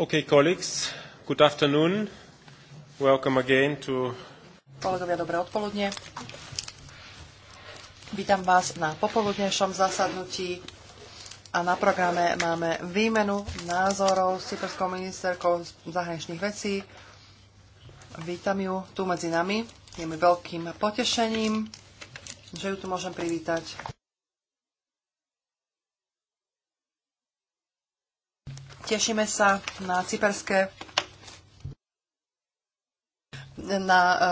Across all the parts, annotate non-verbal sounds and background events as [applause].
Okay, colleagues, good afternoon. Welcome again to... Kolegovia, dobré odpoludne. Vítam vás na popoludnejšom zasadnutí a na programe máme výmenu názorov s cyperskou ministerkou zahraničných vecí. Vítam ju tu medzi nami. Je mi veľkým potešením, že ju tu môžem privítať. Tešíme sa na cyperské na e,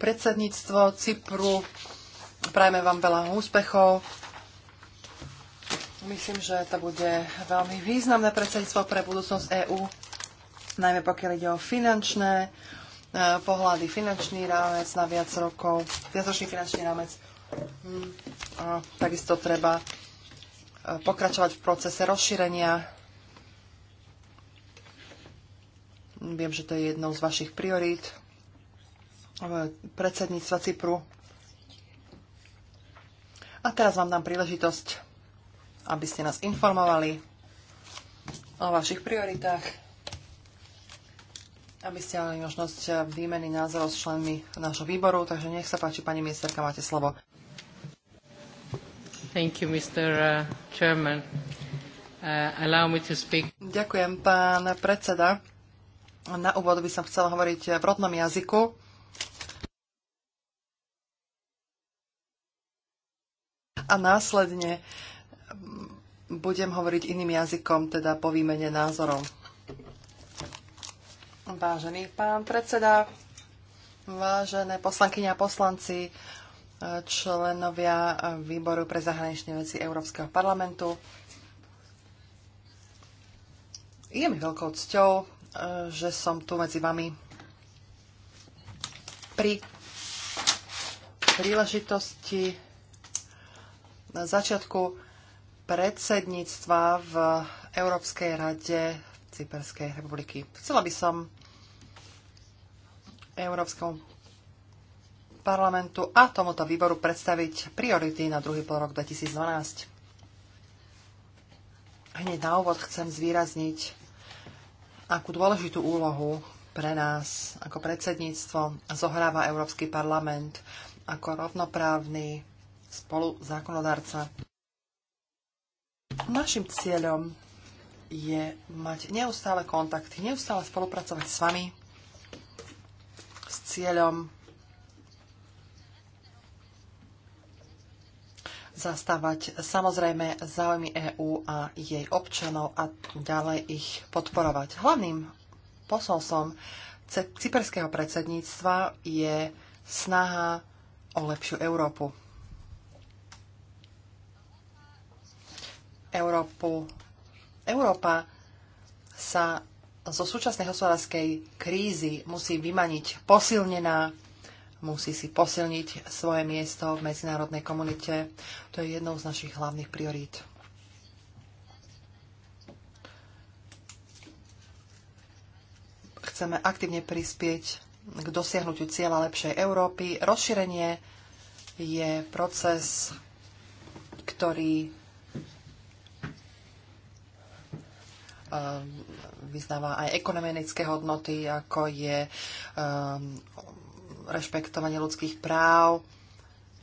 predsedníctvo Cypru. Prajeme vám veľa úspechov. Myslím, že to bude veľmi významné predsedníctvo pre budúcnosť EÚ, najmä pokiaľ ide o finančné e, pohľady, finančný rámec na viac rokov, viacročný finančný rámec. Hm, a takisto treba e, pokračovať v procese rozšírenia Viem, že to je jednou z vašich priorít predsedníctva Cypru. A teraz vám dám príležitosť, aby ste nás informovali o vašich prioritách, aby ste mali možnosť výmeny názorov s členmi nášho výboru. Takže nech sa páči, pani ministerka, máte slovo. Thank you, Mr. Uh, chairman. Uh, allow me to speak. Ďakujem, pán predseda. Na úvod by som chcela hovoriť eh, v rodnom jazyku. A následne mm, budem hovoriť iným jazykom, teda po výmene názorov. Vážený pán predseda, vážené poslankyne a poslanci, eh, členovia eh, Výboru pre zahraničné veci Európskeho parlamentu. Je mi veľkou cťou Eh, že som tu medzi vami pri príležitosti na začiatku predsedníctva v Európskej rade Cyperskej republiky. Chcela by som Európskom parlamentu a tomuto výboru predstaviť priority na druhý pol rok 2012. Hneď na úvod chcem zvýrazniť akú dôležitú úlohu pre nás ako predsedníctvo zohráva Európsky parlament ako rovnoprávny spoluzákonodárca. Našim cieľom je mať neustále kontakty, neustále spolupracovať s vami s cieľom zastávať samozrejme záujmy EÚ a jej občanov a ďalej ich podporovať. Hlavným posolstvom cyperského predsedníctva je snaha o lepšiu Európu. Európu. Európa sa zo súčasnej hospodárskej krízy musí vymaniť posilnená musí si posilniť svoje miesto v medzinárodnej komunite. To je jednou z našich hlavných priorít. Chceme aktívne prispieť k dosiahnutiu cieľa lepšej Európy. Rozšírenie je proces, ktorý ehm, vyznáva aj ekonomické hodnoty, ako je um, rešpektovanie ľudských práv,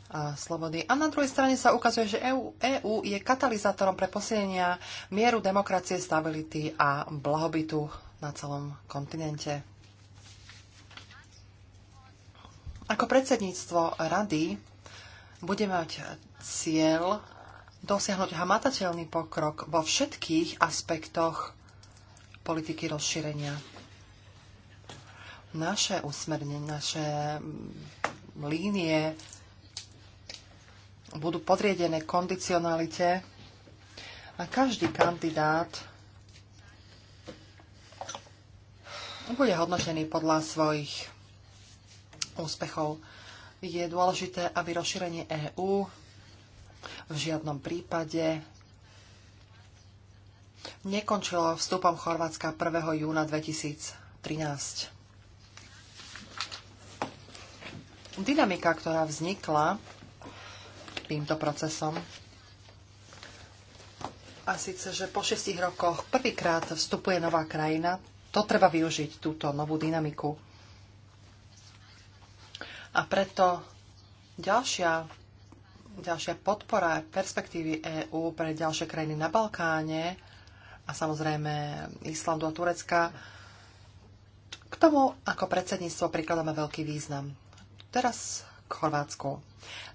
a slobody. A na druhej strane sa ukazuje, že EU, EU je katalizátorom pre posilnenia mieru demokracie, stability a blahobytu na celom kontinente. Ako predsedníctvo rady bude mať cieľ dosiahnuť hamatateľný pokrok vo všetkých aspektoch politiky rozšírenia naše usmernenie, naše mm, línie budú podriedené kondicionalite a každý kandidát bude hodnotený podľa svojich úspechov. Je dôležité, aby rozšírenie EÚ v žiadnom prípade nekončilo vstupom Chorvátska 1. júna 2013. dynamika, ktorá vznikla týmto procesom. A síce, že po šestich rokoch prvýkrát vstupuje nová krajina, to treba využiť, túto novú dynamiku. A preto ďalšia, ďalšia podpora perspektívy EÚ pre ďalšie krajiny na Balkáne a samozrejme Islandu a Turecka, k tomu ako predsedníctvo prikladáme veľký význam. Teraz k Chorvátsku.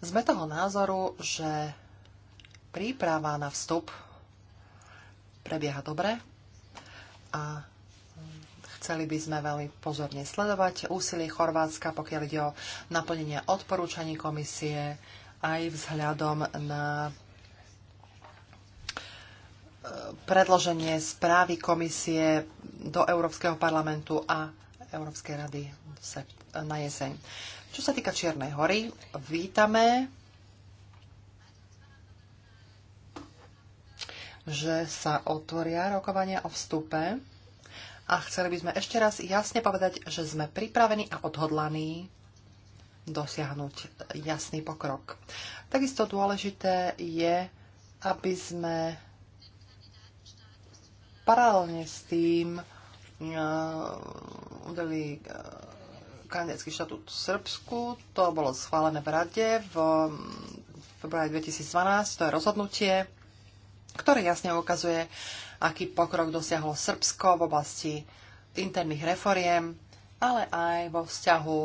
Sme toho názoru, že príprava na vstup prebieha dobre a Chceli by sme veľmi pozorne sledovať úsilie Chorvátska, pokiaľ ide o naplnenie odporúčaní komisie aj vzhľadom na e, predloženie správy komisie do Európskeho parlamentu a Európskej rady na jeseň. Čo sa týka Čiernej hory, vítame, že sa otvoria rokovania o vstupe a chceli by sme ešte raz jasne povedať, že sme pripravení a odhodlaní dosiahnuť jasný pokrok. Takisto dôležité je, aby sme paralelne s tým Eh, udeli eh, kandidátsky štatút Srbsku. To bolo schválené v rade v mm, februári 2012. To je rozhodnutie, ktoré jasne ukazuje, aký pokrok dosiahlo Srbsko v oblasti interných reforiem, ale aj vo vzťahu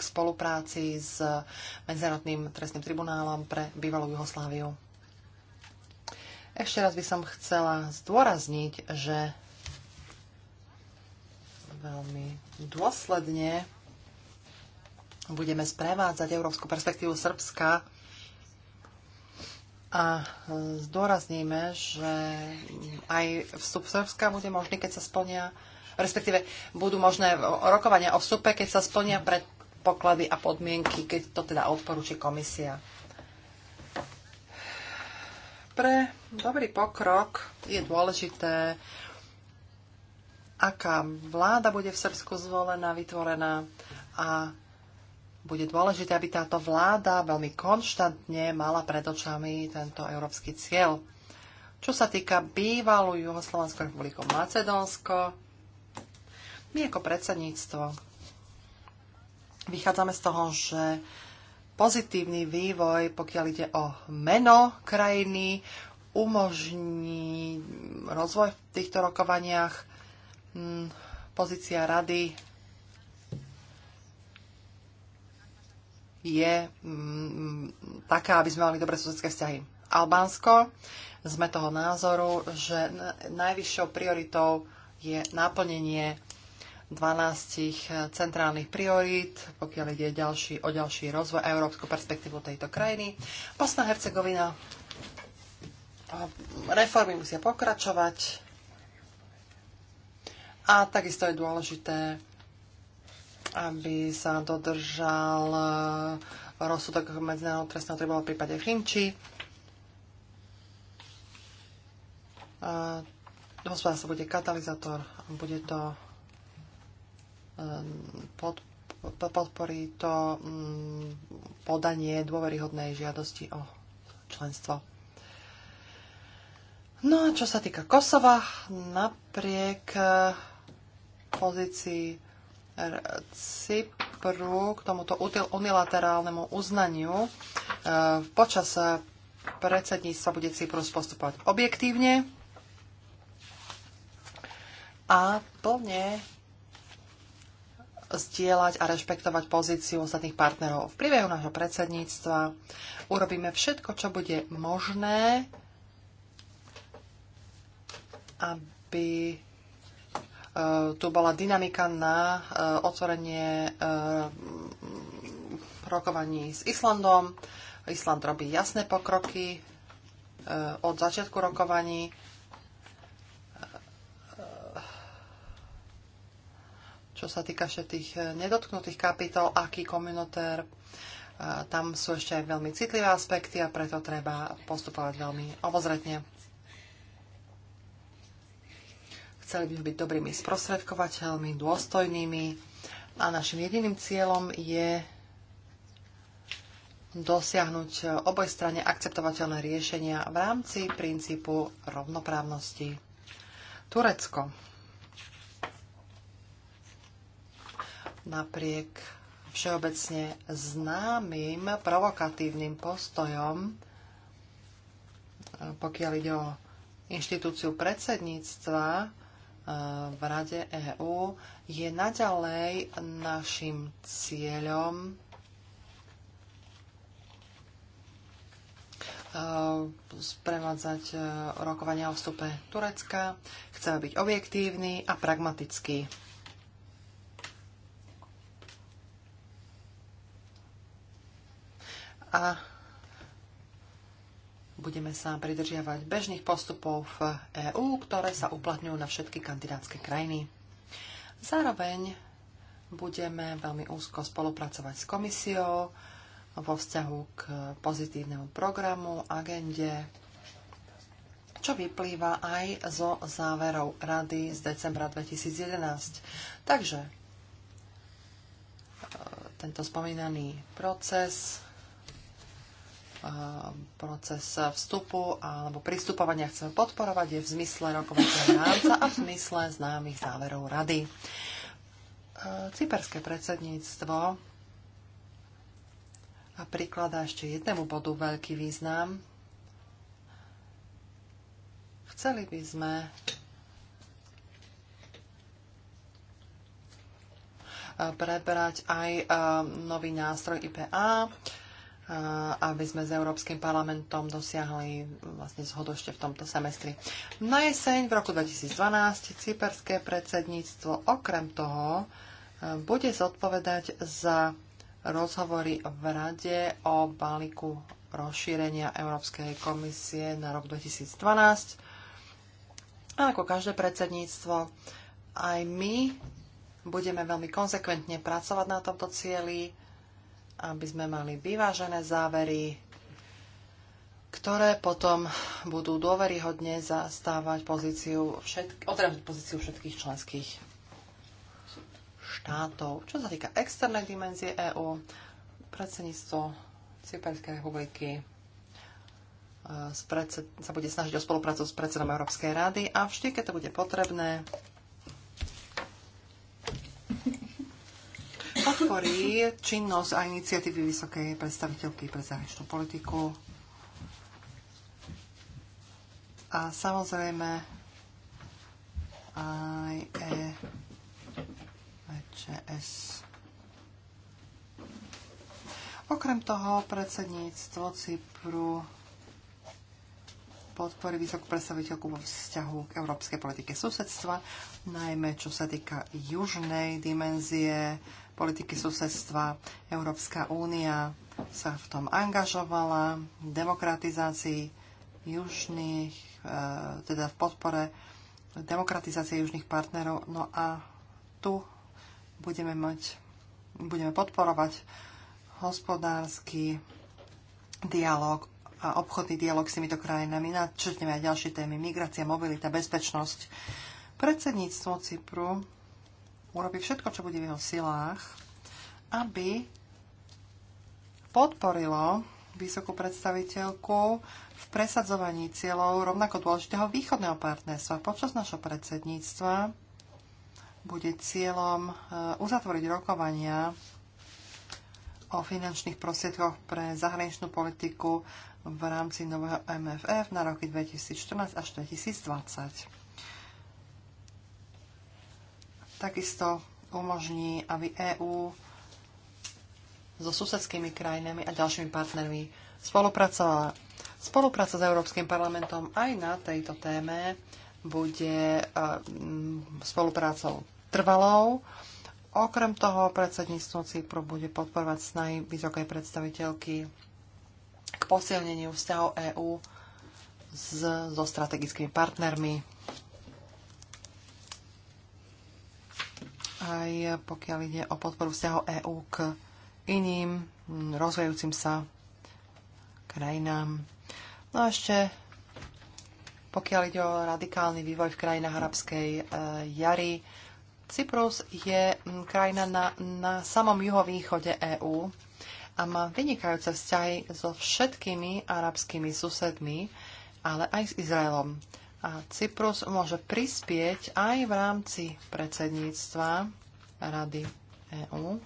k spolupráci s Medzinárodným trestným tribunálom pre bývalú Jugosláviu. Ešte raz by som chcela zdôrazniť, že veľmi dôsledne budeme sprevádzať európsku perspektívu Srbska a zdôrazníme, že aj vstup Srbska bude možný, keď sa splnia, respektíve budú možné rokovania o vstupe, keď sa splnia predpoklady a podmienky, keď to teda odporúči komisia. Pre dobrý pokrok je dôležité aká vláda bude v Srbsku zvolená, vytvorená a bude dôležité, aby táto vláda veľmi konštantne mala pred očami tento európsky cieľ. Čo sa týka bývalú juhoslovanskou republiku Macedónsko, my ako predsedníctvo vychádzame z toho, že pozitívny vývoj, pokiaľ ide o meno krajiny, umožní rozvoj v týchto rokovaniach Mm, pozícia rady je mm, taká, aby sme mali dobré susedské vzťahy. Albánsko, sme toho názoru, že najvyššou prioritou je naplnenie 12 centrálnych priorít, pokiaľ ide ďalší, o ďalší rozvoj a európsku perspektívu tejto krajiny. Bosna Hercegovina reformy musia pokračovať, a takisto je dôležité, aby sa dodržal e, rozsudok Medzinárodného trestného tribunálu v prípade Finči. E, hospodárstvo bude katalizátor, a bude to e, pod, podporí to mm, podanie dôveryhodnej žiadosti o členstvo. No a čo sa týka Kosova, napriek pozícii Cypru k tomuto unilaterálnemu uznaniu. E, počas predsedníctva bude Cyprus postupovať objektívne a plne zdieľať a rešpektovať pozíciu ostatných partnerov. V priebehu nášho predsedníctva urobíme všetko, čo bude možné, aby E, tu bola dynamika na e, otvorenie e, rokovaní s Islandom. Island robí jasné pokroky od začiatku rokovaní. Čo sa týka všetkých nedotknutých kapitol, aký komunitér, tam sú ešte aj veľmi citlivé aspekty a preto treba postupovať veľmi obozretne. Chceli by sme byť dobrými sprostredkovateľmi, dôstojnými a našim jediným cieľom je dosiahnuť oboj strane akceptovateľné riešenia v rámci princípu rovnoprávnosti. Turecko. Napriek všeobecne známym provokatívnym postojom, pokiaľ ide o inštitúciu predsedníctva, v Rade EÚ, je naďalej našim cieľom eh, sprevádzať eh, rokovania o vstupe Turecka. Chceme byť objektívni a pragmatickí. A budeme sa pridržiavať bežných postupov v EÚ, ktoré sa uplatňujú na všetky kandidátske krajiny. Zároveň budeme veľmi úzko spolupracovať s komisiou vo vzťahu k pozitívnemu programu, agende, čo vyplýva aj zo záverov Rady z decembra 2011. Takže e, tento spomínaný proces Eh, proces vstupu alebo pristupovania chceme podporovať je v zmysle rokovacieho rámca a v zmysle známych záverov rady. Eh, cyperské predsedníctvo a prikladá ešte jednému bodu veľký význam. Chceli by sme eh, prebrať aj nový nástroj IPA, Eh, aby sme s Európskym parlamentom dosiahli vlastne zhodu ešte v tomto semestri. Na jeseň v roku 2012 cyperské predsedníctvo okrem toho eh, bude zodpovedať za rozhovory v Rade o balíku rozšírenia Európskej komisie na rok 2012. A ako každé predsedníctvo, aj my budeme veľmi konsekventne pracovať na tomto cieli aby sme mali vyvážené závery, ktoré potom budú dôveryhodne zastávať pozíciu, všetk- pozíciu všetkých členských štátov. Čo sa týka externej dimenzie EÚ, predsedníctvo Cyperskej republiky e, sa bude snažiť o spoluprácu s predsedom Európskej rady a vždy, keď to bude potrebné, podporí činnosť a iniciatívy vysokej predstaviteľky pre zahraničnú politiku. A samozrejme aj e, EČS. Okrem toho predsedníctvo Cypru podporí vysokú predstaviteľku vo vzťahu k európskej politike susedstva, najmä čo sa týka južnej dimenzie politiky susedstva. Európska únia sa v tom angažovala, v demokratizácii južných, e, teda v podpore demokratizácie južných partnerov. No a tu budeme mať, budeme podporovať hospodársky dialog a obchodný dialog s týmito krajinami. Načrtneme aj ďalšie témy. Migrácia, mobilita, bezpečnosť. Predsedníctvo Cypru urobí všetko, čo bude v jeho silách, aby podporilo vysokú predstaviteľku v presadzovaní cieľov rovnako dôležitého východného partnerstva. Počas našho predsedníctva bude cieľom e, uzatvoriť rokovania o finančných prostriedkoch pre zahraničnú politiku v rámci nového MFF na roky 2014 až 2020 takisto umožní, aby EÚ so susedskými krajinami a ďalšími partnermi spolupracovala. Spolupráca s Európskym parlamentom aj na tejto téme bude e, spoluprácou trvalou. Okrem toho predsedníctvo Cypru bude podporovať snahy vysokej predstaviteľky k posilneniu vzťahov EÚ so strategickými partnermi aj pokiaľ ide o podporu vzťahov EÚ k iným rozvojúcim sa krajinám. No a ešte pokiaľ ide o radikálny vývoj v krajinách arabskej e, jary, Cyprus je krajina na, na samom juhovýchode EÚ a má vynikajúce vzťahy so všetkými arabskými susedmi, ale aj s Izraelom a Cyprus môže prispieť aj v rámci predsedníctva Rady EÚ.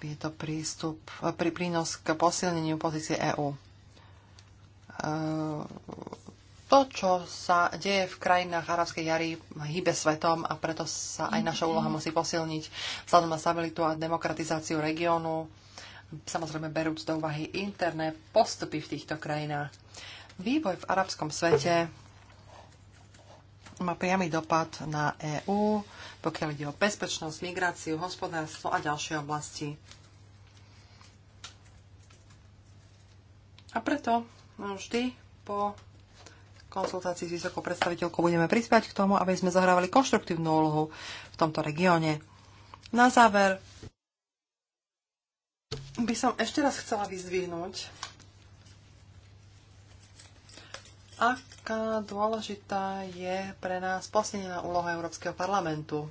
Je to prístup, pri prínos k posilneniu pozície EÚ. E, to, čo sa deje v krajinách arabskej jary, hýbe svetom a preto sa aj naša úloha mhm. musí posilniť vzhľadom na stabilitu a demokratizáciu regiónu samozrejme berúc do úvahy interné postupy v týchto krajinách. Vývoj v arabskom svete má priamy dopad na EÚ, pokiaľ ide o bezpečnosť, migráciu, hospodárstvo a ďalšie oblasti. A preto vždy po konzultácii s vysokou predstaviteľkou budeme prispievať k tomu, aby sme zahrávali konštruktívnu úlohu v tomto regióne. Na záver by som ešte raz chcela vyzvihnúť, aká dôležitá je pre nás posilnená úloha Európskeho parlamentu.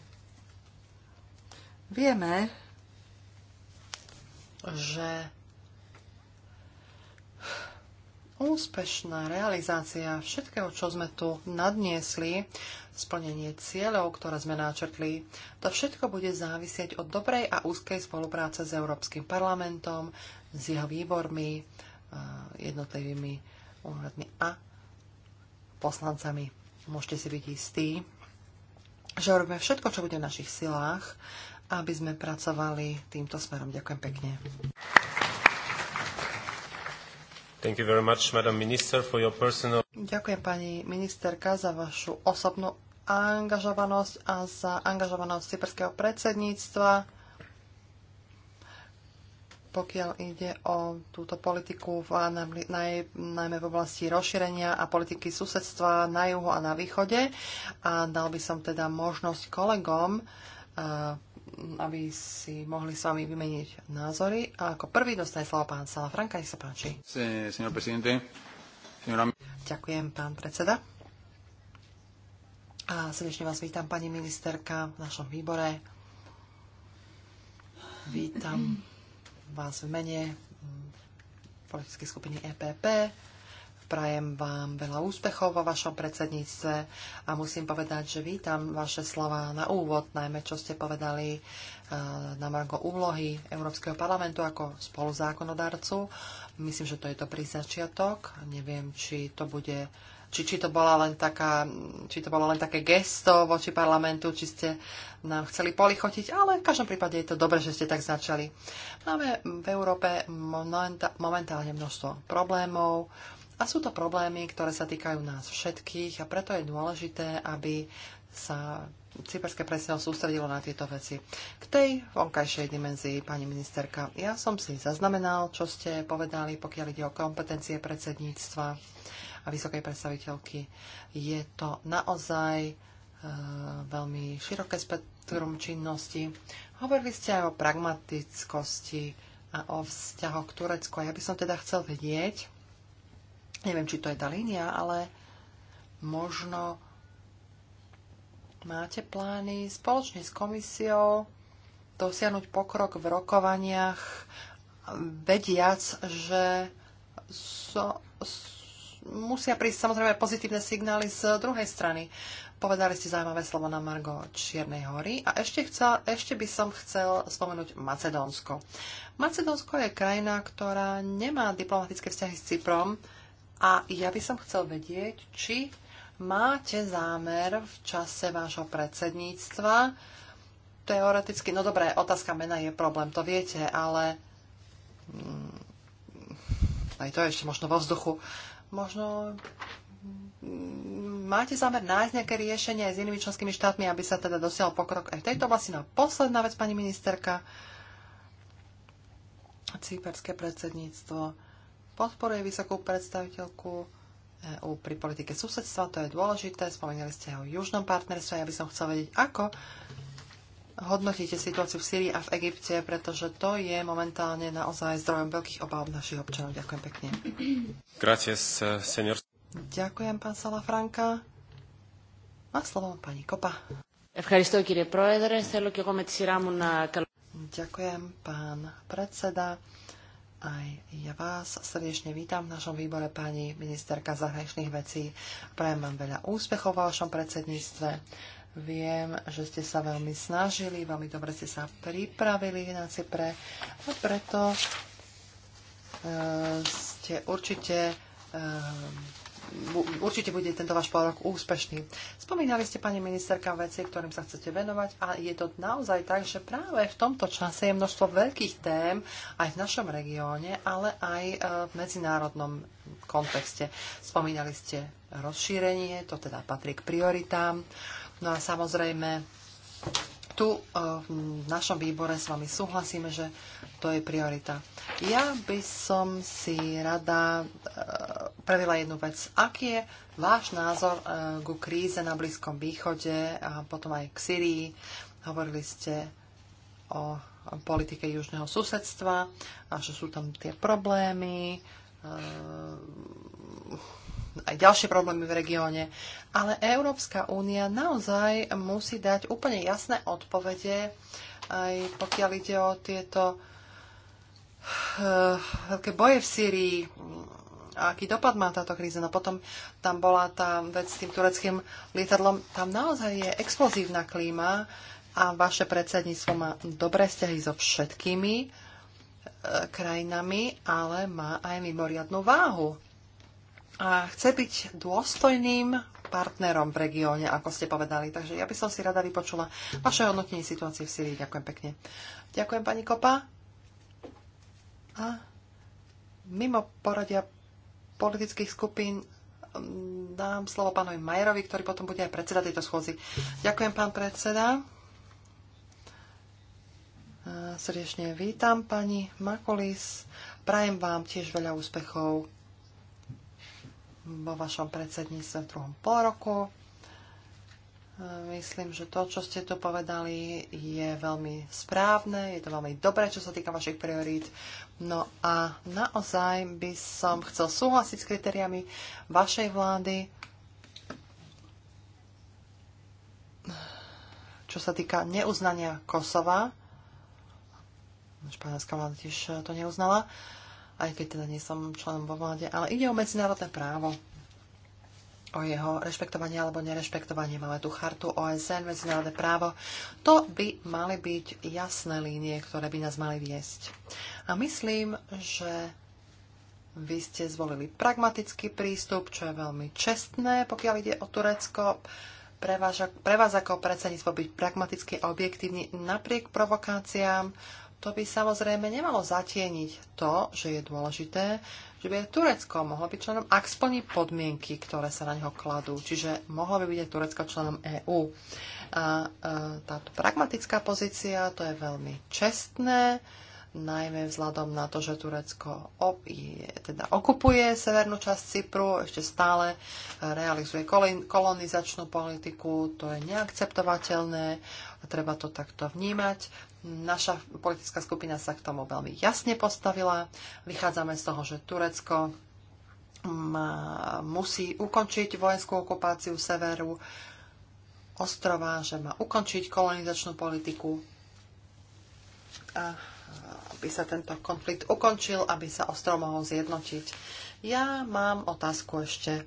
Vieme, že úspešná realizácia všetkého, čo sme tu nadniesli, splnenie cieľov, ktoré sme náčrtli, to všetko bude závisieť od dobrej a úzkej spolupráce s Európskym parlamentom, s jeho výbormi, jednotlivými úradmi a poslancami. Môžete si byť istí, že robíme všetko, čo bude v našich silách, aby sme pracovali týmto smerom. Ďakujem pekne. Thank you very much, Madam Minister, for your personal... Ďakujem pani ministerka za vašu osobnú angažovanosť a za angažovanosť cyperského predsedníctva, pokiaľ ide o túto politiku v, naj, najmä v oblasti rozšírenia a politiky susedstva na juhu a na východe. A dal by som teda možnosť kolegom uh, aby si mohli s vami vymeniť názory. A ako prvý dostane slovo pán Sala Franka, nech sa páči. Ďakujem, pán predseda. A srdečne vás vítam, pani ministerka, v našom výbore. Vítam vás v mene politickej skupiny EPP Prajem vám veľa úspechov vo vašom predsedníctve a musím povedať, že vítam vaše slova na úvod, najmä čo ste povedali eh, na margo úlohy Európskeho parlamentu ako spoluzákonodarcu. Myslím, že to je dobrý začiatok. Neviem, či to bude či, či, to bola len taká, či to bolo len také gesto voči parlamentu, či ste nám chceli polichotiť, ale v každom prípade je to dobré, že ste tak začali. Máme v Európe momentálne množstvo problémov, a sú to problémy, ktoré sa týkajú nás všetkých a preto je dôležité, aby sa cyperské presne sústredilo na tieto veci. K tej vonkajšej dimenzii, pani ministerka, ja som si zaznamenal, čo ste povedali, pokiaľ ide o kompetencie predsedníctva a vysokej predstaviteľky. Je to naozaj e, veľmi široké spektrum činnosti. Hovorili ste aj o pragmatickosti a o vzťahoch k Turecku. Ja by som teda chcel vedieť, Neviem, či to je tá línia, ale možno máte plány spoločne s komisiou dosiahnuť pokrok v rokovaniach, vediac, že so, musia prísť samozrejme pozitívne signály z druhej strany. Povedali ste zaujímavé slovo na Margo Čiernej hory a ešte, chcel, ešte by som chcel spomenúť Macedónsko. Macedónsko je krajina, ktorá nemá diplomatické vzťahy s Cyprom, a ja by som chcel vedieť, či máte zámer v čase vášho predsedníctva teoreticky, no dobré, otázka mena je problém, to viete, ale mm, aj to je ešte možno vo vzduchu. Možno mm, máte zámer nájsť nejaké riešenie aj s inými členskými štátmi, aby sa teda dosiahol pokrok aj v tejto oblasti. No posledná vec, pani ministerka, cyperské predsedníctvo podporuje vysokú predstaviteľku EU pri politike susedstva, to je dôležité, spomínali ste o južnom partnerstve, ja by som chcel vedieť, ako hodnotíte situáciu v Sýrii a v Egypte, pretože to je momentálne naozaj zdrojom veľkých obáv našich občanov. Ďakujem pekne. Gracias, eh, senior. Ďakujem, pán Salafranka. Má slovo pani Kopa. Ďakujem, pán predseda. Aj ja vás srdečne vítam v našom výbore pani ministerka zahraničných vecí. Prajem vám veľa úspechov v vašom predsedníctve. Viem, že ste sa veľmi snažili, veľmi dobre ste sa pripravili na Cypre a preto e, ste určite e, určite bude tento váš pol rok úspešný. Spomínali ste, pani ministerka, veci, ktorým sa chcete venovať a je to naozaj tak, že práve v tomto čase je množstvo veľkých tém aj v našom regióne, ale aj e, v medzinárodnom kontexte. Spomínali ste rozšírenie, to teda patrí k prioritám. No a samozrejme, tu e, v našom výbore s vami súhlasíme, že to je priorita. Ja by som si rada e, eh, previla jednu vec. Aký je váš názor e, ku kríze na Blízkom východe a potom aj k Syrii? Hovorili ste o, o politike južného susedstva a že sú tam tie problémy, e, aj ďalšie problémy v regióne. Ale Európska únia naozaj musí dať úplne jasné odpovede, aj pokiaľ ide o tieto veľké boje v Syrii, a aký dopad má táto kríza. No potom tam bola tá vec s tým tureckým lietadlom. Tam naozaj je explozívna klíma a vaše predsedníctvo má dobré vzťahy so všetkými e, krajinami, ale má aj mimoriadnú váhu. A chce byť dôstojným partnerom v regióne, ako ste povedali. Takže ja by som si rada vypočula vaše hodnotenie situácie v Syrii. Ďakujem pekne. Ďakujem, pani Kopa. A mimo poradia politických skupín mm, dám slovo pánovi Majerovi, ktorý potom bude aj predseda tejto schôzy. Ďakujem, pán predseda. E, srdečne vítam pani Makulis. Prajem vám tiež veľa úspechov vo vašom predsedníctve v druhom pol roku. Myslím, že to, čo ste tu povedali, je veľmi správne, je to veľmi dobré, čo sa týka vašich priorít. No a naozaj by som chcel súhlasiť s kritériami vašej vlády, čo sa týka neuznania Kosova. Španielská vláda tiež to neuznala, aj keď teda nie som členom vo vláde, ale ide o medzinárodné právo o jeho rešpektovanie alebo nerešpektovanie. Máme tu chartu OSN, medzinárodné právo. To by mali byť jasné línie, ktoré by nás mali viesť. A myslím, že vy ste zvolili pragmatický prístup, čo je veľmi čestné, pokiaľ ide o Turecko. Pre vás, pre vás ako predsedníctvo byť pragmaticky a objektívny napriek provokáciám, to by samozrejme nemalo zatieniť to, že je dôležité, že by Turecko mohlo byť členom, ak splní podmienky, ktoré sa na neho kladú. Čiže mohlo by byť aj Turecko členom EÚ. A, a e, táto pragmatická pozícia, to je veľmi čestné, najmä vzhľadom na to, že Turecko op- je, teda okupuje severnú časť Cypru, ešte stále e, realizuje kolonizačnú politiku, to je neakceptovateľné a treba to takto vnímať. Naša politická skupina sa k tomu veľmi jasne postavila. Vychádzame z toho, že Turecko musí ukončiť vojenskú okupáciu severu ostrova, že má ukončiť kolonizačnú politiku a aby sa tento konflikt ukončil, aby sa ostrov mohol zjednotiť. Ja mám otázku ešte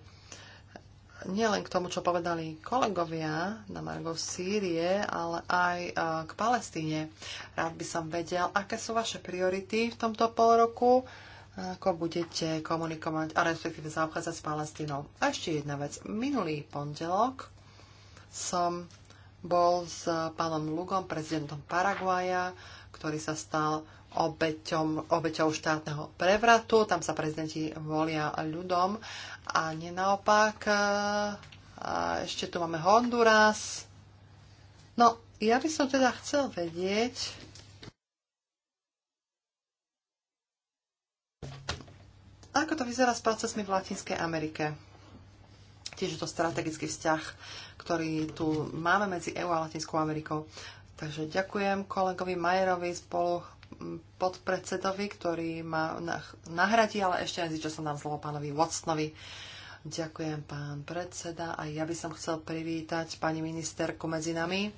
nielen k tomu, čo povedali kolegovia na Margo Sýrie, ale aj e, k Palestíne. Rád by som vedel, aké sú vaše priority v tomto pol roku, ako budete komunikovať a respektíve zaobchádzať s Palestínou. A ešte jedna vec. Minulý pondelok som bol s pánom Lugom, prezidentom Paraguaja, ktorý sa stal obeťom, obeťou štátneho prevratu. Tam sa prezidenti volia ľudom a nie naopak. E, a ešte tu máme Honduras. No, ja by som teda chcel vedieť, ako to vyzerá s procesmi v Latinskej Amerike. Tiež je to strategický vzťah, ktorý tu máme medzi EU a Latinskou Amerikou. Takže ďakujem kolegovi Majerovi, spolu podpredsedovi, ktorý ma nahradí, ale ešte aj zíčo som dám slovo pánovi Watsonovi. Ďakujem, pán predseda. A ja by som chcel privítať pani ministerku medzi nami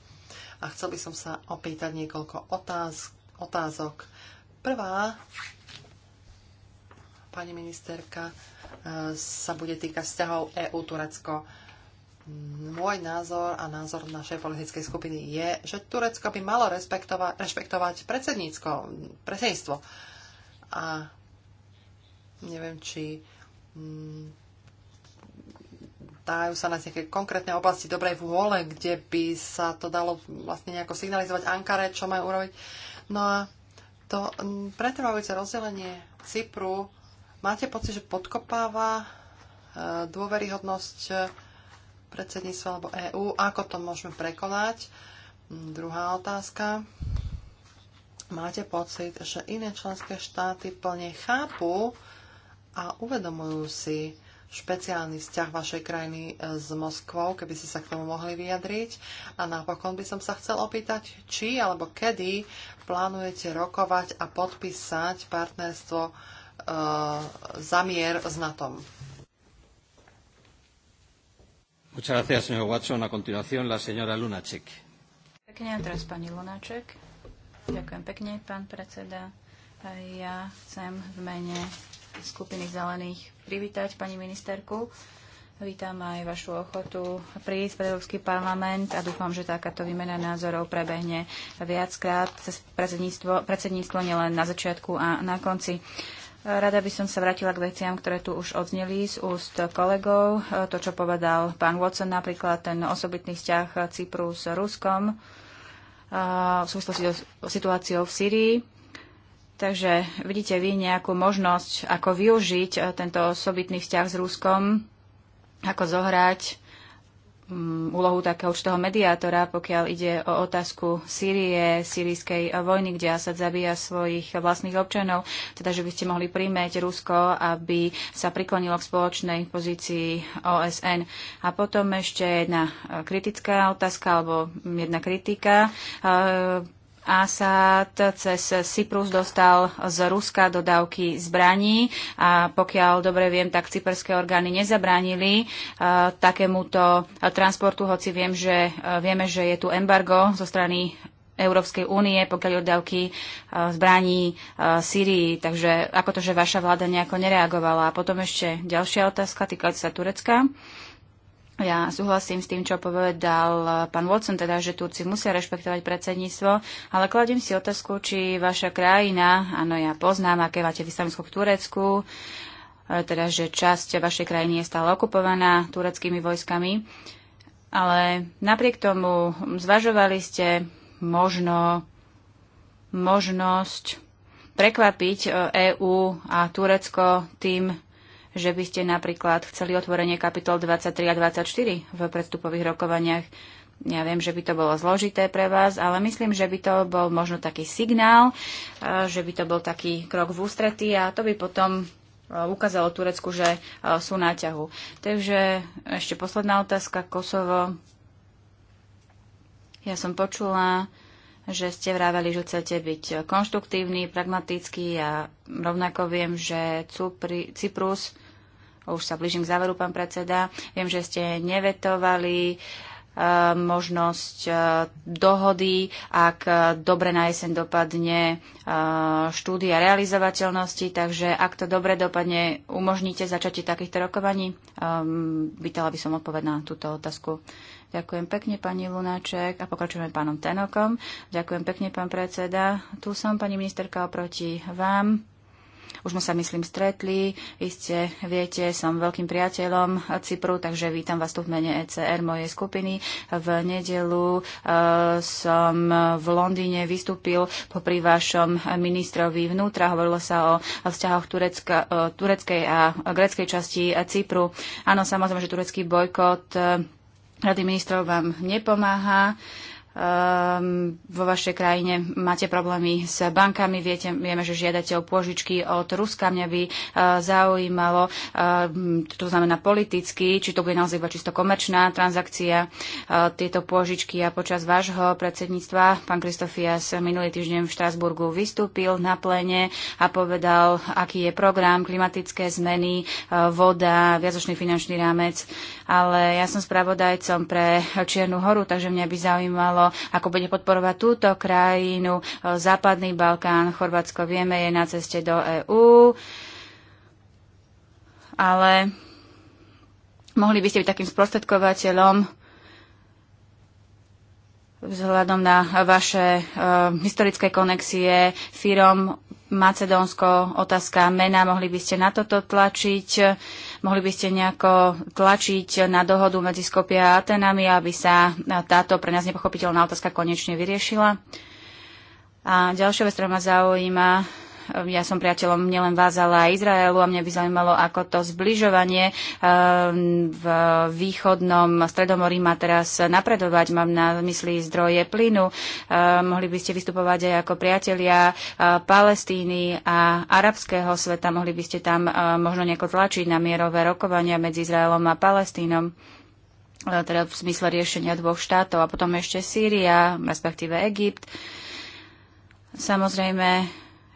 a chcel by som sa opýtať niekoľko otáz- otázok. Prvá, pani ministerka, e, sa bude týkať vzťahov EU-Turecko môj názor a názor našej politickej skupiny je, že Turecko by malo rešpektovať, rešpektovať predsednícko, predsedníctvo. A neviem, či mm, dajú sa na nejaké konkrétne oblasti dobrej vôle, kde by sa to dalo vlastne nejako signalizovať Ankare, čo majú urobiť. No a to mm, pretrvávajúce rozdelenie Cypru, máte pocit, že podkopáva e, dôveryhodnosť predsedníctva alebo EÚ. Ako to môžeme prekonať? Mm, druhá otázka. Máte pocit, že iné členské štáty plne chápu a uvedomujú si špeciálny vzťah vašej krajiny e, s Moskvou, keby ste sa k tomu mohli vyjadriť. A napokon by som sa chcel opýtať, či alebo kedy plánujete rokovať a podpísať partnerstvo e, zamier s NATO. Muchas gracias, señor Watson. A continuación, la señora Pekne, a teraz pani Lunaček. Ďakujem pekne, pán predseda. Ja chcem v mene skupiny zelených privítať pani ministerku. Vítam aj vašu ochotu prísť pre Európsky parlament a dúfam, že takáto výmena názorov prebehne viackrát cez predsedníctvo, predsedníctvo nielen na začiatku a na konci. Uh, Rada by som sa vrátila k veciam, ktoré tu už odzneli z úst kolegov. E, to, čo povedal pán Watson, napríklad ten osobitný vzťah Cypru s Ruskom e, v súvislosti s situáciou v Syrii. Takže vidíte vy nejakú možnosť, ako využiť e, tento osobitný vzťah s Ruskom, ako zohrať Mm, úlohu takého určitého mediátora, pokiaľ ide o otázku Sýrie, sírijskej vojny, kde Asad zabíja svojich vlastných občanov, teda že by ste mohli príjmeť Rusko, aby sa priklonilo k spoločnej pozícii OSN. A potom ešte jedna kritická otázka alebo jedna kritika Assad cez Cyprus dostal z Ruska dodávky zbraní a pokiaľ dobre viem, tak cyperské orgány nezabránili uh, takémuto transportu, hoci viem, že, uh, vieme, že je tu embargo zo strany Európskej únie, pokiaľ dodávky uh, zbraní Sýrii. Takže ako to, že vaša vláda nejako nereagovala. A potom ešte ďalšia otázka týkajúca sa Turecka. Uh, ja súhlasím s tým, čo povedal eh, pán Watson, teda, že Turci musia rešpektovať predsedníctvo, ale kladím si otázku, či vaša krajina, áno, ja poznám, aké máte stanovisko k Turecku, eh, teda, že časť vašej krajiny je stále okupovaná tureckými vojskami, ale napriek tomu zvažovali ste možno možnosť prekvapiť EÚ eh, e a Turecko tým, že by ste napríklad chceli otvorenie kapitol 23 a 24 v predstupových rokovaniach. Ja viem, že by to bolo zložité pre vás, ale myslím, že by to bol možno taký signál, e, že by to bol taký krok v ústretí a to by potom e, ukázalo Turecku, že e, sú na ťahu. Takže ešte posledná otázka, Kosovo. Ja som počula, že ste vraveli, že chcete byť konštruktívny, pragmatický a rovnako viem, že Cyprus už sa blížim k záveru, pán predseda. Viem, že ste nevetovali eh, možnosť eh, dohody, ak eh, dobre na jeseň dopadne štúdia realizovateľnosti, takže ak to dobre dopadne, umožníte začatie takýchto rokovaní? Vítala ehm, by som odpoveď na túto otázku. Ďakujem pekne, pani Lunáček. A pokračujeme pánom Tenokom. Ďakujem pekne, pán predseda. Tu som, pani ministerka, oproti vám. Už sme sa, myslím, stretli. ste, viete, som veľkým priateľom Cypru, takže vítam vás tu v mene ECR mojej skupiny. V nedelu e, som v Londýne vystúpil popri vašom ministrovi vnútra. Hovorilo sa o vzťahoch Turecka, e, tureckej a greckej časti Cypru. Áno, samozrejme, že turecký bojkot e, Rady ministrov vám nepomáha. E, um, vo vašej krajine máte problémy s bankami, viete, vieme, že žiadate o pôžičky od Ruska. Mňa by uh, zaujímalo, uh, to znamená politicky, či to bude naozaj iba čisto komerčná transakcia, uh, tieto pôžičky a počas vášho predsedníctva pán Kristofias minulý týždeň v Štrásburgu vystúpil na plene a povedal, aký je program, klimatické zmeny, uh, voda, viacočný finančný rámec ale ja som spravodajcom pre Čiernu horu, takže mňa by zaujímalo, ako bude podporovať túto krajinu, e, Západný Balkán, Chorvátsko vieme, je na ceste do EÚ, ale mohli by ste byť takým sprostredkovateľom vzhľadom na vaše uh, historické konexie firom Macedónsko, otázka mena, mohli by ste na toto tlačiť. Mohli by ste nejako tlačiť na dohodu medzi Skopia a Atenami, aby sa táto pre nás nepochopiteľná otázka konečne vyriešila? A ďalšia vec, ktorá ma zaujíma, ja som priateľom nielen vás, ale aj Izraelu a mňa by zaujímalo, ako to zbližovanie eh, v východnom stredomorí má teraz napredovať. Mám na mysli zdroje plynu. Eh, mohli by ste vystupovať aj ako priatelia eh, Palestíny a arabského sveta. Mohli by ste tam možno nejako tlačiť na mierové rokovania medzi Izraelom a Palestínom teda v smysle riešenia dvoch štátov a potom ešte Sýria, respektíve Egypt. Samozrejme,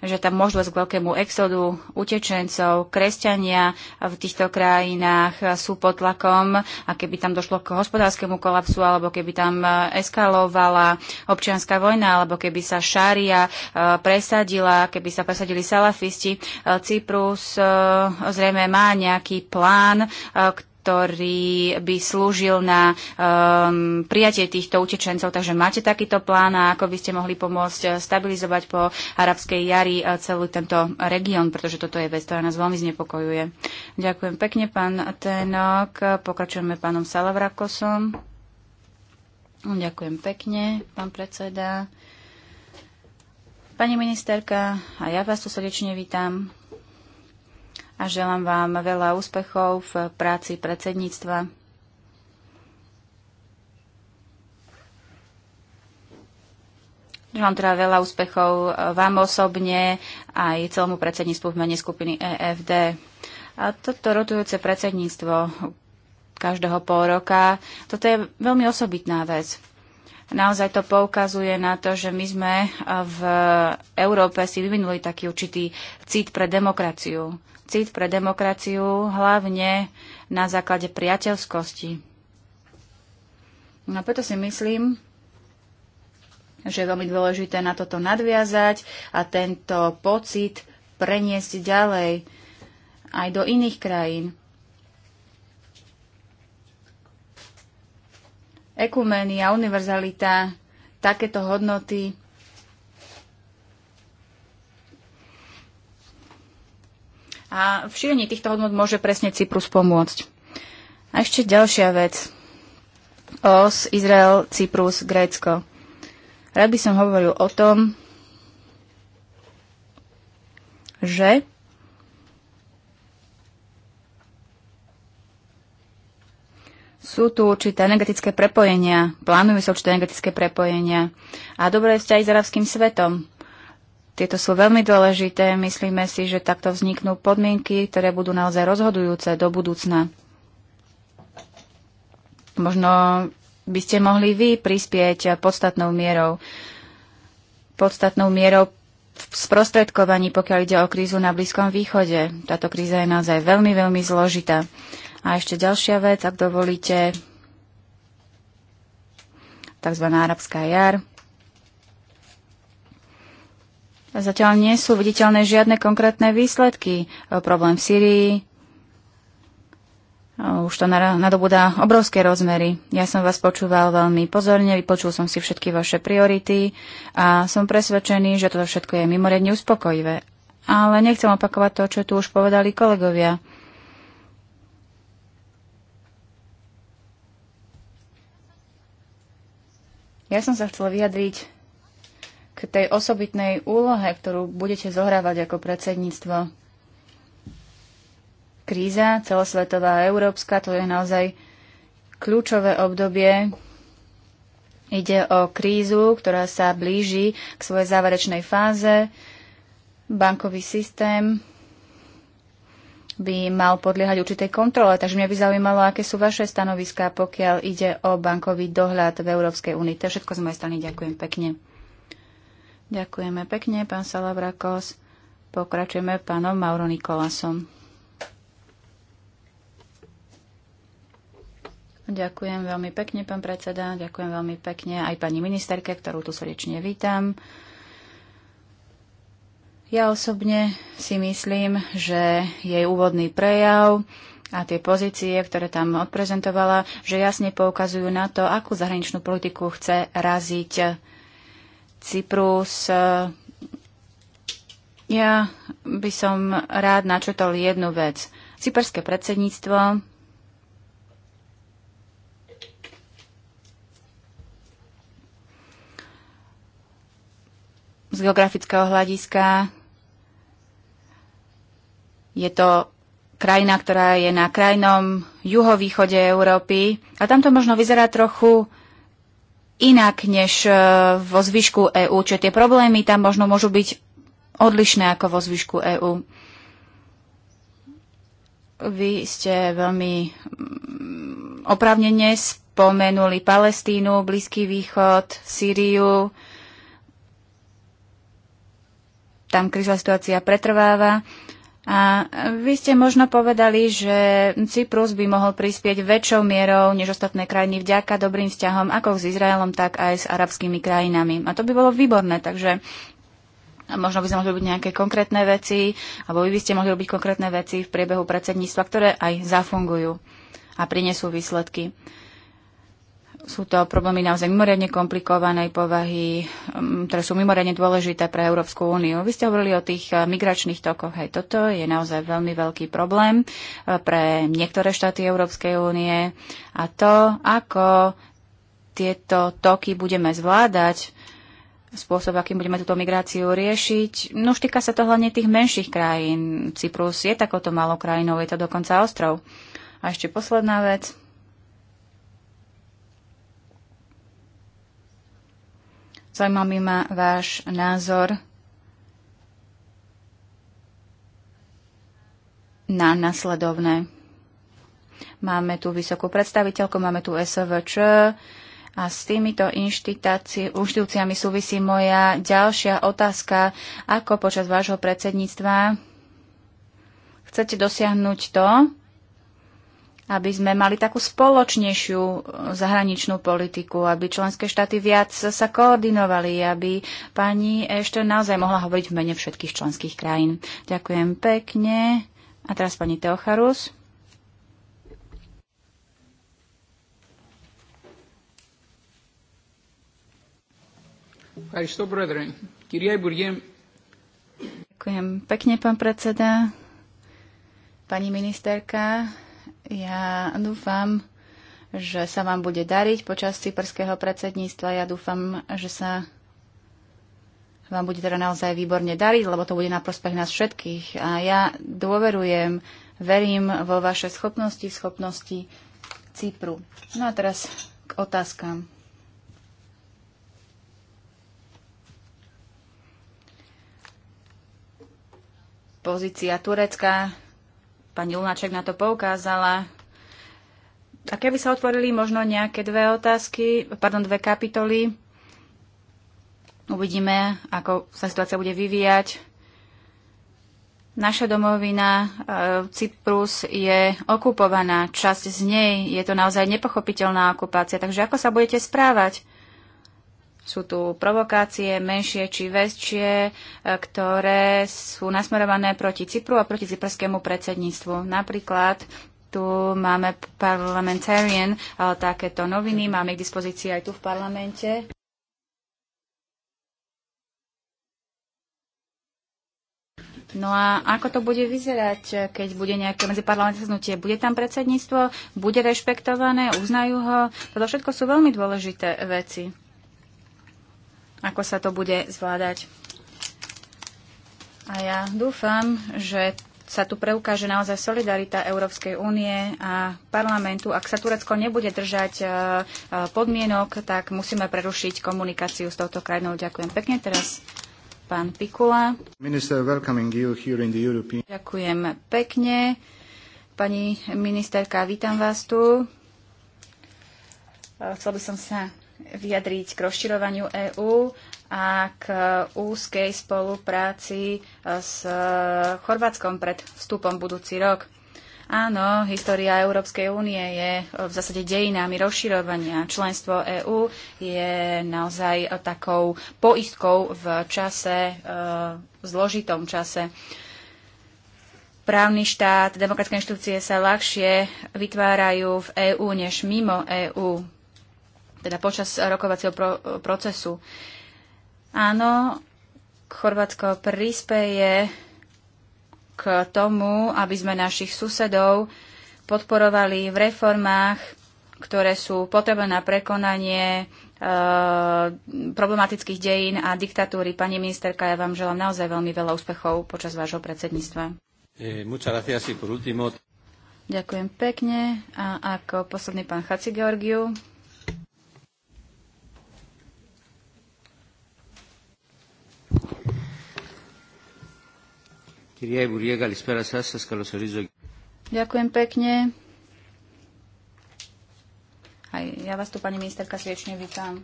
že tam môžu k veľkému exodu utečencov. Kresťania v týchto krajinách sú pod tlakom a keby tam došlo k hospodárskemu kolapsu, alebo keby tam e, eskalovala občianská vojna, alebo keby sa šária e, presadila, keby sa presadili salafisti. E, Cyprus zrejme má nejaký plán, ktorý by slúžil na um, prijatie týchto utečencov. Takže máte takýto plán a ako by ste mohli pomôcť eh, stabilizovať po arabskej jari eh, celý tento región, pretože toto je vec, ktorá nás veľmi znepokojuje. Ďakujem pekne, pán Tenok. Pokračujeme pánom Salavrakosom. Ďakujem pekne, pán predseda. Pani ministerka, a ja vás tu srdečne vítam a želám vám veľa úspechov v práci predsedníctva. Želám teda veľa úspechov e, vám osobne aj celému predsedníctvu v mene skupiny EFD. A toto rotujúce predsedníctvo každého pol roka, toto je veľmi osobitná vec. Naozaj to poukazuje na to, že my sme eh, v Európe si vyvinuli taký určitý cit pre demokraciu. Cit pre demokraciu hlavne na základe priateľskosti. No preto si myslím, že je veľmi dôležité na toto nadviazať a tento pocit preniesť ďalej aj do iných krajín. ekuménia, univerzalita, takéto hodnoty A v šírení týchto hodnot môže presne Cyprus pomôcť. A ešte ďalšia vec. OS, Izrael, Cyprus, Grécko. Rád by som hovoril o tom, že sú tu určité energetické prepojenia, plánujú sa určité energetické prepojenia a dobré vzťahy s arabským svetom. Tieto sú veľmi dôležité. Myslíme si, že takto vzniknú podmienky, ktoré budú naozaj rozhodujúce do budúcna. Možno by ste mohli vy prispieť podstatnou mierou, podstatnou mierou v sprostredkovaní, pokiaľ ide o krízu na Blízkom východe. Táto kríza je naozaj veľmi, veľmi zložitá. A ešte ďalšia vec, ak dovolíte, tzv. arabská jar. Zatiaľ nie sú viditeľné žiadne konkrétne výsledky. Problém v Syrii, už to nadobúda obrovské rozmery. Ja som vás počúval veľmi pozorne, vypočul som si všetky vaše priority a som presvedčený, že toto všetko je mimoriadne uspokojivé. Ale nechcem opakovať to, čo tu už povedali kolegovia. Ja som sa chcela vyjadriť k tej osobitnej úlohe, ktorú budete zohrávať ako predsedníctvo. Kríza, celosvetová a európska, to je naozaj kľúčové obdobie. Ide o krízu, ktorá sa blíži k svojej záverečnej fáze. Bankový systém by mal podliehať určitej kontrole. Takže mňa by zaujímalo, aké sú vaše stanoviská, pokiaľ ide o bankový dohľad v Európskej únii. To je všetko z mojej strany. Ďakujem pekne. Ďakujeme pekne, pán Salavrakos. Pokračujeme pánom Mauro Nikolasom. Ďakujem veľmi pekne, pán predseda. Ďakujem veľmi pekne aj pani ministerke, ktorú tu srdečne vítam. Ja osobne si myslím, že jej úvodný prejav a tie pozície, ktoré tam odprezentovala, že jasne poukazujú na to, akú zahraničnú politiku chce raziť Cyprus. Ja by som rád načetol jednu vec. Cyperské predsedníctvo z geografického hľadiska je to krajina, ktorá je na krajnom juhovýchode Európy a tam to možno vyzerá trochu inak než e, vo zvyšku EÚ, čiže tie problémy tam možno môžu byť odlišné ako vo zvyšku EÚ. Vy ste veľmi mm, opravnene spomenuli Palestínu, Blízky východ, Sýriu. Tam krizová situácia pretrváva. A vy ste možno povedali, že Cyprus by mohol prispieť väčšou mierou než ostatné krajiny vďaka dobrým vzťahom ako s Izraelom, tak aj s arabskými krajinami. A to by bolo výborné, takže možno by sme mohli robiť nejaké konkrétne veci, alebo vy by ste mohli robiť konkrétne veci v priebehu predsedníctva, ktoré aj zafungujú a prinesú výsledky. Sú to problémy naozaj mimoriadne komplikovanej povahy, mm, ktoré sú mimoriadne dôležité pre Európsku úniu. Vy ste hovorili o tých eh, migračných tokoch. Hej, toto je naozaj veľmi veľký problém eh, pre niektoré štáty Európskej únie. A to, ako tieto toky budeme zvládať, spôsob, akým budeme túto migráciu riešiť. No už týka sa to hlavne tých menších krajín. Cyprus je takouto malou krajinou, je to dokonca ostrov. A ešte posledná vec. Zaujímal by ma váš názor na nasledovné. Máme tu vysokú predstaviteľku, máme tu SVČ a s týmito inštitúciami súvisí moja ďalšia otázka, ako počas vášho predsedníctva chcete dosiahnuť to, aby sme mali takú spoločnejšiu eh, zahraničnú politiku, aby členské štáty viac sa koordinovali, aby pani ešte naozaj mohla hovoriť v mene všetkých členských krajín. Ďakujem pekne. A teraz pani Teocharus. Ďakujem pekne, pán predseda. Pani ministerka, ja dúfam, že sa vám bude dariť počas cyperského predsedníctva. Ja dúfam, že sa vám bude teda naozaj výborne dariť, lebo to bude na prospech nás všetkých. A ja dôverujem, verím vo vaše schopnosti, schopnosti Cypru. No a teraz k otázkám. Pozícia Turecka Pani Lunaček na to poukázala. A keby sa otvorili možno nejaké dve otázky, pardon, dve kapitoly, uvidíme, ako sa situácia bude vyvíjať. Naša domovina e, Cyprus je okupovaná, časť z nej je to naozaj nepochopiteľná okupácia. Takže ako sa budete správať? Sú tu provokácie, menšie či väčšie, e, ktoré sú nasmerované proti Cypru a proti cyperskému predsedníctvu. Napríklad tu máme ale takéto noviny, máme k dispozícii aj tu v parlamente. No a ako to bude vyzerať, e, keď bude nejaké medziparlamentné znutie? Bude tam predsedníctvo? Bude rešpektované? Uznajú ho? Toto všetko sú veľmi dôležité veci ako sa to bude zvládať. A ja dúfam, že sa tu preukáže naozaj solidarita Európskej únie a parlamentu. Ak sa Turecko nebude držať e, e, podmienok, tak musíme prerušiť komunikáciu s touto krajinou. Ďakujem pekne. Teraz pán Pikula. Minister, European... Ďakujem pekne. Pani ministerka, vítam vás tu. E, chcel by som sa vyjadriť k rozširovaniu EÚ a k úzkej spolupráci e, s Chorvátskom pred vstupom budúci rok. Áno, história Európskej únie je v zásade dejinami rozširovania. Členstvo EÚ je naozaj takou poistkou v čase, e, v zložitom čase. Právny štát, demokratické inštitúcie sa ľahšie vytvárajú v EÚ než mimo EÚ teda počas rokovacieho pro, procesu. Áno, Chorvátsko prispeje k tomu, aby sme našich susedov podporovali v reformách, ktoré sú potrebné na prekonanie e, problematických dejín a diktatúry. Pani ministerka, ja vám želám naozaj veľmi veľa úspechov počas vášho predsedníctva. E, Ďakujem pekne. A ako posledný pán Chaci Georgiu. Ďakujem pekne. Aj ja vás tu, pani ministerka, sviečne vítam.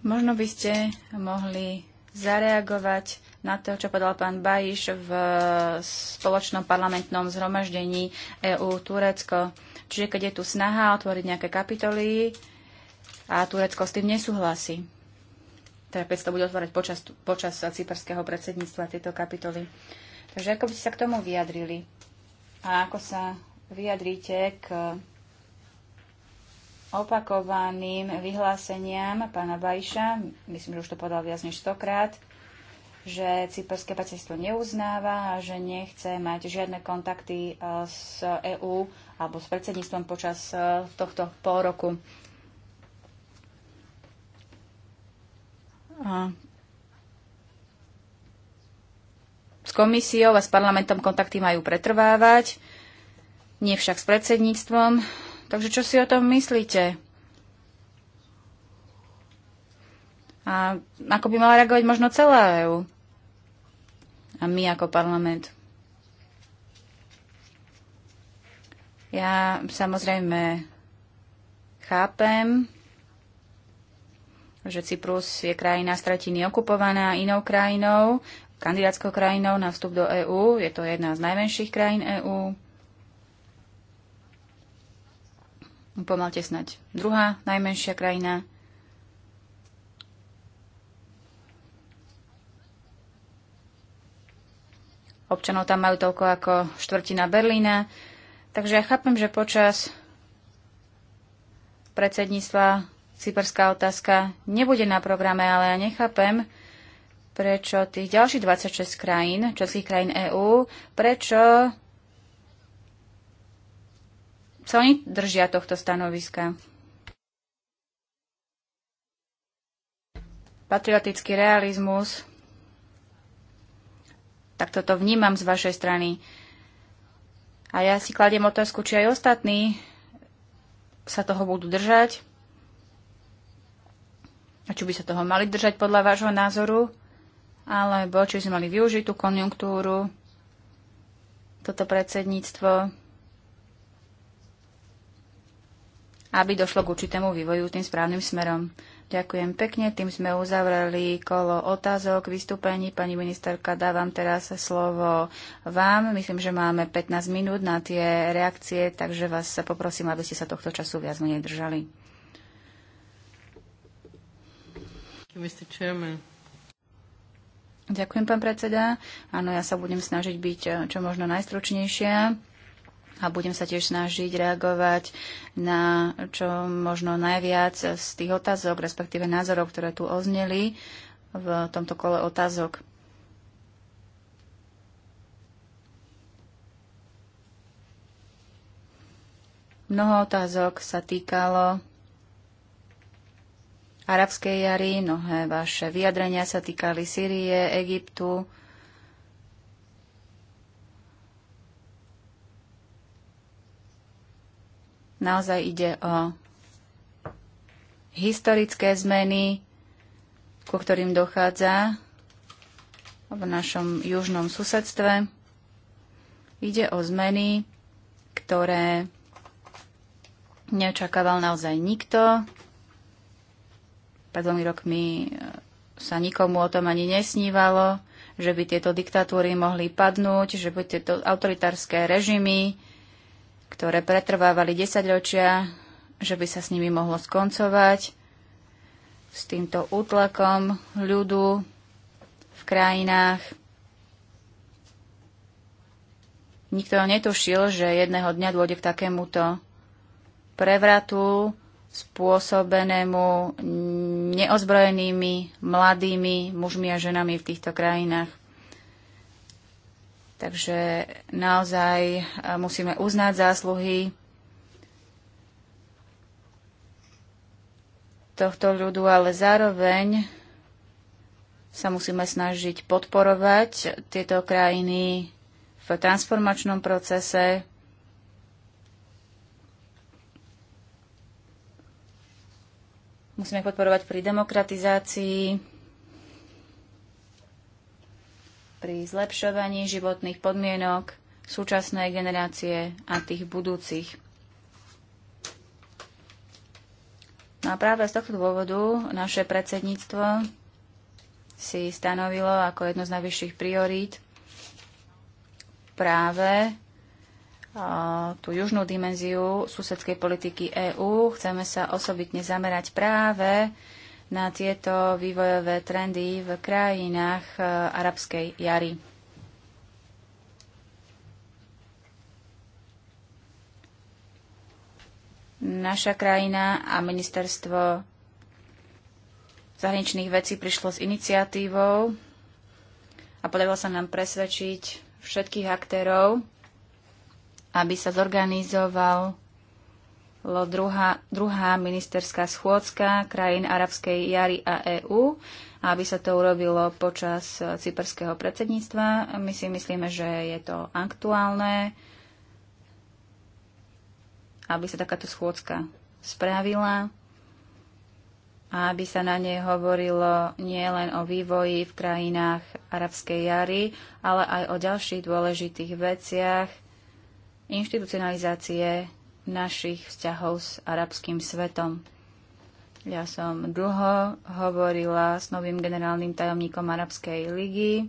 Možno by ste mohli zareagovať na to, čo povedal pán Bajiš v spoločnom parlamentnom zhromaždení EU-Turecko. Čiže keď je tu snaha otvoriť nejaké kapitoly a Turecko s tým nesúhlasí tp to bude otvárať počas, počas cyperského predsedníctva tieto kapitoly. Takže ako by ste sa k tomu vyjadrili? A ako sa vyjadríte k opakovaným vyhláseniam pána Bajša, myslím, že už to podal viac než stokrát, že cyperské predsedstvo neuznáva a že nechce mať žiadne kontakty eh, s EÚ alebo s predsedníctvom počas eh, tohto pol roku. a s komisiou a s parlamentom kontakty majú pretrvávať, nie však s predsedníctvom. Takže čo si o tom myslíte? A ako by mala reagovať možno celá EU? A my ako parlament? Ja samozrejme chápem, že Cyprus je krajina z tretiny okupovaná inou krajinou, kandidátskou krajinou na vstup do EÚ. Je to jedna z najmenších krajín EÚ. Pomalte snať druhá najmenšia krajina. Občanov tam majú toľko ako štvrtina Berlína. Takže ja chápem, že počas predsedníctva cyperská otázka nebude na programe, ale ja nechápem, prečo tých ďalších 26 krajín, členských krajín EÚ, prečo sa oni držia tohto stanoviska. Patriotický realizmus, tak toto vnímam z vašej strany. A ja si kladiem otázku, či aj ostatní sa toho budú držať a či by sa toho mali držať podľa vášho názoru, alebo či by sme mali využiť tú konjunktúru, toto predsedníctvo, aby došlo k určitému vývoju tým správnym smerom. Ďakujem pekne, tým sme uzavreli kolo otázok, vystúpení. Pani ministerka, dávam teraz slovo vám. Myslím, že máme 15 minút na tie reakcie, takže vás poprosím, aby ste sa tohto času viac menej držali. Ďakujem, pán predseda. Áno, ja sa budem snažiť byť eh, čo možno najstručnejšia a budem sa tiež snažiť reagovať na čo možno najviac z tých otázok, respektíve názorov, ktoré tu ozneli v tomto kole otázok. Mnoho otázok sa týkalo arabskej jary, mnohé vaše vyjadrenia sa týkali Sýrie, Egyptu. Naozaj ide o historické zmeny, ku ktorým dochádza v našom južnom susedstve. Ide o zmeny, ktoré neočakával naozaj nikto, pred dvomi rokmi e, sa nikomu o tom ani nesnívalo, že by tieto diktatúry mohli padnúť, že by tieto autoritárske režimy, ktoré pretrvávali desaťročia, že by sa s nimi mohlo skoncovať s týmto útlakom ľudu v krajinách. Nikto netušil, že jedného dňa dôjde k takémuto prevratu spôsobenému neozbrojenými mladými mužmi a ženami v týchto krajinách. Takže naozaj e, musíme uznať zásluhy tohto ľudu, ale zároveň sa musíme snažiť podporovať tieto krajiny v transformačnom procese, Musíme ich podporovať pri demokratizácii, pri zlepšovaní životných podmienok súčasnej generácie a tých budúcich. No a práve z tohto dôvodu naše predsedníctvo si stanovilo ako jednu z najvyšších priorít práve tú južnú dimenziu susedskej politiky EÚ. Chceme sa osobitne zamerať práve na tieto vývojové trendy v krajinách e, arabskej jary. Naša krajina a ministerstvo zahraničných vecí prišlo s iniciatívou a podarilo sa nám presvedčiť všetkých aktérov, aby sa zorganizoval druhá, druhá ministerská schôdzka krajín arabskej jary a EÚ, aby sa to urobilo počas eh, cyperského predsedníctva. My si myslíme, že je to aktuálne, aby sa takáto schôdzka spravila a aby sa na nej hovorilo nielen o vývoji v krajinách arabskej jary, ale aj o ďalších dôležitých veciach, inštitucionalizácie našich vzťahov s arabským svetom. Ja som dlho hovorila s novým generálnym tajomníkom Arabskej ligy,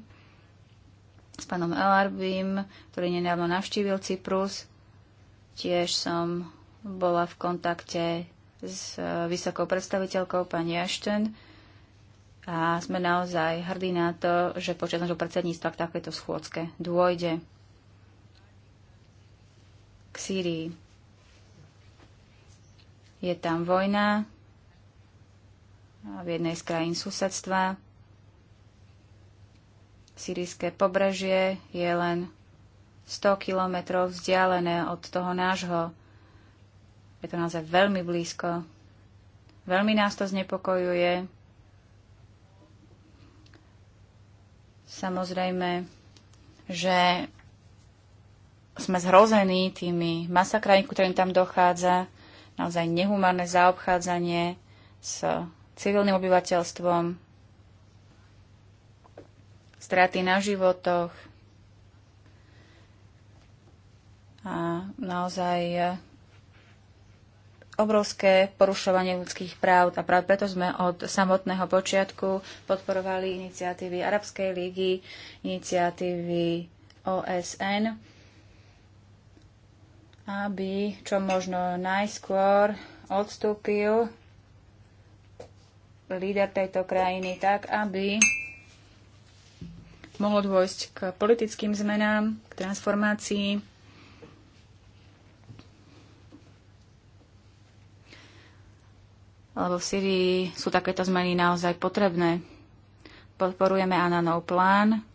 s pánom Elarbim, ktorý nedávno navštívil Cyprus. Tiež som bola v kontakte s vysokou predstaviteľkou pani Ashton a sme naozaj hrdí na to, že počas nášho predsedníctva k takéto schôdzke dôjde k Sýrii. Je tam vojna v jednej z krajín susedstva. Sýrijské pobrežie je len 100 kilometrov vzdialené od toho nášho. Je to naozaj veľmi blízko. Veľmi nás to znepokojuje. Samozrejme, že sme zhrození tými masakrami, ktorým tam dochádza, naozaj nehumánne zaobchádzanie s civilným obyvateľstvom, straty na životoch a naozaj e, obrovské porušovanie ľudských práv a práve preto sme od samotného počiatku podporovali iniciatívy Arabskej ligy, iniciatívy OSN aby čo možno najskôr odstúpil líder tejto krajiny tak, aby mohlo dôjsť k politickým zmenám, k transformácii. Lebo v Syrii sú takéto zmeny naozaj potrebné. Podporujeme Ananov plán,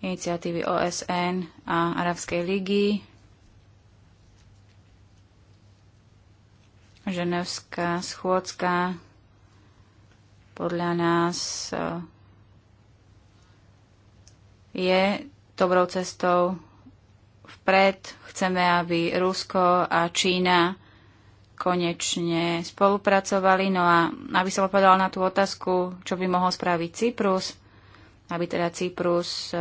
iniciatívy OSN a Arabskej ligy, ženevská schôdzka podľa nás eh, je dobrou cestou vpred. Chceme, aby Rusko a Čína konečne spolupracovali. No a aby som odpovedala na tú otázku, čo by mohol spraviť Cyprus, aby teda Cyprus e, e,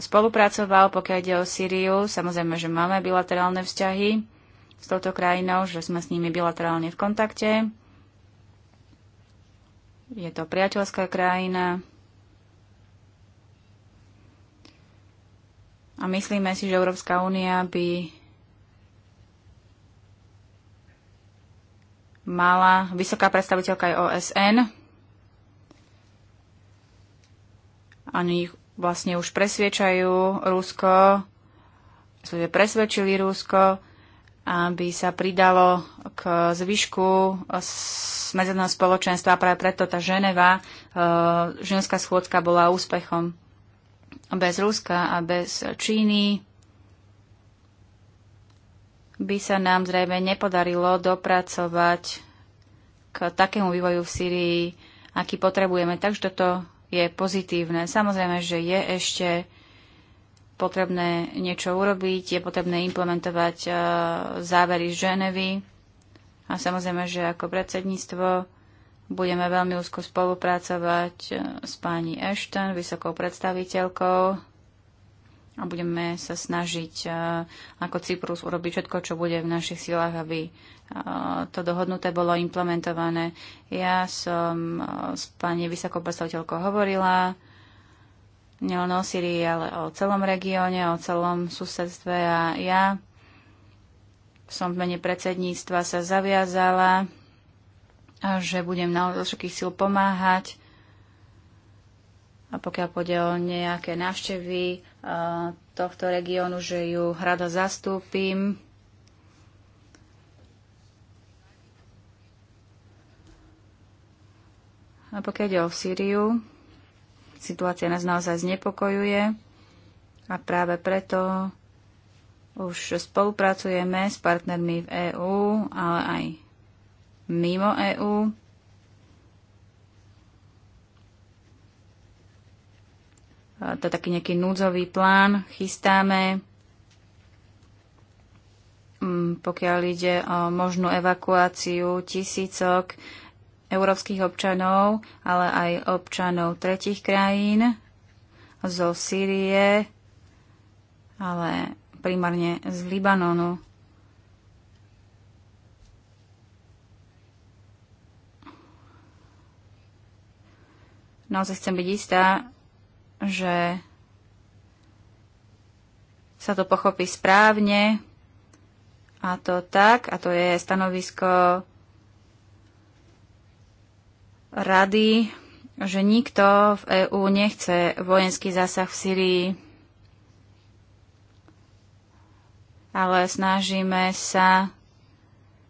spolupracoval, pokiaľ ide o Sýriu. Samozrejme, že máme bilaterálne vzťahy s touto krajinou, že sme s nimi bilaterálne v kontakte. Je to priateľská krajina. A myslíme si, že Európska únia by mala vysoká predstaviteľka aj OSN Oni ich vlastne už presviečajú Rusko, presvedčili Rusko, aby sa pridalo k zvyšku medzinárodného spoločenstva. Práve preto tá Ženeva, e, ženská schôdka bola úspechom. Bez Ruska a bez Číny by sa nám zrejme nepodarilo dopracovať k takému vývoju v Syrii, aký potrebujeme. Takže toto je pozitívne. Samozrejme, že je ešte potrebné niečo urobiť, je potrebné implementovať uh, závery z Ženevy a samozrejme, že ako predsedníctvo budeme veľmi úzko spolupracovať e, s pani Ashton, vysokou predstaviteľkou a budeme sa snažiť uh, ako Cyprus urobiť všetko, čo bude v našich silách, aby to dohodnuté bolo implementované. Ja som e, s pani vysokou predstaviteľkou hovorila, nielen o Syrii, ale o celom regióne, o celom susedstve a ja som v mene predsedníctva sa zaviazala, že budem naozaj všetkých síl pomáhať a pokiaľ pôjde o nejaké návštevy e, tohto regiónu, že ju rada zastúpim A pokiaľ ide o Sýriu, situácia nás naozaj znepokojuje a práve preto už spolupracujeme s partnermi v EÚ, ale aj mimo EÚ. To je taký nejaký núdzový plán, chystáme, mm, pokiaľ ide o možnú evakuáciu tisícok európskych občanov, ale aj občanov tretich krajín, zo Sýrie, ale primárne z Libanonu. Naozaj chcem byť istá, že sa to pochopí správne a to tak, a to je stanovisko rady, že nikto v EÚ nechce vojenský zásah v Syrii, ale snažíme sa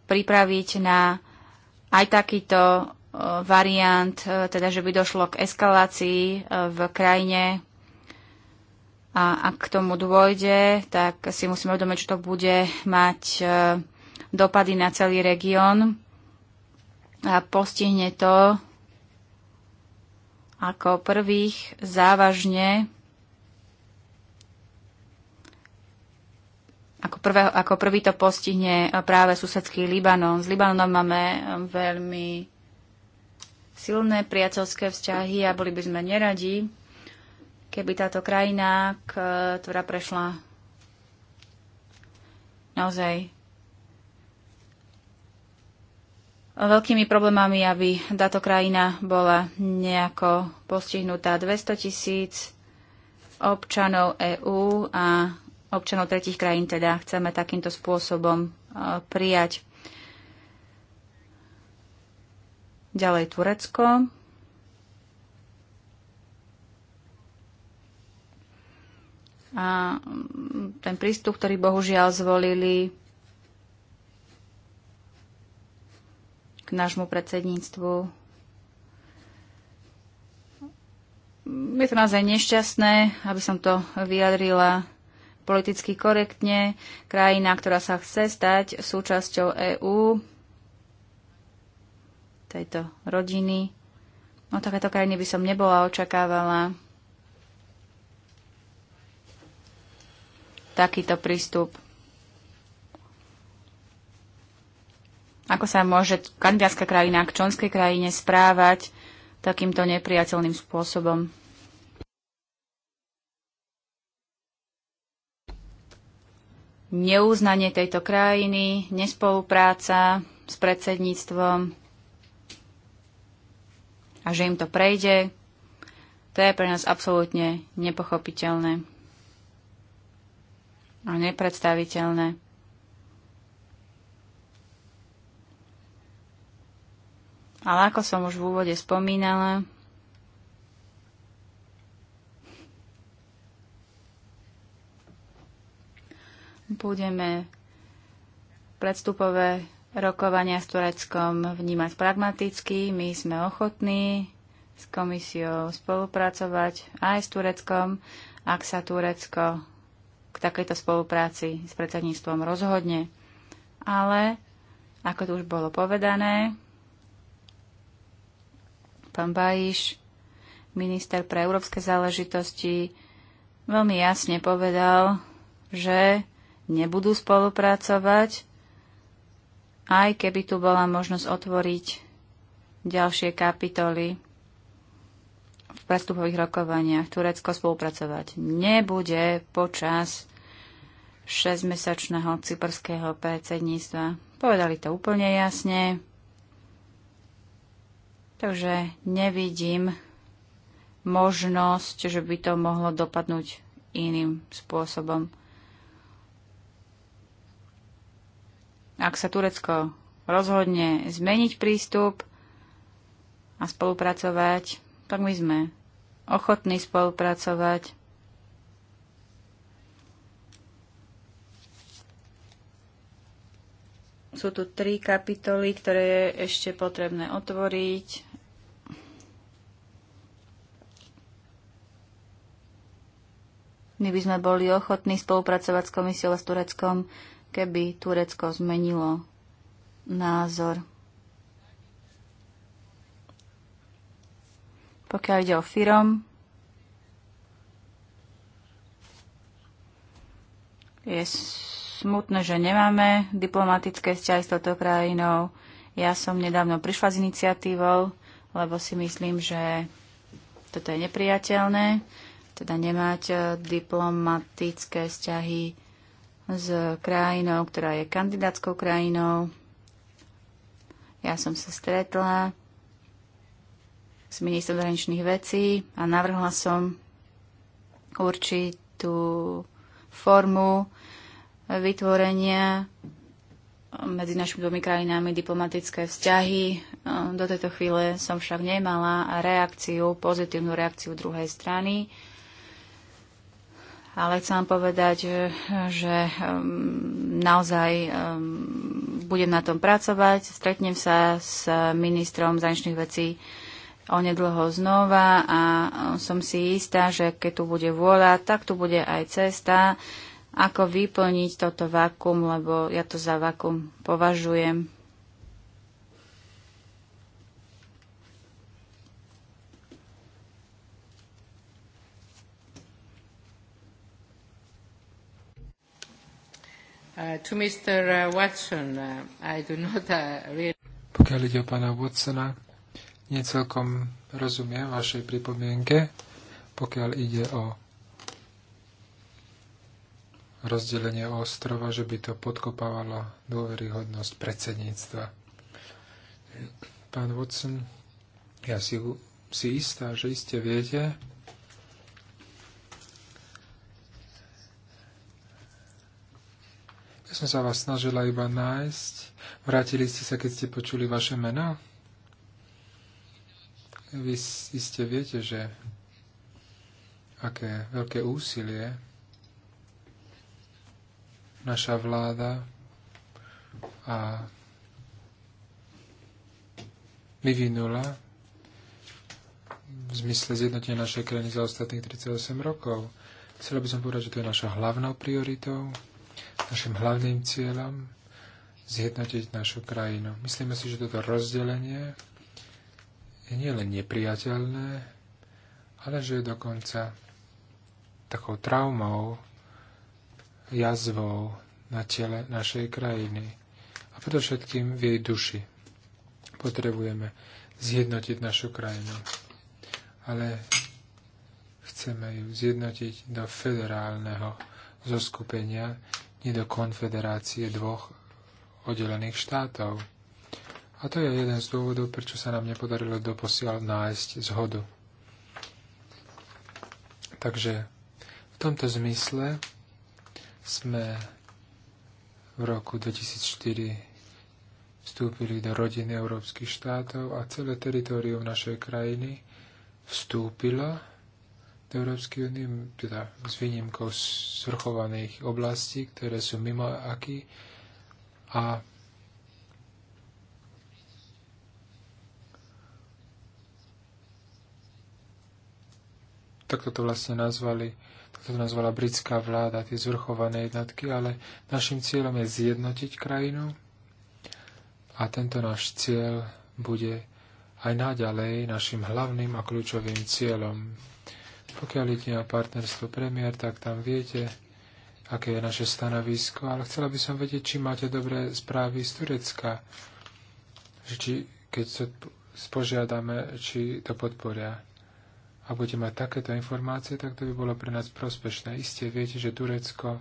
pripraviť na aj takýto e, variant, e, teda že by došlo k eskalácii e, v krajine a ak k tomu dôjde, tak si musíme uvedomiť, že to bude mať dopady na celý región a postihne to ako prvých závažne ako, prvé, ako prvý to postihne práve susedský Libanon. S Libanonom máme veľmi silné priateľské vzťahy a boli by sme neradi, keby táto krajina, ktorá prešla naozaj veľkými problémami, aby táto krajina bola nejako postihnutá. 200 tisíc občanov EÚ a občanov tretich krajín teda chceme takýmto spôsobom e, prijať. Ďalej Turecko. A ten prístup, ktorý bohužiaľ zvolili k nášmu predsedníctvu. Je to naozaj nešťastné, aby som to vyjadrila politicky korektne. Krajina, ktorá sa chce stať súčasťou EÚ, tejto rodiny. No takéto krajiny by som nebola očakávala. Takýto prístup. Ako sa môže kandidátska krajina k členskej krajine správať takýmto nepriateľným spôsobom? Neuznanie tejto krajiny, nespolupráca s predsedníctvom a že im to prejde, to je pre nás absolútne nepochopiteľné a nepredstaviteľné. Ale ako som už v úvode spomínala, budeme predstupové rokovania s Tureckom vnímať pragmaticky. My sme ochotní s komisiou spolupracovať aj s Tureckom, ak sa Turecko k takejto spolupráci s predsedníctvom rozhodne. Ale, ako to už bolo povedané, pán Bajiš, minister pre európske záležitosti, veľmi jasne povedal, že nebudú spolupracovať, aj keby tu bola možnosť otvoriť ďalšie kapitoly v prestupových rokovaniach. Turecko spolupracovať nebude počas 6-mesačného cyperského predsedníctva. Povedali to úplne jasne. Takže nevidím možnosť, že by to mohlo dopadnúť iným spôsobom. Ak sa Turecko rozhodne zmeniť prístup a spolupracovať, tak my sme ochotní spolupracovať Sú tu tri kapitoly, ktoré je ešte potrebné otvoriť. My by sme boli ochotní spolupracovať s komisiou a s Tureckom, keby Turecko zmenilo názor. Pokiaľ ide o firom, je smutné, že nemáme diplomatické vzťahy s touto krajinou. Ja som nedávno prišla s iniciatívou, lebo si myslím, že toto je nepriateľné, teda nemať e, diplomatické vzťahy s krajinou, ktorá je kandidátskou krajinou. Ja som sa stretla s ministrom zahraničných vecí a navrhla som určitú formu vytvorenia medzi našimi dvomi krajinami diplomatické vzťahy. E, do tejto chvíle som však nemala reakciu, pozitívnu reakciu druhej strany. Ale chcem povedať, e, že naozaj budem na tom pracovať. Stretnem sa s ministrom zahraničných vecí onedlho znova a som si istá, že keď tu bude vôľa, tak tu bude aj cesta ako vyplniť toto vakum, lebo ja to za vakum považujem. Uh, to Mr. Uh, Watson, uh, I do not uh, really... Pokiaľ ide o pána Watsona, necelkom rozumiem vašej pripomienke, pokiaľ ide o rozdelenie ostrova, že by to podkopávalo dôveryhodnosť predsedníctva. Pán Watson, ja si, si istá, že iste viete, ja som sa vás snažila iba nájsť. Vrátili ste sa, keď ste počuli vaše mená? Vy iste viete, že aké veľké úsilie naša vláda a vyvinula v zmysle zjednotenia našej krajiny za ostatných 38 rokov. Chcel by som povedať, že to je našou hlavnou prioritou, našim hlavným cieľom zjednotiť našu krajinu. Myslíme si, že toto rozdelenie je nielen nepriateľné, ale že je dokonca takou traumou jazvou na tele našej krajiny a predovšetkým v jej duši. Potrebujeme zjednotiť našu krajinu, ale chceme ju zjednotiť do federálneho zoskupenia, nie do konfederácie dvoch oddelených štátov. A to je jeden z dôvodov, prečo sa nám nepodarilo doposiaľ nájsť zhodu. Takže v tomto zmysle sme v roku 2004 vstúpili do rodiny európskych štátov a celé teritorium našej krajiny vstúpilo do Európskej únie, teda s výnimkou zvrchovaných oblastí, ktoré sú mimo aký. A takto to vlastne nazvali ako to nazvala britská vláda, tie zvrchované jednotky, ale našim cieľom je zjednotiť krajinu a tento náš cieľ bude aj naďalej našim hlavným a kľúčovým cieľom. Pokiaľ ide o partnerstvo premiér, tak tam viete, aké je naše stanovisko, ale chcela by som vedieť, či máte dobré správy z Turecka, že či, keď to spožiadame, či to podporia. Ak budete mať takéto informácie, tak to by bolo pre nás prospešné. Isté viete, že Turecko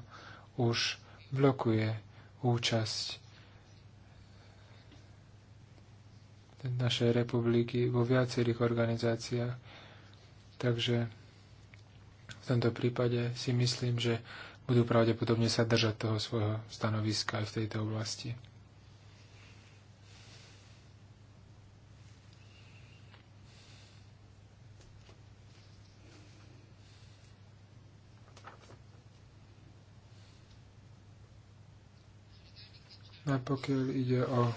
už blokuje účasť našej republiky vo viacerých organizáciách. Takže v tomto prípade si myslím, že budú pravdepodobne sa držať toho svojho stanoviska aj v tejto oblasti. A pokiaľ ide o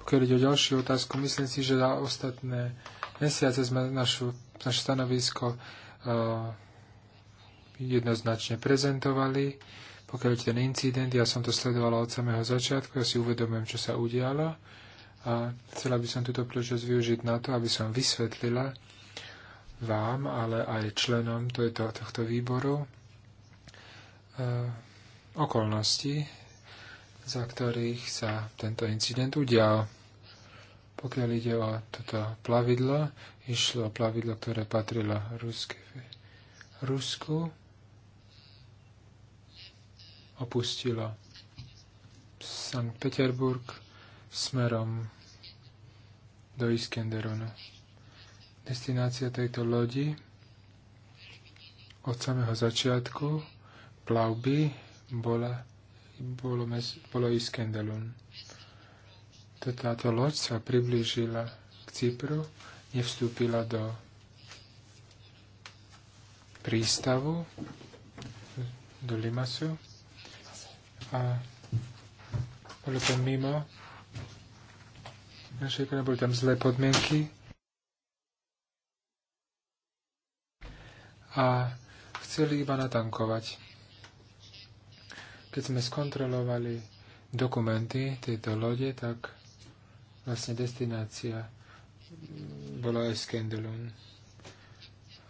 pokiaľ ide o ďalšiu otázku, myslím si, že za ostatné mesiace sme našu, naše stanovisko uh, jednoznačne prezentovali. Pokiaľ ten incident, ja som to sledovala od samého začiatku, ja si uvedomujem, čo sa udialo a chcela by som túto príležitosť využiť na to, aby som vysvetlila, vám, ale aj členom tohto, tohto výboru e, okolnosti, za ktorých sa tento incident udial. Pokiaľ ide o toto plavidlo, išlo o plavidlo, ktoré patrilo Ruske, Rusku, opustilo Sankt Peterburg smerom do Iskenderunu. Destinácia tejto lodi od samého začiatku plavby bola, bolo, mes, bolo Iskendalun. Táto loď sa priblížila k Cypru, nevstúpila do prístavu, do Limasu a bolo to mimo našej krajiny, boli tam zlé podmienky a chceli iba natankovať. Keď sme skontrolovali dokumenty tejto lode, tak vlastne destinácia bola Eskendelun.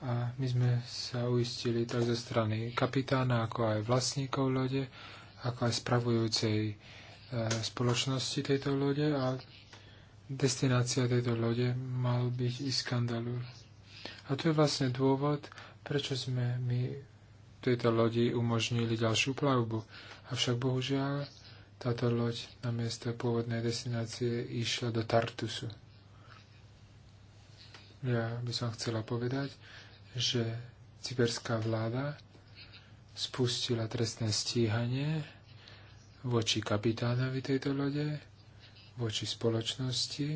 A my sme sa uistili tak zo strany kapitána, ako aj vlastníkov lode, ako aj spravujúcej e, spoločnosti tejto lode a destinácia tejto lode mal byť Iskandalur. A to je vlastne dôvod, Prečo sme my tejto lodi umožnili ďalšiu plavbu? Avšak bohužiaľ táto loď na miesto pôvodnej destinácie išla do Tartusu. Ja by som chcela povedať, že cyperská vláda spustila trestné stíhanie voči kapitánovi tejto lode, voči spoločnosti,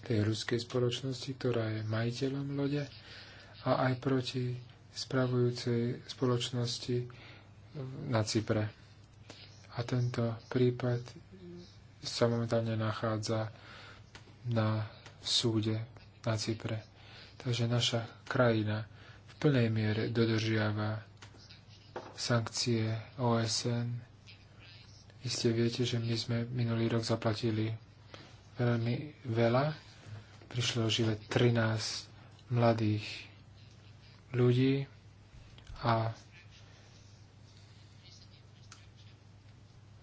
tej ruskej spoločnosti, ktorá je majiteľom lode a aj proti spravujúcej spoločnosti na Cypre. A tento prípad sa momentálne nachádza na súde na Cypre. Takže naša krajina v plnej miere dodržiava sankcie OSN. Iste viete, že my sme minulý rok zaplatili veľmi veľa. Prišlo žive 13 mladých ľudí a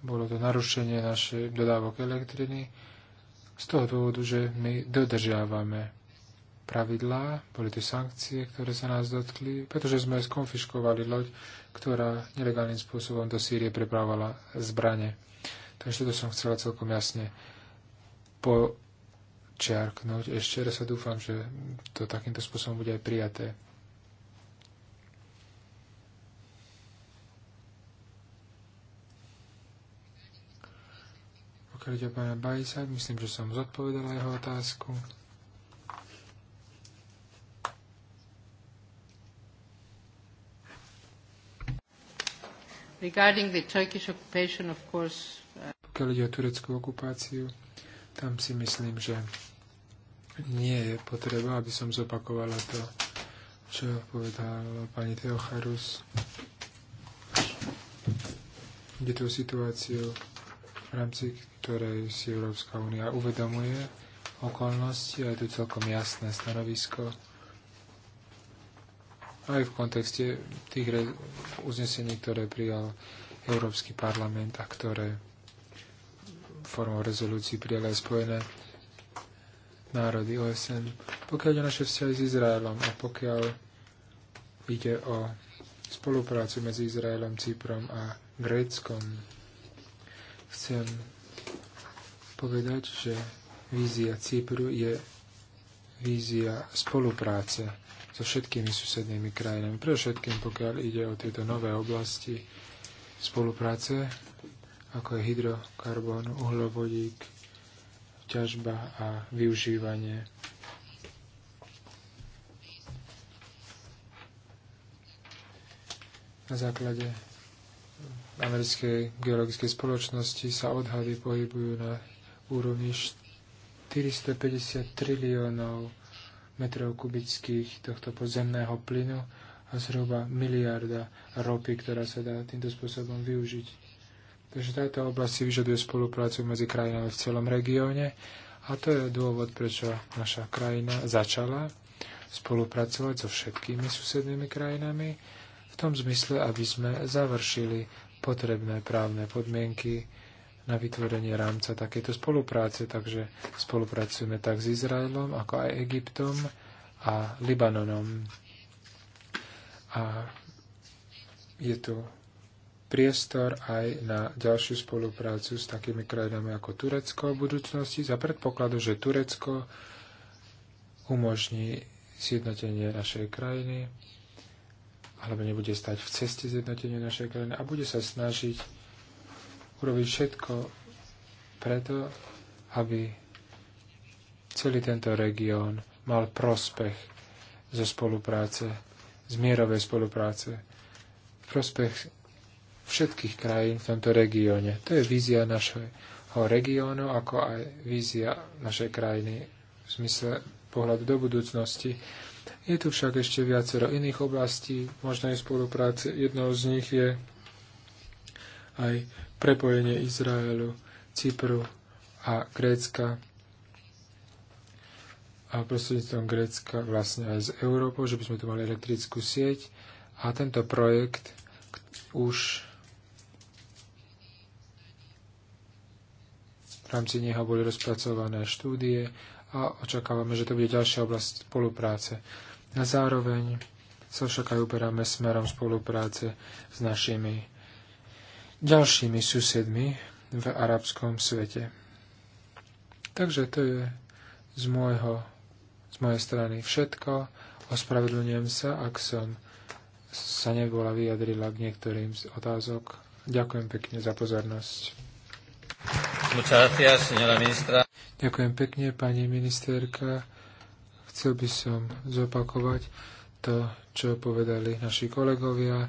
bolo to narušenie našej dodávok elektriny z toho dôvodu, že my dodržiavame pravidlá, boli to sankcie, ktoré sa nás dotkli, pretože sme skonfiškovali loď, ktorá nelegálnym spôsobom do Sýrie prepravovala zbranie. Takže toto som chcela celkom jasne počiarknúť. Ešte raz sa dúfam, že to takýmto spôsobom bude aj prijaté. pokrytia pána Bajsa, myslím, že som zodpovedal jeho otázku. Regarding the Turkish occupation, of course, uh, Pokiaľ ide o tureckú okupáciu, tam si myslím, že nie je potreba, aby som zopakovala to, čo povedal pani Teocharus. Ide tú situáciu v rámci ktorej si Európska únia uvedomuje okolnosti a je tu celkom jasné stanovisko aj v kontexte tých uznesení, ktoré prijal Európsky parlament a ktoré formou rezolúcií prijali aj Spojené národy OSN. Pokiaľ ide naše vzťahy s Izraelom a pokiaľ ide o spoluprácu medzi Izraelom, Cyprom a Gréckom, Chcem povedať, že vízia Cypru je vízia spolupráce so všetkými susednými krajinami. Pre všetkým, pokiaľ ide o tieto nové oblasti spolupráce, ako je hydrokarbon, uhlovodík, ťažba a využívanie. Na základe americkej geologickej spoločnosti sa odhady pohybujú na úrovni 450 triliónov metrov kubických tohto podzemného plynu a zhruba miliarda ropy, ktorá sa dá týmto spôsobom využiť. Takže táto oblasť si vyžaduje spoluprácu medzi krajinami v celom regióne a to je dôvod, prečo naša krajina začala spolupracovať so všetkými susednými krajinami v tom zmysle, aby sme završili potrebné právne podmienky na vytvorenie rámca takéto spolupráce. Takže spolupracujeme tak s Izraelom, ako aj Egyptom a Libanonom. A je tu priestor aj na ďalšiu spoluprácu s takými krajinami ako Turecko v budúcnosti, za predpokladu, že Turecko umožní zjednotenie našej krajiny alebo nebude stať v ceste zjednotenia našej krajiny a bude sa snažiť urobiť všetko preto, aby celý tento región mal prospech zo spolupráce, z mierovej spolupráce, prospech všetkých krajín v tomto regióne. To je vízia našeho regiónu, ako aj vízia našej krajiny v zmysle pohľadu do budúcnosti. Je tu však ešte viacero iných oblastí možnej spolupráce. Jednou z nich je aj prepojenie Izraelu, Cypru a Grécka a prostredníctvom Grécka vlastne aj z Európou, že by sme tu mali elektrickú sieť a tento projekt už v rámci neho boli rozpracované štúdie a očakávame, že to bude ďalšia oblasť spolupráce. A zároveň sa však aj uberáme smerom spolupráce s našimi ďalšími susedmi v arabskom svete. Takže to je z, môjho, z mojej strany všetko. Ospravedlňujem sa, ak som sa nebola vyjadrila k niektorým z otázok. Ďakujem pekne za pozornosť. Gracias, Ďakujem pekne, pani ministerka. Chcel by som zopakovať to, čo povedali naši kolegovia.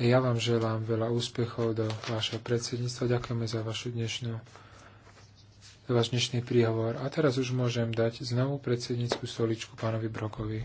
Ja vám želám veľa úspechov do vašeho predsedníctva. Ďakujeme za vašu dnešnú za váš dnešný príhovor. A teraz už môžem dať znovu predsednícku stoličku pánovi Brokovi.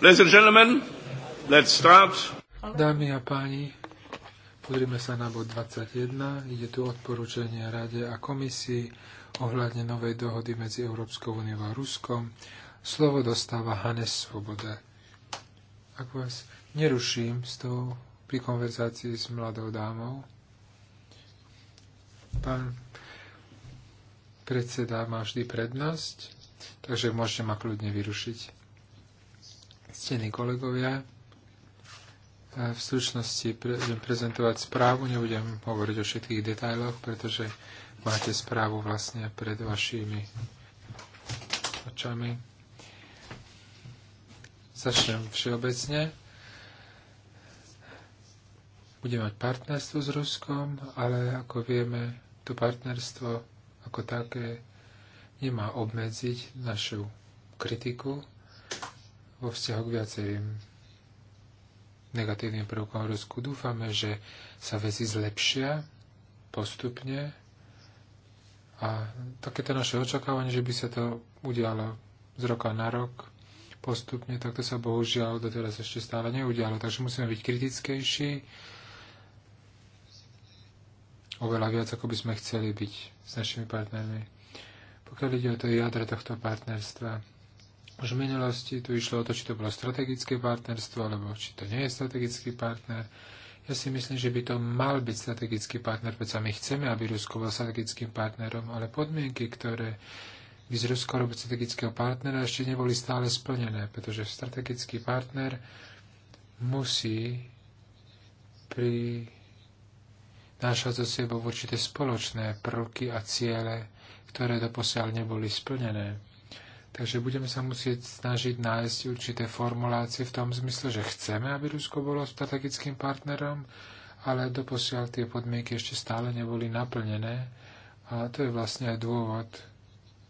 Ladies and gentlemen, let's start. Dámy a páni, pozrime sa na bod 21. Ide tu odporúčanie Rade a komisii ohľadne novej dohody medzi Európskou úniou a Ruskom. Slovo dostáva Hanes Svoboda. Ak vás neruším s tou pri konverzácii s mladou dámou, pán predseda má vždy prednosť, takže môžete ma kľudne vyrušiť. Ctení kolegovia, v stručnosti budem prezentovať správu, nebudem hovoriť o všetkých detailoch, pretože máte správu vlastne pred vašimi očami. Začnem všeobecne. Budeme mať partnerstvo s Ruskom, ale ako vieme, to partnerstvo ako také nemá obmedziť našu kritiku vo vzťahu k viacerým negatívnym prvkom Rusku. Dúfame, že sa veci zlepšia postupne a takéto naše očakávanie, že by sa to udialo z roka na rok postupne, tak to sa bohužiaľ doteraz ešte stále neudialo. Takže musíme byť kritickejší, oveľa viac, ako by sme chceli byť s našimi partnermi. Pokiaľ ide o to jadro tohto partnerstva, už v minulosti tu išlo o to, či to bolo strategické partnerstvo, alebo či to nie je strategický partner. Ja si myslím, že by to mal byť strategický partner, pretože my chceme, aby Rusko bol strategickým partnerom, ale podmienky, ktoré by z Rusko robiť strategického partnera, ešte neboli stále splnené, pretože strategický partner musí pri nášať so sebou určité spoločné prvky a ciele, ktoré doposiaľ neboli splnené. Takže budeme sa musieť snažiť nájsť určité formulácie v tom zmysle, že chceme, aby Rusko bolo strategickým partnerom, ale doposiaľ tie podmienky ešte stále neboli naplnené a to je vlastne aj dôvod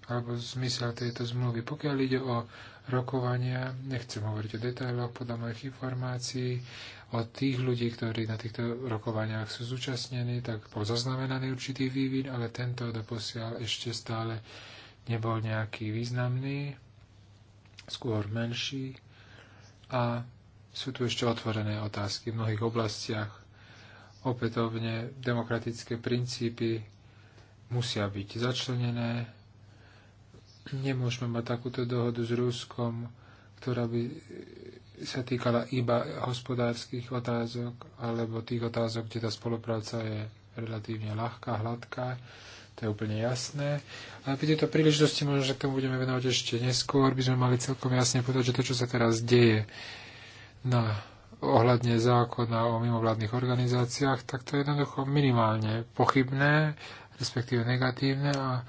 alebo zmysel tejto zmluvy. Pokiaľ ide o rokovania, nechcem hovoriť o detailoch podľa mojich informácií, od tých ľudí, ktorí na týchto rokovaniach sú zúčastnení, tak bol zaznamenaný určitý vývin, ale tento doposiaľ ešte stále nebol nejaký významný, skôr menší a sú tu ešte otvorené otázky v mnohých oblastiach. Opätovne demokratické princípy musia byť začlenené. Nemôžeme mať takúto dohodu s Ruskom, ktorá by sa týkala iba hospodárskych otázok alebo tých otázok, kde tá spolupráca je relatívne ľahká, hladká to je úplne jasné. Ale pri tejto príležitosti možno, že k tomu budeme venovať ešte neskôr, by sme mali celkom jasne povedať, že to, čo sa teraz deje na ohľadne zákona o mimovládnych organizáciách, tak to je jednoducho minimálne pochybné, respektíve negatívne a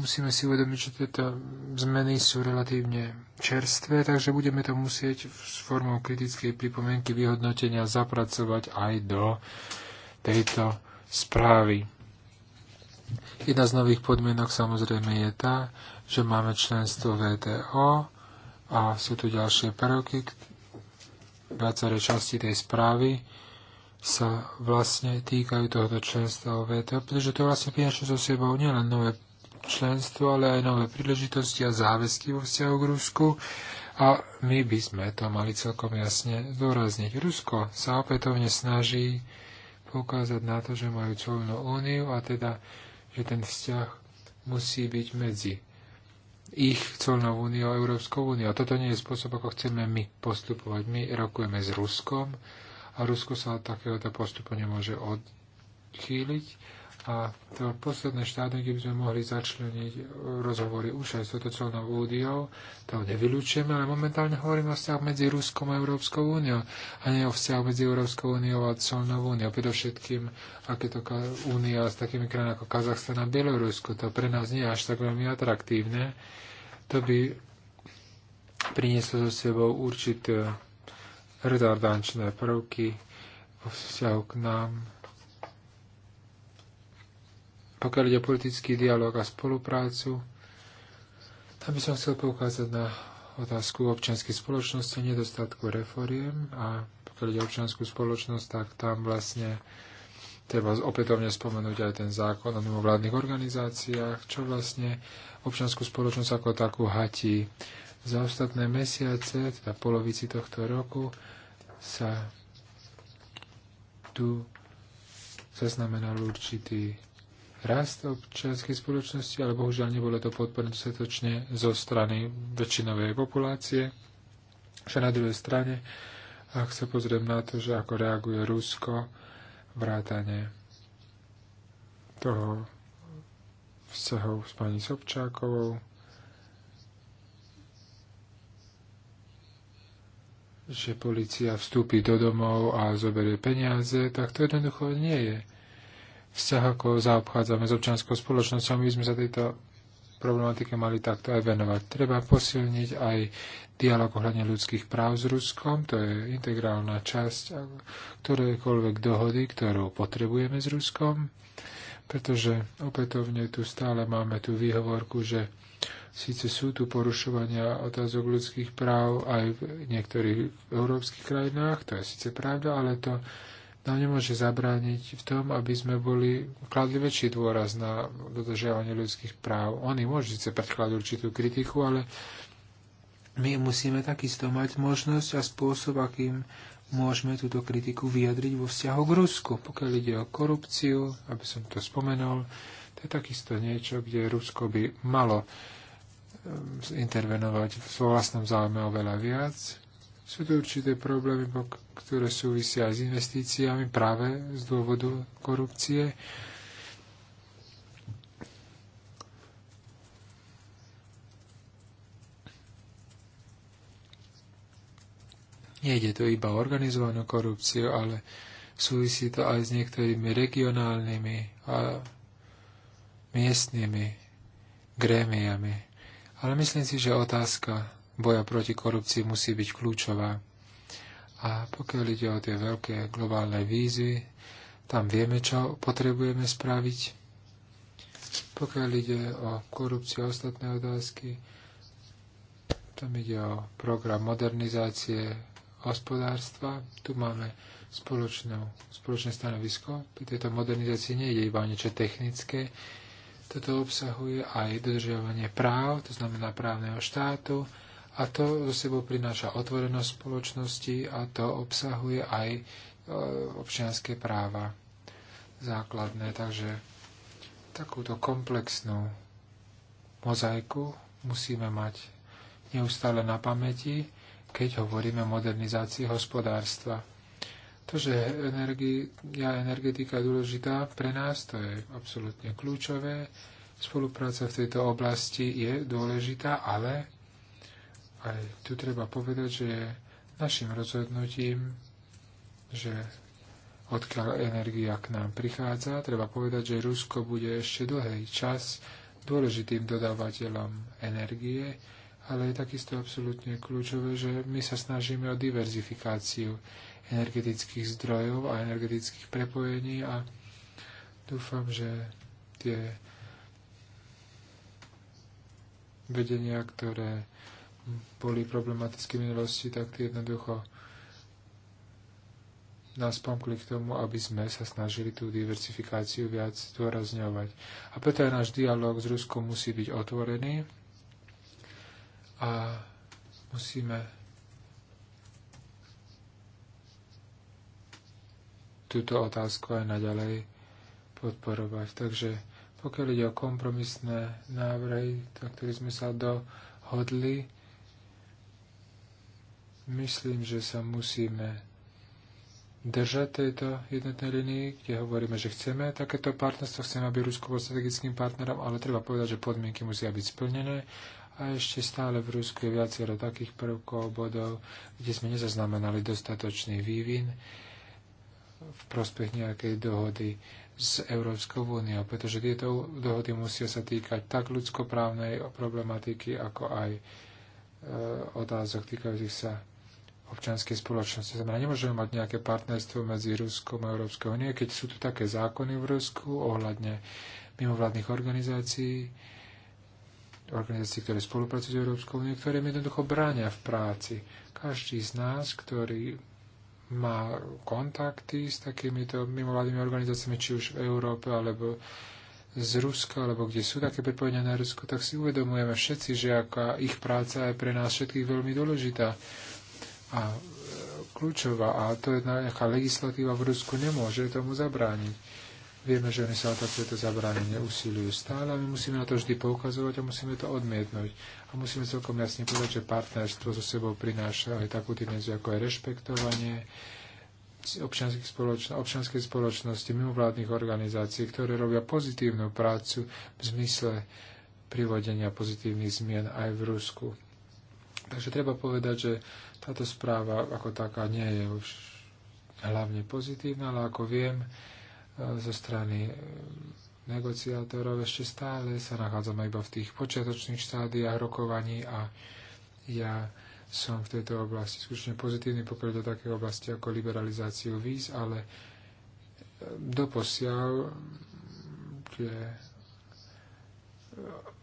musíme si uvedomiť, že tieto zmeny sú relatívne čerstvé, takže budeme to musieť s formou kritickej pripomienky vyhodnotenia zapracovať aj do tejto správy. Jedna z nových podmienok samozrejme je tá, že máme členstvo VTO a sú tu ďalšie prvky, viaceré časti tej správy sa vlastne týkajú tohoto členstva VTO, pretože to vlastne prináša so sebou nielen nové členstvo, ale aj nové príležitosti a záväzky vo vzťahu k Rusku. A my by sme to mali celkom jasne zdôrazniť. Rusko sa opätovne snaží poukázať na to, že majú colnú úniu a teda že ten vzťah musí byť medzi ich colnou úniou a Európskou úniou. A toto nie je spôsob, ako chceme my postupovať. My rokujeme s Ruskom a Rusko sa od takéhoto postupu nemôže odchýliť a to posledné štádium, kde by sme mohli začleniť e, rozhovory už aj s toto údiou, to nevylučujeme, ale momentálne hovoríme o vzťahu medzi Ruskom a Európskou úniou a nie o vzťahu medzi Európskou úniou a celnou úniou. Predovšetkým, aké to únia s takými krajinami ako Kazachstan a Bielorusko, to pre nás nie je až tak veľmi atraktívne. To by prinieslo so sebou určité redardančné prvky vo vzťahu k nám, pokiaľ ide o politický dialog a spoluprácu, tam by som chcel poukázať na otázku občianskej spoločnosti, a nedostatku reforiem a pokiaľ ide o občianskú spoločnosť, tak tam vlastne treba opätovne spomenúť aj ten zákon o mimovládnych organizáciách, čo vlastne občianskú spoločnosť ako takú hatí. Za ostatné mesiace, teda polovici tohto roku, sa tu zaznamenal určitý rast občianskej spoločnosti, ale bohužiaľ nebolo to podporné dostatočne zo strany väčšinovej populácie. Že na druhej strane, ak sa pozriem na to, že ako reaguje Rusko, vrátane toho vzťahov s pani Sobčákovou, že policia vstúpi do domov a zoberie peniaze, tak to jednoducho nie je vzťah, ako zaobchádzame s občanskou spoločnosťou. My sme sa tejto problematike mali takto aj venovať. Treba posilniť aj dialog ohľadne ľudských práv s Ruskom, to je integrálna časť ktorékoľvek dohody, ktorú potrebujeme s Ruskom, pretože opätovne tu stále máme tú výhovorku, že síce sú tu porušovania otázok ľudských práv aj v niektorých európskych krajinách, to je síce pravda, ale to nám no, nemôže zabrániť v tom, aby sme boli kladli väčší dôraz na dodržiavanie ľudských práv. Oni môžu síce predkladať určitú kritiku, ale my musíme takisto mať možnosť a spôsob, akým môžeme túto kritiku vyjadriť vo vzťahu k Rusku. Pokiaľ ide o korupciu, aby som to spomenul, to je takisto niečo, kde Rusko by malo ehm, intervenovať v svojom vlastnom záujme oveľa viac, sú to určité problémy, ktoré súvisia s investíciami práve z dôvodu korupcie. Nejde to iba o organizovanú korupciu, ale súvisí to aj s niektorými regionálnymi a miestnymi grémiami. Ale myslím si, že otázka boja proti korupcii musí byť kľúčová. A pokiaľ ide o tie veľké globálne výzvy, tam vieme, čo potrebujeme spraviť. Pokiaľ ide o korupciu a ostatné otázky, tam ide o program modernizácie hospodárstva. Tu máme spoločné stanovisko. Pri tejto modernizácii nie je iba o niečo technické. Toto obsahuje aj dodržiavanie práv, to znamená právneho štátu, a to zo sebou prináša otvorenosť spoločnosti a to obsahuje aj e, občianské práva základné. Takže takúto komplexnú mozaiku musíme mať neustále na pamäti, keď hovoríme o modernizácii hospodárstva. To, že ja, energetika je dôležitá pre nás, to je absolútne kľúčové. Spolupráca v tejto oblasti je dôležitá, ale aj tu treba povedať, že je našim rozhodnutím, že odkiaľ energia k nám prichádza, treba povedať, že Rusko bude ešte dlhý čas dôležitým dodávateľom energie, ale je takisto absolútne kľúčové, že my sa snažíme o diverzifikáciu energetických zdrojov a energetických prepojení a dúfam, že tie vedenia, ktoré boli problematické v minulosti, tak tie jednoducho nás pomkli k tomu, aby sme sa snažili tú diversifikáciu viac zdôrazňovať. A preto aj náš dialog s Ruskom musí byť otvorený a musíme túto otázku aj naďalej podporovať. Takže pokiaľ ide o kompromisné návrhy, na ktorých sme sa dohodli, Myslím, že sa musíme držať tejto jednotnej linii, kde hovoríme, že chceme takéto partnerstvo, chceme, aby Rusko bol strategickým partnerom, ale treba povedať, že podmienky musia byť splnené a ešte stále v Rusku je viacero takých prvkov, bodov, kde sme nezaznamenali dostatočný vývin v prospech nejakej dohody s Európskou úniou, pretože tieto dohody musia sa týkať tak ľudskoprávnej problematiky, ako aj e, otázok týkajúcich sa občianskej spoločnosti. Znamená, nemôžeme mať nejaké partnerstvo medzi Ruskom a Európskou úniou, keď sú tu také zákony v Rusku ohľadne mimovládnych organizácií, organizácií, ktoré spolupracujú s Európskou úniou, ktoré im jednoducho bránia v práci. Každý z nás, ktorý má kontakty s takýmito mimovládnymi organizáciami, či už v Európe, alebo z Ruska, alebo kde sú také prepojenia na Rusku, tak si uvedomujeme všetci, že aká ich práca je pre nás všetkých veľmi dôležitá a e, kľúčová a to je nejaká legislatíva v Rusku nemôže tomu zabrániť. Vieme, že oni sa o takéto zabrány neusilujú stále a my musíme na to vždy poukazovať a musíme to odmietnúť. A musíme celkom jasne povedať, že partnerstvo so sebou prináša aj takú dimenziu, ako je rešpektovanie občianskej spoločno- spoločnosti, mimovládnych organizácií, ktoré robia pozitívnu prácu v zmysle privodenia pozitívnych zmien aj v Rusku. Takže treba povedať, že táto správa ako taká nie je už hlavne pozitívna, ale ako viem e, zo strany e, negociátorov ešte stále sa nachádzame iba v tých počiatočných štádiách rokovaní a ja som v tejto oblasti skutočne pozitívny, pokiaľ do také oblasti ako liberalizáciu víz, ale e, doposiaľ tie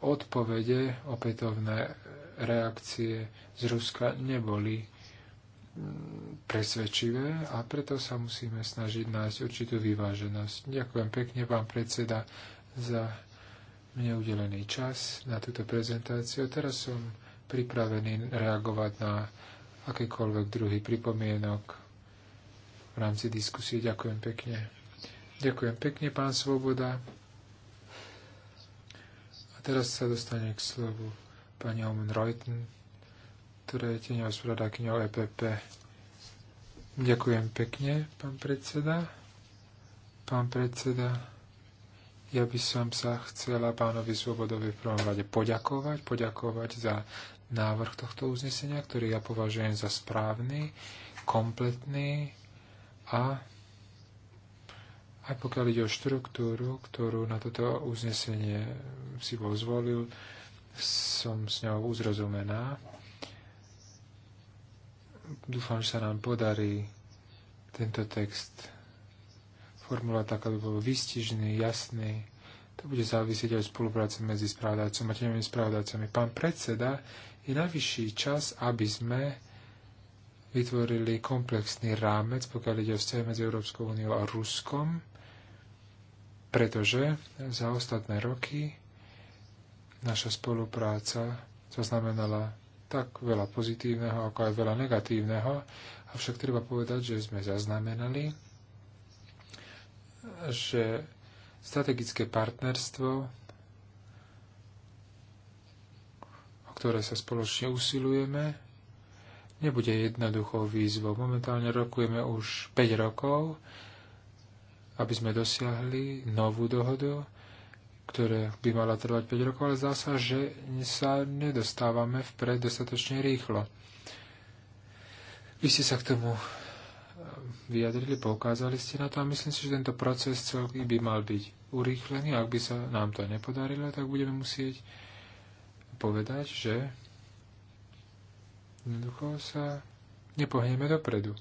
odpovede opätovné reakcie z Ruska neboli mm, presvedčivé a preto sa musíme snažiť nájsť určitú vyváženosť. Ďakujem pekne, pán predseda, za mne udelený čas na túto prezentáciu. Teraz som pripravený reagovať na akýkoľvek druhý pripomienok v rámci diskusie. Ďakujem pekne. Ďakujem pekne, pán Svoboda. A teraz sa dostane k slovu pani Omen Reuten, ktoré je tieňou spravodajkyňou EPP. Ďakujem pekne, pán predseda. Pán predseda, ja by som sa chcela pánovi Svobodovi v prvom rade poďakovať, poďakovať za návrh tohto uznesenia, ktorý ja považujem za správny, kompletný a aj pokiaľ ide o štruktúru, ktorú na toto uznesenie si pozvolil. zvolil, som s ňou uzrozumená. Dúfam, že sa nám podarí tento text formula tak, aby bol vystižný, jasný. To bude závisieť aj spolupráce medzi správdajcom a tými správdajcami. Pán predseda, je najvyšší čas, aby sme vytvorili komplexný rámec, pokiaľ ide o vzťahy medzi Európskou úniou a Ruskom, pretože za ostatné roky naša spolupráca zaznamenala tak veľa pozitívneho, ako aj veľa negatívneho, avšak treba povedať, že sme zaznamenali, že strategické partnerstvo, o ktoré sa spoločne usilujeme, nebude jednoduchou výzvou. Momentálne rokujeme už 5 rokov, aby sme dosiahli novú dohodu, ktoré by mala trvať 5 rokov, ale zdá sa, že sa nedostávame vpred dostatočne rýchlo. Vy ste sa k tomu eh, vyjadrili, poukázali ste na to a myslím si, že tento proces celý by mal byť urýchlený. Ak by sa nám to nepodarilo, tak budeme musieť povedať, že jednoducho sa nepohneme dopredu.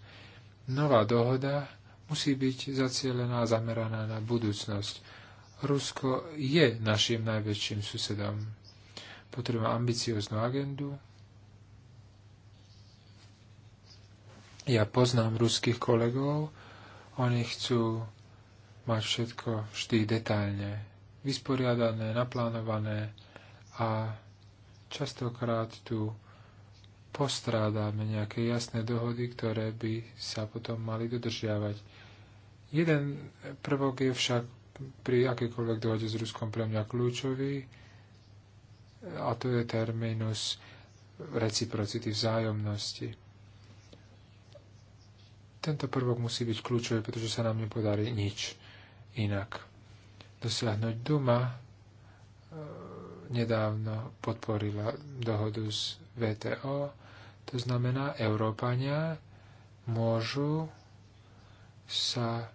Nová dohoda musí byť zacielená a zameraná na budúcnosť Rusko je našim najväčším susedom. Potrebujeme ambicióznu agendu. Ja poznám ruských kolegov, oni chcú mať všetko vždy detailne vysporiadané, naplánované a častokrát tu postrádame nejaké jasné dohody, ktoré by sa potom mali dodržiavať. Jeden prvok je však pri akékoľvek dohode s Ruskom pre mňa kľúčový a to je terminus reciprocity vzájomnosti. Tento prvok musí byť kľúčový, pretože sa nám nepodarí nič inak. Dosiahnuť Duma e, nedávno podporila dohodu z VTO, to znamená, Európania môžu sa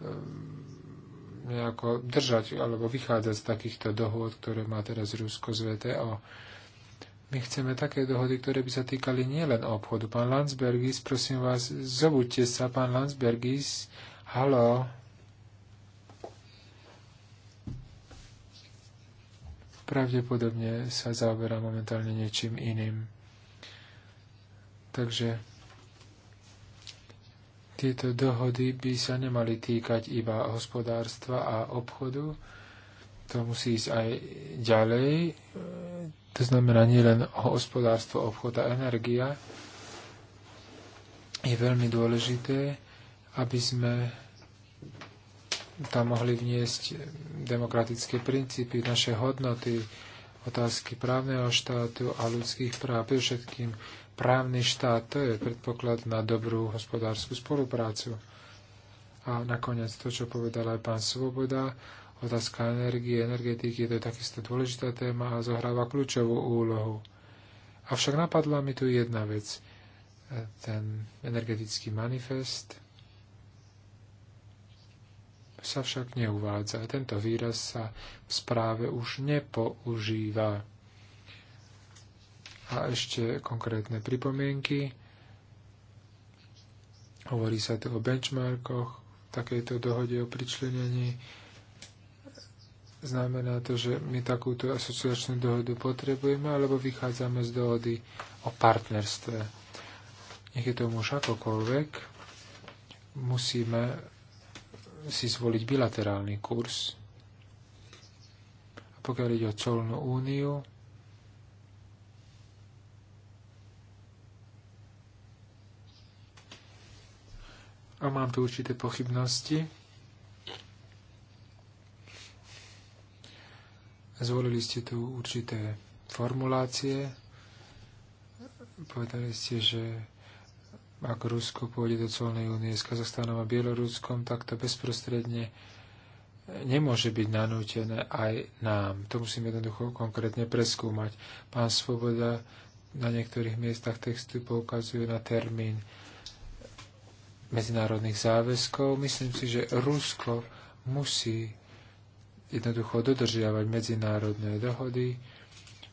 e, nejako držať alebo vychádzať z takýchto dohôd, ktoré má teraz Rusko z VTO. My chceme také dohody, ktoré by sa týkali nielen obchodu. Pán Landsbergis, prosím vás, zobuďte sa, pán Landsbergis. Halo. Pravdepodobne sa zaoberá momentálne niečím iným. Takže tieto dohody by sa nemali týkať iba hospodárstva a obchodu. To musí ísť aj ďalej. To znamená nielen hospodárstvo, obchod a energia. Je veľmi dôležité, aby sme tam mohli vniesť demokratické princípy, naše hodnoty, otázky právneho štátu a ľudských práv, všetkým právny štát, to je predpoklad na dobrú hospodárskú spoluprácu. A nakoniec to, čo povedal aj pán Svoboda, otázka energie, energetiky, to je takisto dôležitá téma a zohráva kľúčovú úlohu. Avšak napadla mi tu jedna vec. E, ten energetický manifest sa však neuvádza. Tento výraz sa v správe už nepoužíva. A ešte konkrétne pripomienky. Hovorí sa tu o benchmarkoch, takejto dohode o pričlenení. Znamená to, že my takúto asociačnú dohodu potrebujeme, alebo vychádzame z dohody o partnerstve. Nech je tomu už akokoľvek, musíme si zvoliť bilaterálny kurz. A pokiaľ ide o colnú úniu, a mám tu určité pochybnosti. Zvolili ste tu určité formulácie. Povedali ste, že ak Rusko pôjde do colnej únie s Kazachstanom a Bieloruskom, tak to bezprostredne nemôže byť nanútené aj nám. To musíme jednoducho konkrétne preskúmať. Pán Svoboda na niektorých miestach textu poukazuje na termín medzinárodných záväzkov. Myslím si, že Rusko musí jednoducho dodržiavať medzinárodné dohody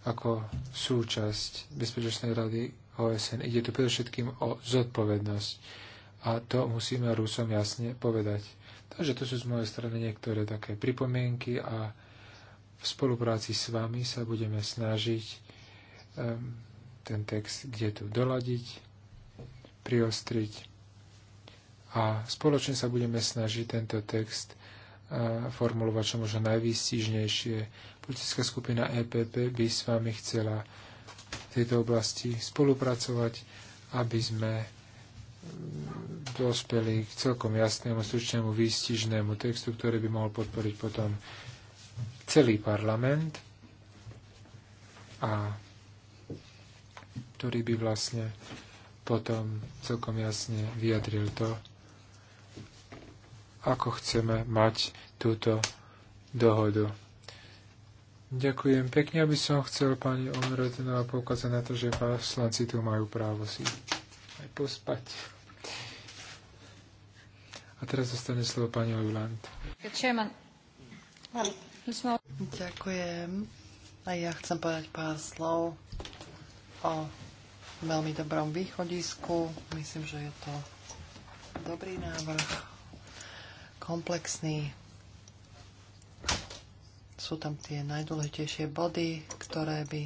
ako súčasť Bezpečnostnej rady OSN. Ide tu predovšetkým o zodpovednosť a to musíme Rusom jasne povedať. Takže to sú z mojej strany niektoré také pripomienky a v spolupráci s vami sa budeme snažiť um, ten text kde tu doladiť, priostriť a spoločne sa budeme snažiť tento text formulovať čo možno najvýstižnejšie. Politická skupina EPP by s vami chcela v tejto oblasti spolupracovať, aby sme dospeli k celkom jasnému, stručnému, výstižnému textu, ktorý by mohol podporiť potom celý parlament a ktorý by vlastne potom celkom jasne vyjadril to, ako chceme mať túto dohodu. Ďakujem pekne, aby som chcel pani Omrotenová poukázať na to, že poslanci tu majú právo si aj pospať. A teraz zostane slovo pani Ojuland. Ďakujem. A ja chcem povedať pár slov o veľmi dobrom východisku. Myslím, že je to dobrý návrh komplexný. Sú tam tie najdôležitejšie body, ktoré by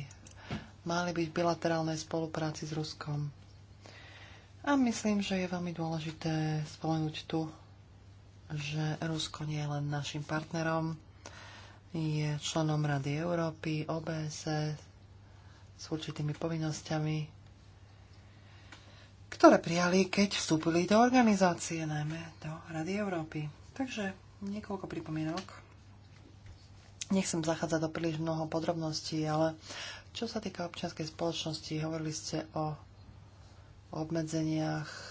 mali byť v bilaterálnej spolupráci s Ruskom. A myslím, že je veľmi dôležité spomenúť tu, že Rusko nie je len našim partnerom, je členom Rady Európy, OBS e, s určitými povinnosťami, ktoré prijali, keď vstúpili do organizácie, najmä do Rady Európy. Takže niekoľko pripomienok. Nechcem zachádzať do príliš mnoho podrobností, ale čo sa týka občianskej spoločnosti, hovorili ste o obmedzeniach e,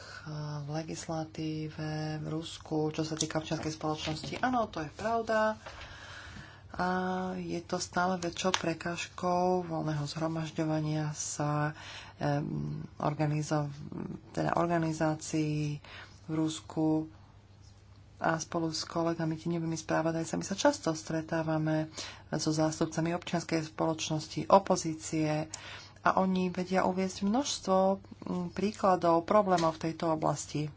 v legislatíve v Rusku, čo sa týka občianskej spoločnosti. Áno, to je pravda. A je to stále väčšou prekážkou voľného zhromažďovania sa um, organizo- teda organizácií v Rusku a spolu s kolegami tieňovými správodajcami sa často stretávame so zástupcami občianskej spoločnosti, opozície a oni vedia uviezť množstvo mm, príkladov, problémov v tejto oblasti.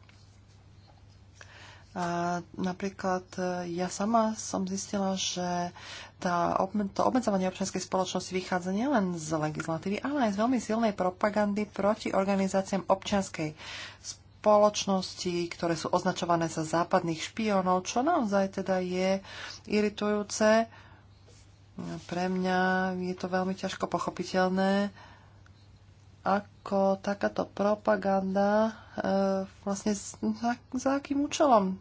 A napríklad e, ja sama som zistila, že tá, to obmedzovanie občianskej spoločnosti vychádza nielen z legislatívy, ale aj z veľmi silnej propagandy proti organizáciám občianskej spoločnosti spoločnosti, ktoré sú označované za západných špionov, čo naozaj teda je iritujúce. Pre mňa je to veľmi ťažko pochopiteľné, ako takáto propaganda e, vlastne za, za akým účelom?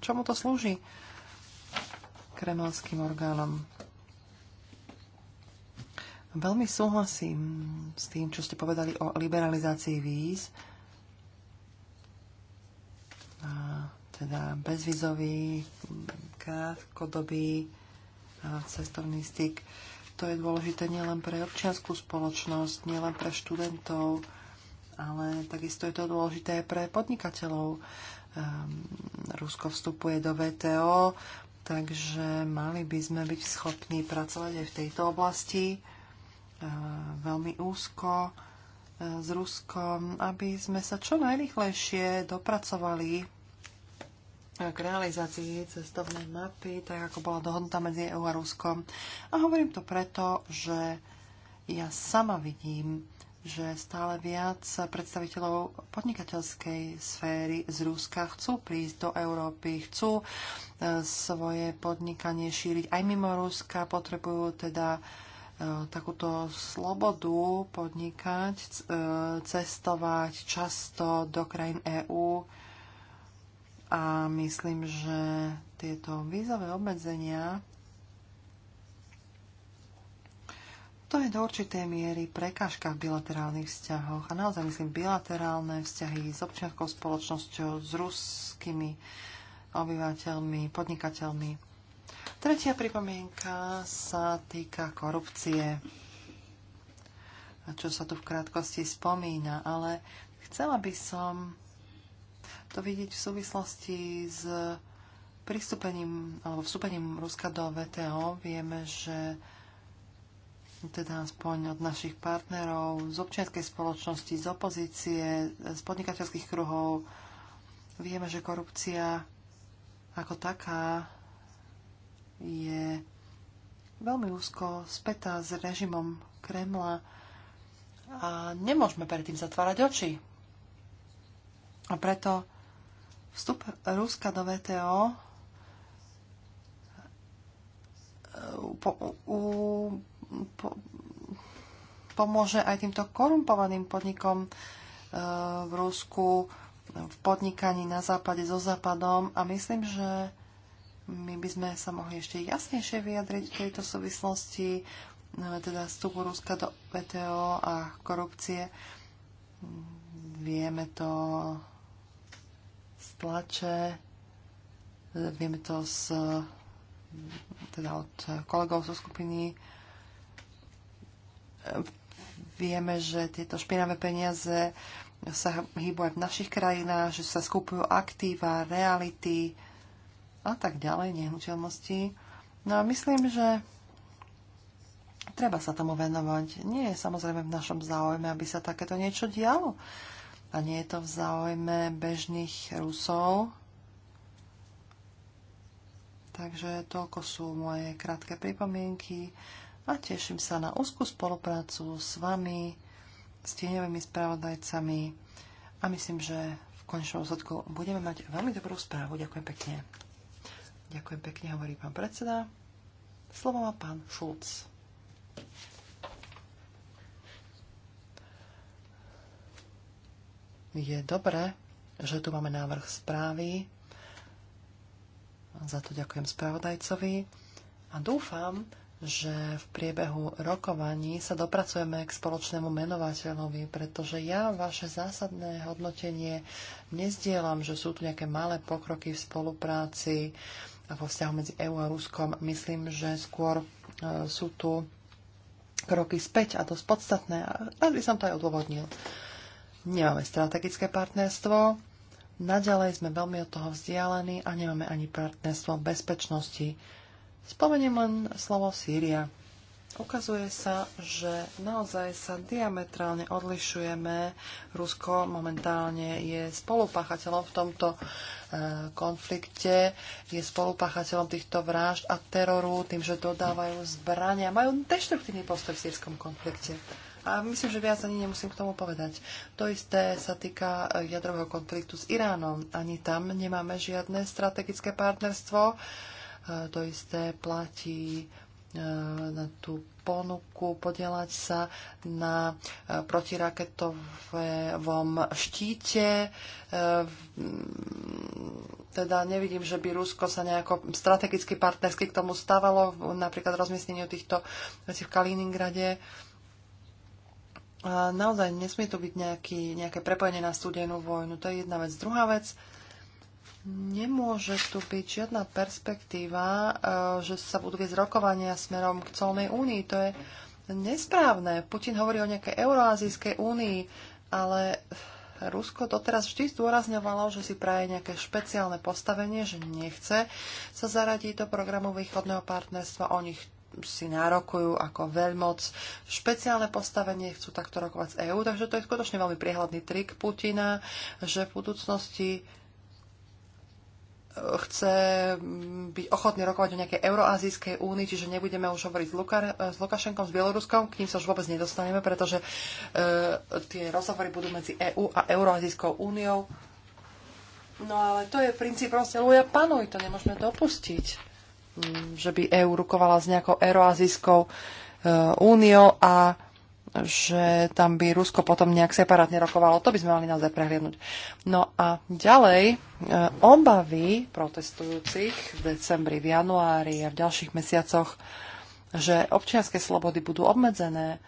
Čomu to slúži? Kremelským orgánom. Veľmi súhlasím s tým, čo ste povedali o liberalizácii víz. E, teda bezvizový, krátkodobý cestovný styk. To je dôležité nielen pre občianskú spoločnosť, nielen pre študentov, ale takisto je to dôležité aj pre podnikateľov. Ehm, Rusko vstupuje do VTO, takže mali by sme byť schopní pracovať aj v tejto oblasti ehm, veľmi úzko s Ruskom, aby sme sa čo najrychlejšie dopracovali k realizácii cestovnej mapy, tak ako bola dohodnutá medzi EU a Ruskom. A hovorím to preto, že ja sama vidím, že stále viac predstaviteľov podnikateľskej sféry z Ruska chcú prísť do Európy, chcú e, svoje podnikanie šíriť aj mimo Ruska, potrebujú teda uh, takúto slobodu podnikať, e, cestovať často do krajín EÚ a myslím, že tieto vízové obmedzenia to je do určitej miery prekážka v bilaterálnych vzťahoch. A naozaj myslím bilaterálne vzťahy s občianskou spoločnosťou, s ruskými obyvateľmi, podnikateľmi. Tretia pripomienka sa týka korupcie, čo sa tu v krátkosti spomína, ale chcela by som to vidieť v súvislosti s pristúpením alebo vstúpením Ruska do VTO. Vieme, že teda aspoň od našich partnerov z občianskej spoločnosti, z opozície, z podnikateľských kruhov. Vieme, že korupcia ako taká je veľmi úzko spätá s režimom Kremla a nemôžeme predtým zatvárať oči. A preto vstup Ruska do VTO e, po, u, po, pomôže aj týmto korumpovaným podnikom e, v Rusku v podnikaní na západe so západom a myslím, že my by sme sa mohli ešte jasnejšie vyjadriť v tejto súvislosti, no, teda vstupu Ruska do VTO e a korupcie. Vieme to z tlače, vieme to z, teda od kolegov zo skupiny. Vieme, že tieto špinavé peniaze sa hýbu aj v našich krajinách, že sa skupujú aktíva, reality, a tak ďalej, nehnuteľnosti. No a myslím, že treba sa tomu venovať. Nie je samozrejme v našom záujme, aby sa takéto niečo dialo. A nie je to v záujme bežných Rusov. Takže toľko sú moje krátke pripomienky a teším sa na úzkú spoluprácu s vami, s tieňovými spravodajcami a myslím, že v končnom úsledku budeme mať veľmi dobrú správu. Ďakujem pekne. Ďakujem pekne, hovorí pán predseda. Slovo má pán Šulc. Je dobré, že tu máme návrh správy. Za to ďakujem spravodajcovi a dúfam, že v priebehu rokovaní sa dopracujeme k spoločnému menovateľovi, pretože ja vaše zásadné hodnotenie nezdielam, že sú tu nejaké malé pokroky v spolupráci vo vzťahu medzi EÚ a Ruskom. Myslím, že skôr e, sú tu kroky späť a dosť podstatné. A rád by som to aj odôvodnil. Nemáme strategické partnerstvo, naďalej sme veľmi od toho vzdialení a nemáme ani partnerstvo bezpečnosti. Spomeniem len slovo Sýria ukazuje sa, že naozaj sa diametrálne odlišujeme. Rusko momentálne je spolupáchateľom v tomto e, konflikte, je spolupáchateľom týchto vražd a teroru tým, že dodávajú zbrania, majú deštruktívny postoj v sírskom konflikte. A myslím, že viac ani nemusím k tomu povedať. To isté sa týka e, jadrového konfliktu s Iránom. Ani tam nemáme žiadne strategické partnerstvo. E, to isté platí Eh, na tú ponuku podielať sa na eh, protiraketovom štíte. Eh, teda nevidím, že by Rusko sa nejako strategicky, partnersky k tomu stávalo, napríklad rozmiestneniu týchto vecí v Kaliningrade. naozaj nesmie to byť nejaký, nejaké prepojenie na studenú vojnu. To je jedna vec. Druhá vec, Nemôže tu byť žiadna perspektíva, e, že sa budú viesť rokovania smerom k colnej únii. To je nesprávne. Putin hovorí o nejakej euroazijskej únii, ale Rusko doteraz vždy zdôrazňovalo, že si praje nejaké špeciálne postavenie, že nechce sa zaradiť do programu východného partnerstva. o nich si nárokujú ako veľmoc špeciálne postavenie, chcú takto rokovať z EÚ, takže to je skutočne veľmi priehľadný trik Putina, že v budúcnosti chce byť ochotný rokovať o nejakej euroazijskej únii, čiže nebudeme už hovoriť s, Luka, s Lukašenkom, s Bieloruskom, k ním sa už vôbec nedostaneme, pretože e, tie rozhovory budú medzi EÚ a Euroazijskou úniou. No ale to je princíp proste luja panuj, to nemôžeme dopustiť, mm, že by EÚ rukovala s nejakou euroazijskou e, úniou a že tam by Rusko potom nejak separátne rokovalo. To by sme mali naozaj prehliadnúť. No a ďalej, e, obavy protestujúcich v decembri, v januári a v ďalších mesiacoch, že občianske slobody budú obmedzené,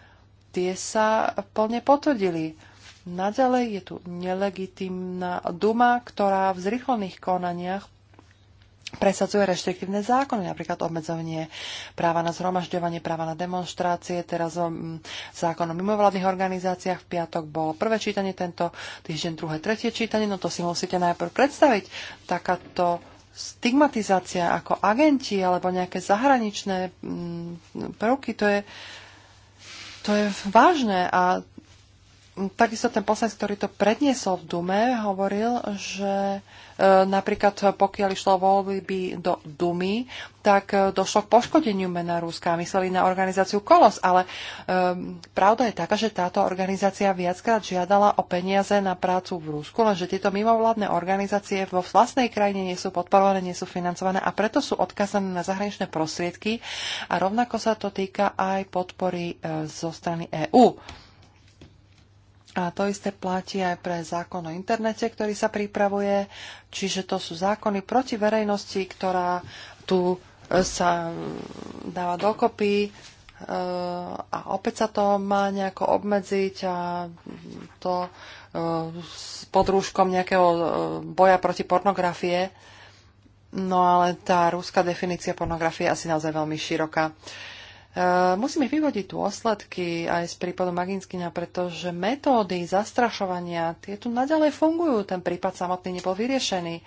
tie sa plne potvrdili. Naďalej je tu nelegitímna duma, ktorá v zrychlených konaniach presadzuje reštriktívne zákony, napríklad obmedzovanie práva na zhromažďovanie, práva na demonstrácie. Teraz o mm, zákon o mimovládnych organizáciách v piatok bolo prvé čítanie, tento týždeň druhé, tretie čítanie. No to si musíte najprv predstaviť. Takáto stigmatizácia ako agenti alebo nejaké zahraničné mm, prvky, to je, to je vážne a takisto ten poslanec, ktorý to predniesol v Dume, hovoril, že E, napríklad pokiaľ išlo voľby do Dumy, tak e, došlo k poškodeniu mena Ruska. Mysleli na organizáciu Kolos, ale um, pravda je taká, že táto organizácia viackrát žiadala o peniaze na prácu v Rusku, lenže tieto mimovládne organizácie vo vlastnej krajine nie sú podporované, nie sú financované a preto sú odkazané na zahraničné prostriedky a rovnako sa to týka aj podpory e, zo strany EÚ. A to isté platí aj pre zákon o internete, ktorý sa pripravuje. Čiže to sú zákony proti verejnosti, ktorá tu e, sa dáva dokopy e, a opäť sa to má nejako obmedziť a to e, s podrúžkom nejakého boja proti pornografie. No ale tá rúska definícia pornografie je asi naozaj veľmi široká. Eh, musíme vyvodiť tu osledky aj z prípadu Maginskina, pretože metódy zastrašovania tie tu naďalej fungujú. Ten prípad samotný nebol vyriešený.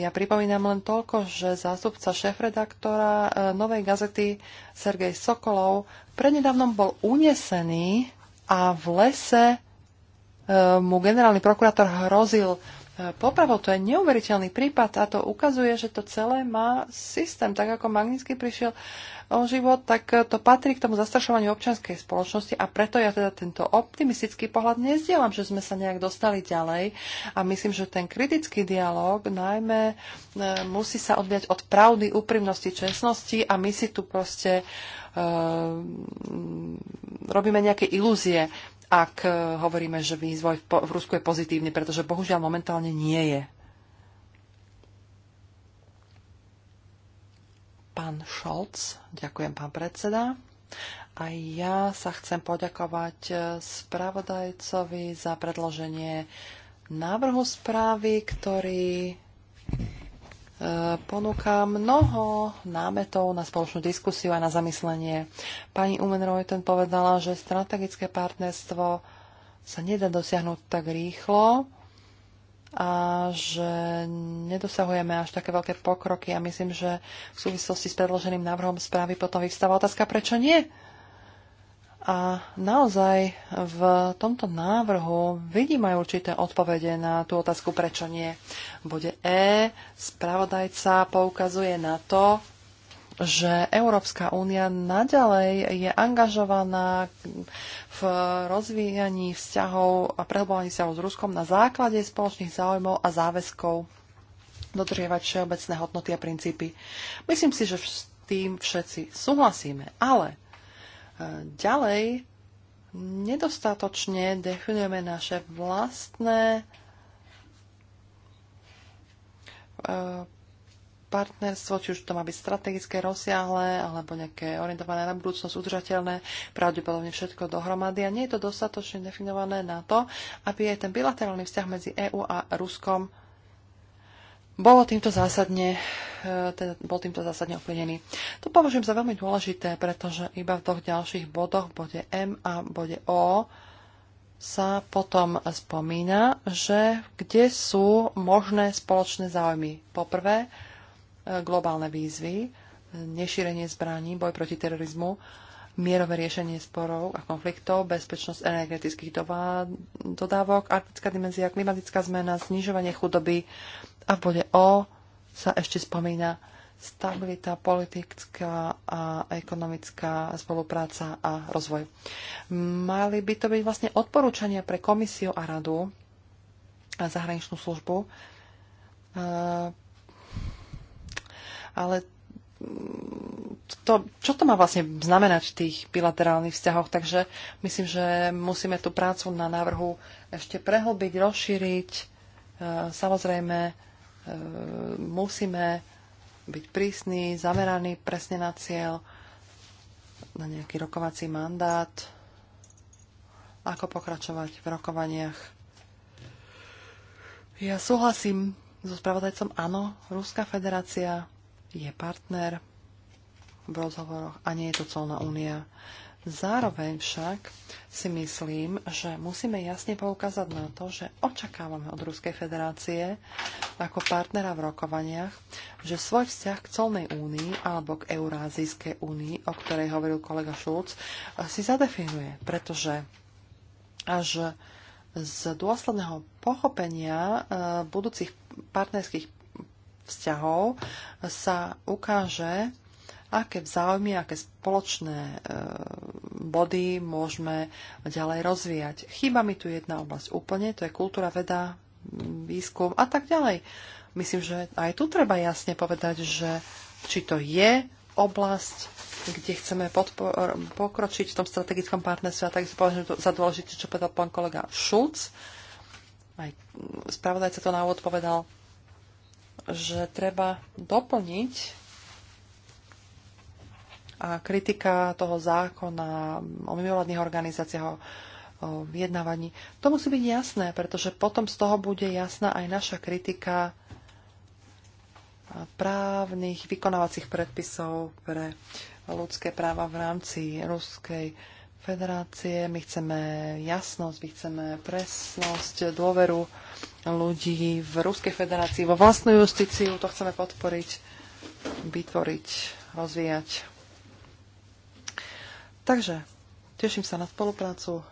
Ja pripomínam len toľko, že zástupca šéfredaktora eh, Novej gazety Sergej Sokolov prednedávnom bol unesený a v lese eh, mu generálny prokurátor hrozil Popravo To je neuveriteľný prípad a to ukazuje, že to celé má systém. Tak ako Magnitsky prišiel o život, tak to patrí k tomu zastrašovaniu občianskej spoločnosti a preto ja teda tento optimistický pohľad nezdielam, že sme sa nejak dostali ďalej a myslím, že ten kritický dialog najmä e, musí sa odviať od pravdy, úprimnosti, čestnosti a my si tu proste e, robíme nejaké ilúzie ak eh, hovoríme, že výzvoj v Rusku je pozitívny, pretože bohužiaľ momentálne nie je. Pán Šolc, ďakujem pán predseda. A ja sa chcem poďakovať eh, spravodajcovi za predloženie návrhu správy, ktorý ponúka mnoho námetov na spoločnú diskusiu a na zamyslenie. Pani Umen povedala, že strategické partnerstvo sa nedá dosiahnuť tak rýchlo a že nedosahujeme až také veľké pokroky a myslím, že v súvislosti s predloženým návrhom správy potom vyvstáva otázka, prečo nie? A naozaj v tomto návrhu vidím aj určité odpovede na tú otázku, prečo nie. Bude E, spravodajca poukazuje na to, že Európska únia naďalej je angažovaná v rozvíjaní vzťahov a prehlbovaní vzťahov s Ruskom na základe spoločných záujmov a záväzkov dodržiavať všeobecné hodnoty a princípy. Myslím si, že s tým všetci súhlasíme, ale Ďalej, nedostatočne definujeme naše vlastné e, partnerstvo, či už to má byť strategické, rozsiahle, alebo nejaké orientované na budúcnosť, udržateľné, pravdepodobne všetko dohromady. A nie je to dostatočne definované na to, aby aj ten bilaterálny vzťah medzi EÚ a Ruskom bolo týmto zásadne e, teda bol týmto zásadne ovplyvnený. To považujem za veľmi dôležité, pretože iba v dvoch ďalších bodoch, v bode M a bode O, sa potom spomína, že kde sú možné spoločné záujmy. Poprvé, e, globálne výzvy, nešírenie zbraní, boj proti terorizmu, mierové riešenie sporov a konfliktov, bezpečnosť energetických dodávok, arktická dimenzia, klimatická zmena, znižovanie chudoby a v bode O sa ešte spomína stabilita politická a ekonomická spolupráca a rozvoj. Mali by to byť vlastne odporúčania pre komisiu a radu a zahraničnú službu, e, ale to, čo to má vlastne znamenať v tých bilaterálnych vzťahoch. Takže myslím, že musíme tú prácu na návrhu ešte prehlbiť, rozšíriť. E, samozrejme, e, musíme byť prísni, zameraní presne na cieľ, na nejaký rokovací mandát, ako pokračovať v rokovaniach. Ja súhlasím so spravodajcom, áno, Ruská federácia je partner v rozhovoroch a nie je to colná únia. Zároveň však si myslím, že musíme jasne poukázať na to, že očakávame od Ruskej federácie ako partnera v rokovaniach, že svoj vzťah k colnej únii alebo k Eurázijskej únii, o ktorej hovoril kolega Šulc, si zadefinuje, pretože až z dôsledného pochopenia eh, budúcich partnerských vzťahov sa ukáže, aké vzájmy, aké spoločné e, body môžeme ďalej rozvíjať. Chýba mi tu jedna oblasť úplne, to je kultúra, veda, výskum a tak ďalej. Myslím, že aj tu treba jasne povedať, že či to je oblasť, kde chceme pokročiť v tom strategickom partnerstve a si považujem za dôležité, čo povedal pán kolega Šulc. Aj spravodajca to na úvod povedal, že treba doplniť a kritika toho zákona o mimovládnych organizáciách, o vyjednávaní. To musí byť jasné, pretože potom z toho bude jasná aj naša kritika právnych vykonávacích predpisov pre ľudské práva v rámci Ruskej federácie. My chceme jasnosť, my chceme presnosť, dôveru ľudí v Ruskej federácii, vo vlastnú justíciu. To chceme podporiť, vytvoriť, rozvíjať. Takže teším sa na spoluprácu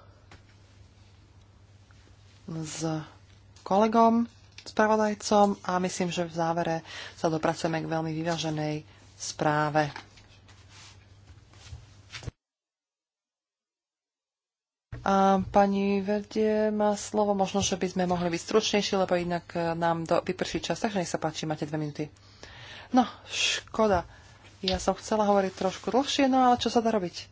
s kolegom, spravodajcom a myslím, že v závere sa dopracujeme k veľmi vyváženej správe. A pani Verdie má slovo. Možno, že by sme mohli byť stručnejší, lebo inak e, nám do, vyprší čas. Takže nech sa páči, máte dve minúty. No, škoda. Ja som chcela hovoriť trošku dlhšie, no ale čo sa dá robiť?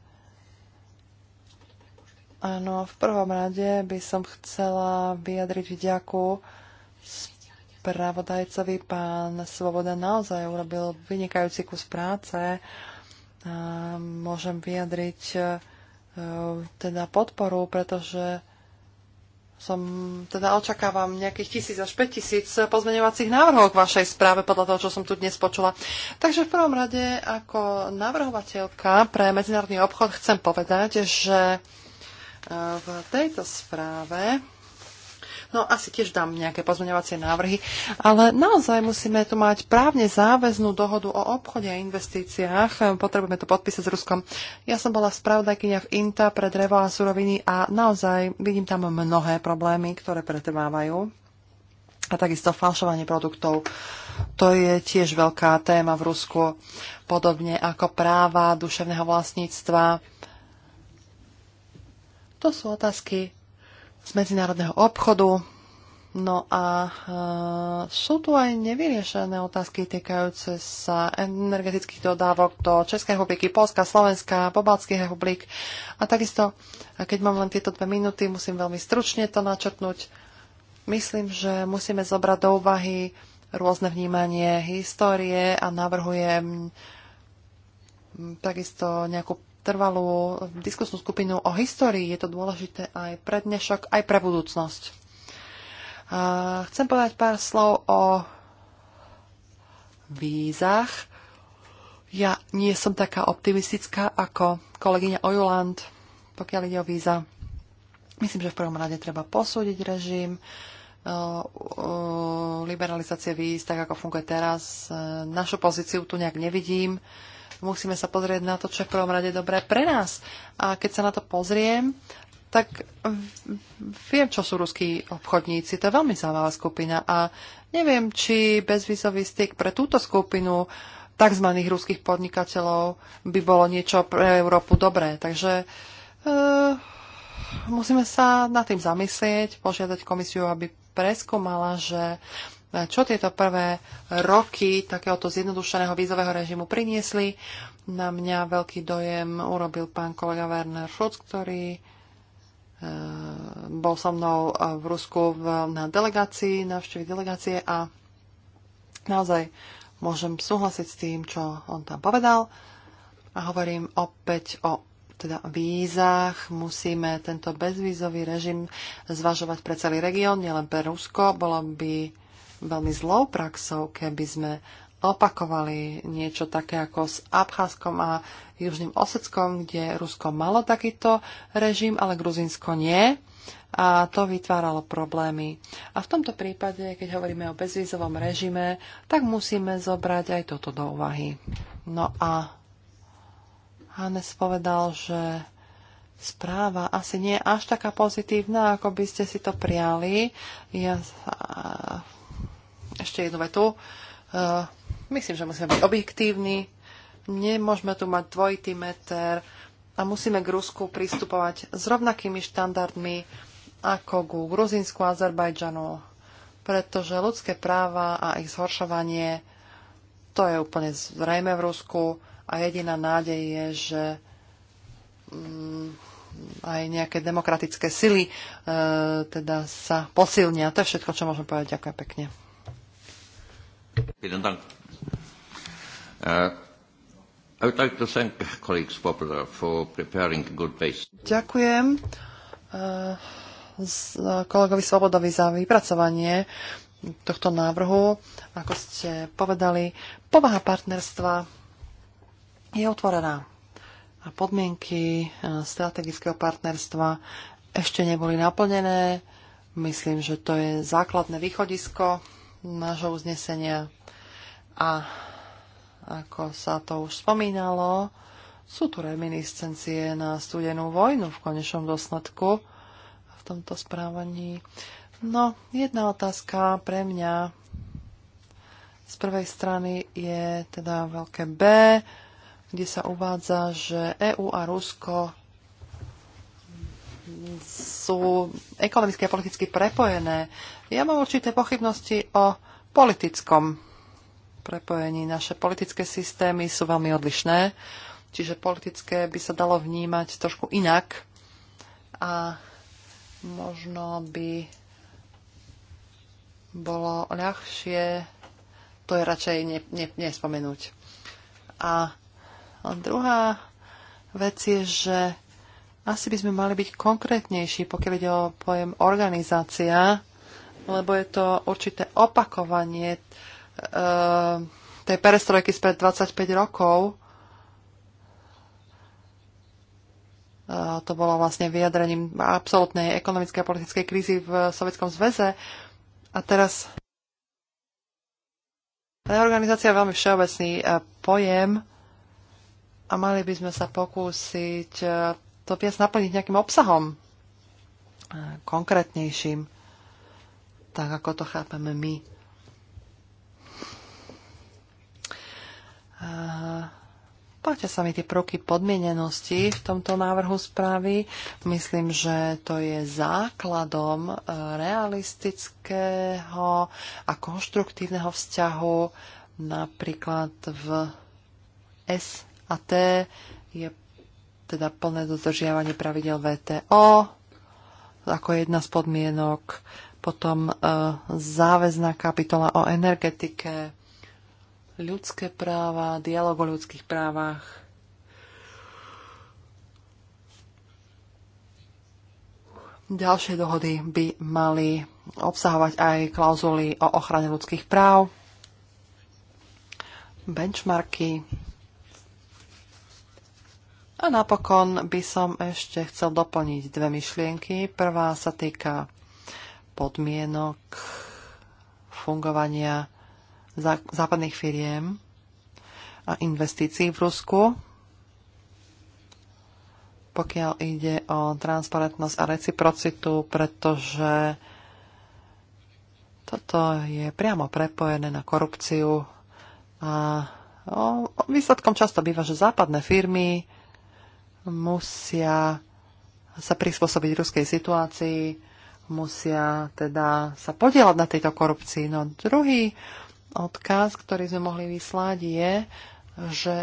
Áno, v prvom rade by som chcela vyjadriť vďaku spravodajcovi. Pán Svoboda naozaj urobil vynikajúci kus práce. A môžem vyjadriť e, Ehm, teda podporu, pretože som, teda očakávam nejakých tisíc až 5000 pozmeňovacích návrhov k vašej správe podľa toho, čo som tu dnes počula. Takže v prvom rade ako navrhovateľka pre medzinárodný obchod chcem povedať, že ehm, v tejto správe No asi tiež dám nejaké pozmeňovacie návrhy, ale naozaj musíme tu mať právne záväznú dohodu o obchode a investíciách. Potrebujeme to podpísať s Ruskom. Ja som bola spravodajkynia v INTA pre drevo a suroviny a naozaj vidím tam mnohé problémy, ktoré pretrvávajú. A takisto falšovanie produktov. To je tiež veľká téma v Rusku, podobne ako práva duševného vlastníctva. To sú otázky, z medzinárodného obchodu. No a e, sú tu aj nevyriešené otázky týkajúce sa energetických dodávok do Českej republiky, Polska, Slovenska, Pobalských republik. A takisto, keď mám len tieto dve minúty, musím veľmi stručne to načrtnúť. Myslím, že musíme zobrať do úvahy rôzne vnímanie histórie a navrhujem takisto nejakú trvalú diskusnú skupinu o histórii. Je to dôležité aj pre dnešok, aj pre budúcnosť. Chcem povedať pár slov o vízach. Ja nie som taká optimistická ako kolegyňa Ojuland, pokiaľ ide o víza. Myslím, že v prvom rade treba posúdiť režim liberalizácie víz, tak ako funguje teraz. E, našu pozíciu tu nejak nevidím musíme sa pozrieť na to, čo je v prvom rade dobré pre nás. A keď sa na to pozriem, tak viem, čo sú ruskí obchodníci. To je veľmi zaujímavá skupina a neviem, či bezvizový styk pre túto skupinu tzv. ruských podnikateľov by bolo niečo pre Európu dobré. Takže e, musíme sa nad tým zamyslieť, požiadať komisiu, aby preskúmala, že čo tieto prvé roky takéhoto zjednodušeného vízového režimu priniesli. Na mňa veľký dojem urobil pán kolega Werner Schulz, ktorý eh, bol so mnou eh, v Rusku na delegácii, navštívi delegácie a naozaj môžem súhlasiť s tým, čo on tam povedal. A hovorím opäť o teda vízach. Musíme tento bezvízový režim zvažovať pre celý región, nielen pre Rusko. Bolo by veľmi zlou praxou, keby sme opakovali niečo také ako s Abcházskom a Južným Oseckom, kde Rusko malo takýto režim, ale Gruzinsko nie. A to vytváralo problémy. A v tomto prípade, keď hovoríme o bezvízovom režime, tak musíme zobrať aj toto do úvahy. No a Hannes povedal, že správa asi nie je až taká pozitívna, ako by ste si to priali. Ja ešte jednu vetu. E, myslím, že musíme byť objektívni. Nemôžeme tu mať dvojitý meter a musíme k Rusku pristupovať s rovnakými štandardmi ako ku Gruzinsku a Azerbajdžanu, pretože ľudské práva a ich zhoršovanie to je úplne zrejme v Rusku a jediná nádej je, že mm, aj nejaké demokratické sily e, teda sa posilnia. To je všetko, čo môžem povedať. Ďakujem pekne. Ďakujem uh, kolegovi Svobodovi za vypracovanie tohto návrhu. Ako ste povedali, povaha partnerstva je otvorená a podmienky uh, strategického partnerstva ešte neboli naplnené. Myslím, že to je základné východisko nášho uznesenia. A ako sa to už spomínalo, sú tu reminiscencie na studenú vojnu v konečnom dôsledku v tomto správaní. No, jedna otázka pre mňa z prvej strany je teda veľké B, kde sa uvádza, že EÚ a Rusko sú ekonomicky a politicky prepojené. Ja mám určité pochybnosti o politickom prepojení. Naše politické systémy sú veľmi odlišné, čiže politické by sa dalo vnímať trošku inak a možno by bolo ľahšie to je radšej ne, ne, nespomenúť. A druhá vec je, že asi by sme mali byť konkrétnejší, pokiaľ ide o pojem organizácia, lebo je to určité opakovanie e, tej perestrojky spred 25 rokov. E, to bolo vlastne vyjadrením absolútnej ekonomickej a politickej krízy v Sovjetskom zväze. A teraz reorganizácia je veľmi všeobecný e, pojem a mali by sme sa pokúsiť to viac naplniť nejakým obsahom konkrétnejším tak ako to chápeme my. Páčia sa mi tie proky podmienenosti v tomto návrhu správy. Myslím, že to je základom e, realistického a konštruktívneho vzťahu napríklad v S a T je teda plné dodržiavanie pravidel VTO ako jedna z podmienok potom e, záväzná kapitola o energetike, ľudské práva, dialog o ľudských právach. Ďalšie dohody by mali obsahovať aj klauzuly o ochrane ľudských práv, benchmarky. A napokon by som ešte chcel doplniť dve myšlienky. Prvá sa týka podmienok fungovania západných firiem a investícií v Rusku. Pokiaľ ide o transparentnosť a reciprocitu, pretože toto je priamo prepojené na korupciu a no, výsledkom často býva, že západné firmy musia sa prispôsobiť ruskej situácii musia teda sa podielať na tejto korupcii. No druhý odkaz, ktorý sme mohli vyslať, je, že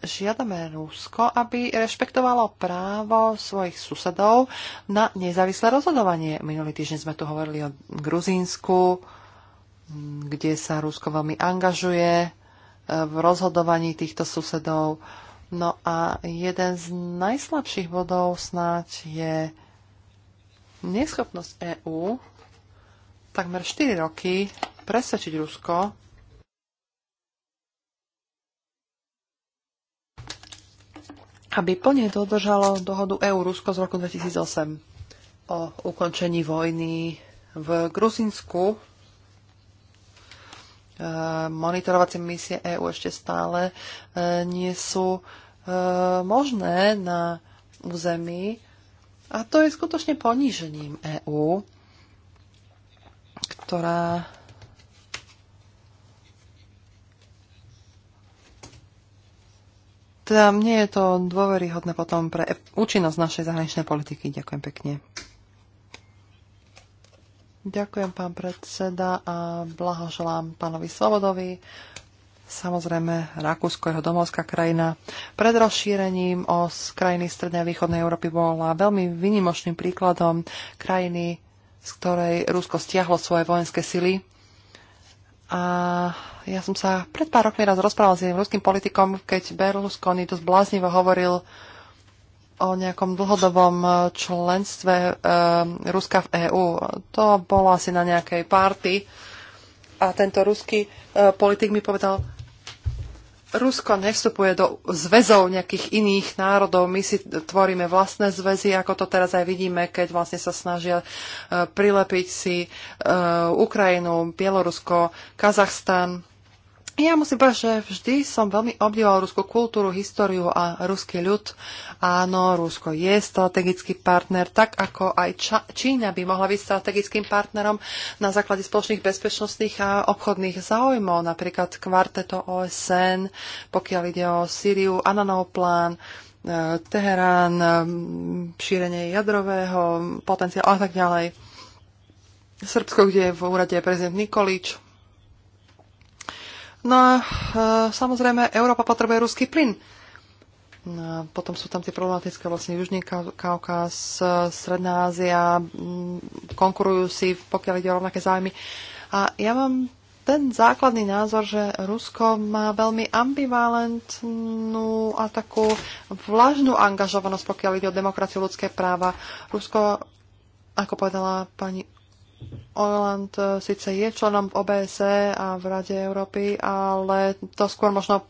žiadame Rusko, aby rešpektovalo právo svojich susedov na nezávislé rozhodovanie. Minulý týždeň sme tu hovorili o Gruzínsku, kde sa Rusko veľmi angažuje e, v rozhodovaní týchto susedov. No a jeden z najslabších bodov snáď je Neschopnosť EÚ takmer 4 roky presvedčiť Rusko, aby plne dodržalo dohodu eú rusko z roku 2008 o ukončení vojny v Gruzinsku. E, monitorovacie misie EU ešte stále e, nie sú e, možné na území a to je skutočne ponížením EÚ, ktorá Teda mne je to dôveryhodné potom pre účinnosť našej zahraničnej politiky. Ďakujem pekne. Ďakujem, pán predseda, a blahoželám pánovi Svobodovi Samozrejme, Rakúsko, jeho domovská krajina, pred rozšírením o krajiny Strednej a Východnej Európy bola veľmi vynimočným príkladom krajiny, z ktorej Rusko stiahlo svoje vojenské sily. A ja som sa pred pár rokmi raz rozprával s jedným ruským politikom, keď Berlusconi dosť bláznivo hovoril o nejakom dlhodobom e, členstve e, Ruska v EÚ. To bolo asi na nejakej párty. A tento ruský e, politik mi povedal, Rusko nevstupuje do zväzov nejakých iných národov. My si tvoríme vlastné zväzy, ako to teraz aj vidíme, keď vlastne sa snažia e, prilepiť si e, Ukrajinu, Bielorusko, Kazachstan. Ja musím povedať, že vždy som veľmi obdivoval ruskú kultúru, históriu a ruský ľud. Áno, Rusko je strategický partner, tak ako aj Ča- Čína by mohla byť strategickým partnerom na základe spoločných bezpečnostných a obchodných záujmov, napríklad kvarteto OSN, pokiaľ ide o Syriu, Ananov plán, e, Teherán, e, šírenie jadrového potenciálu a tak ďalej. Srbsko, kde je v úrade prezident Nikolič, No a e, samozrejme, Európa potrebuje ruský plyn. No, potom sú tam tie problematické vlastne Južný Kaukaz, e, Sredná Ázia, mm, konkurujú si, pokiaľ ide o rovnaké zájmy. A ja mám ten základný názor, že Rusko má veľmi ambivalentnú a takú vlažnú angažovanosť, pokiaľ ide o demokraciu, ľudské práva. Rusko, ako povedala pani Oland e, síce je členom OBSE a v Rade Európy, ale to skôr možno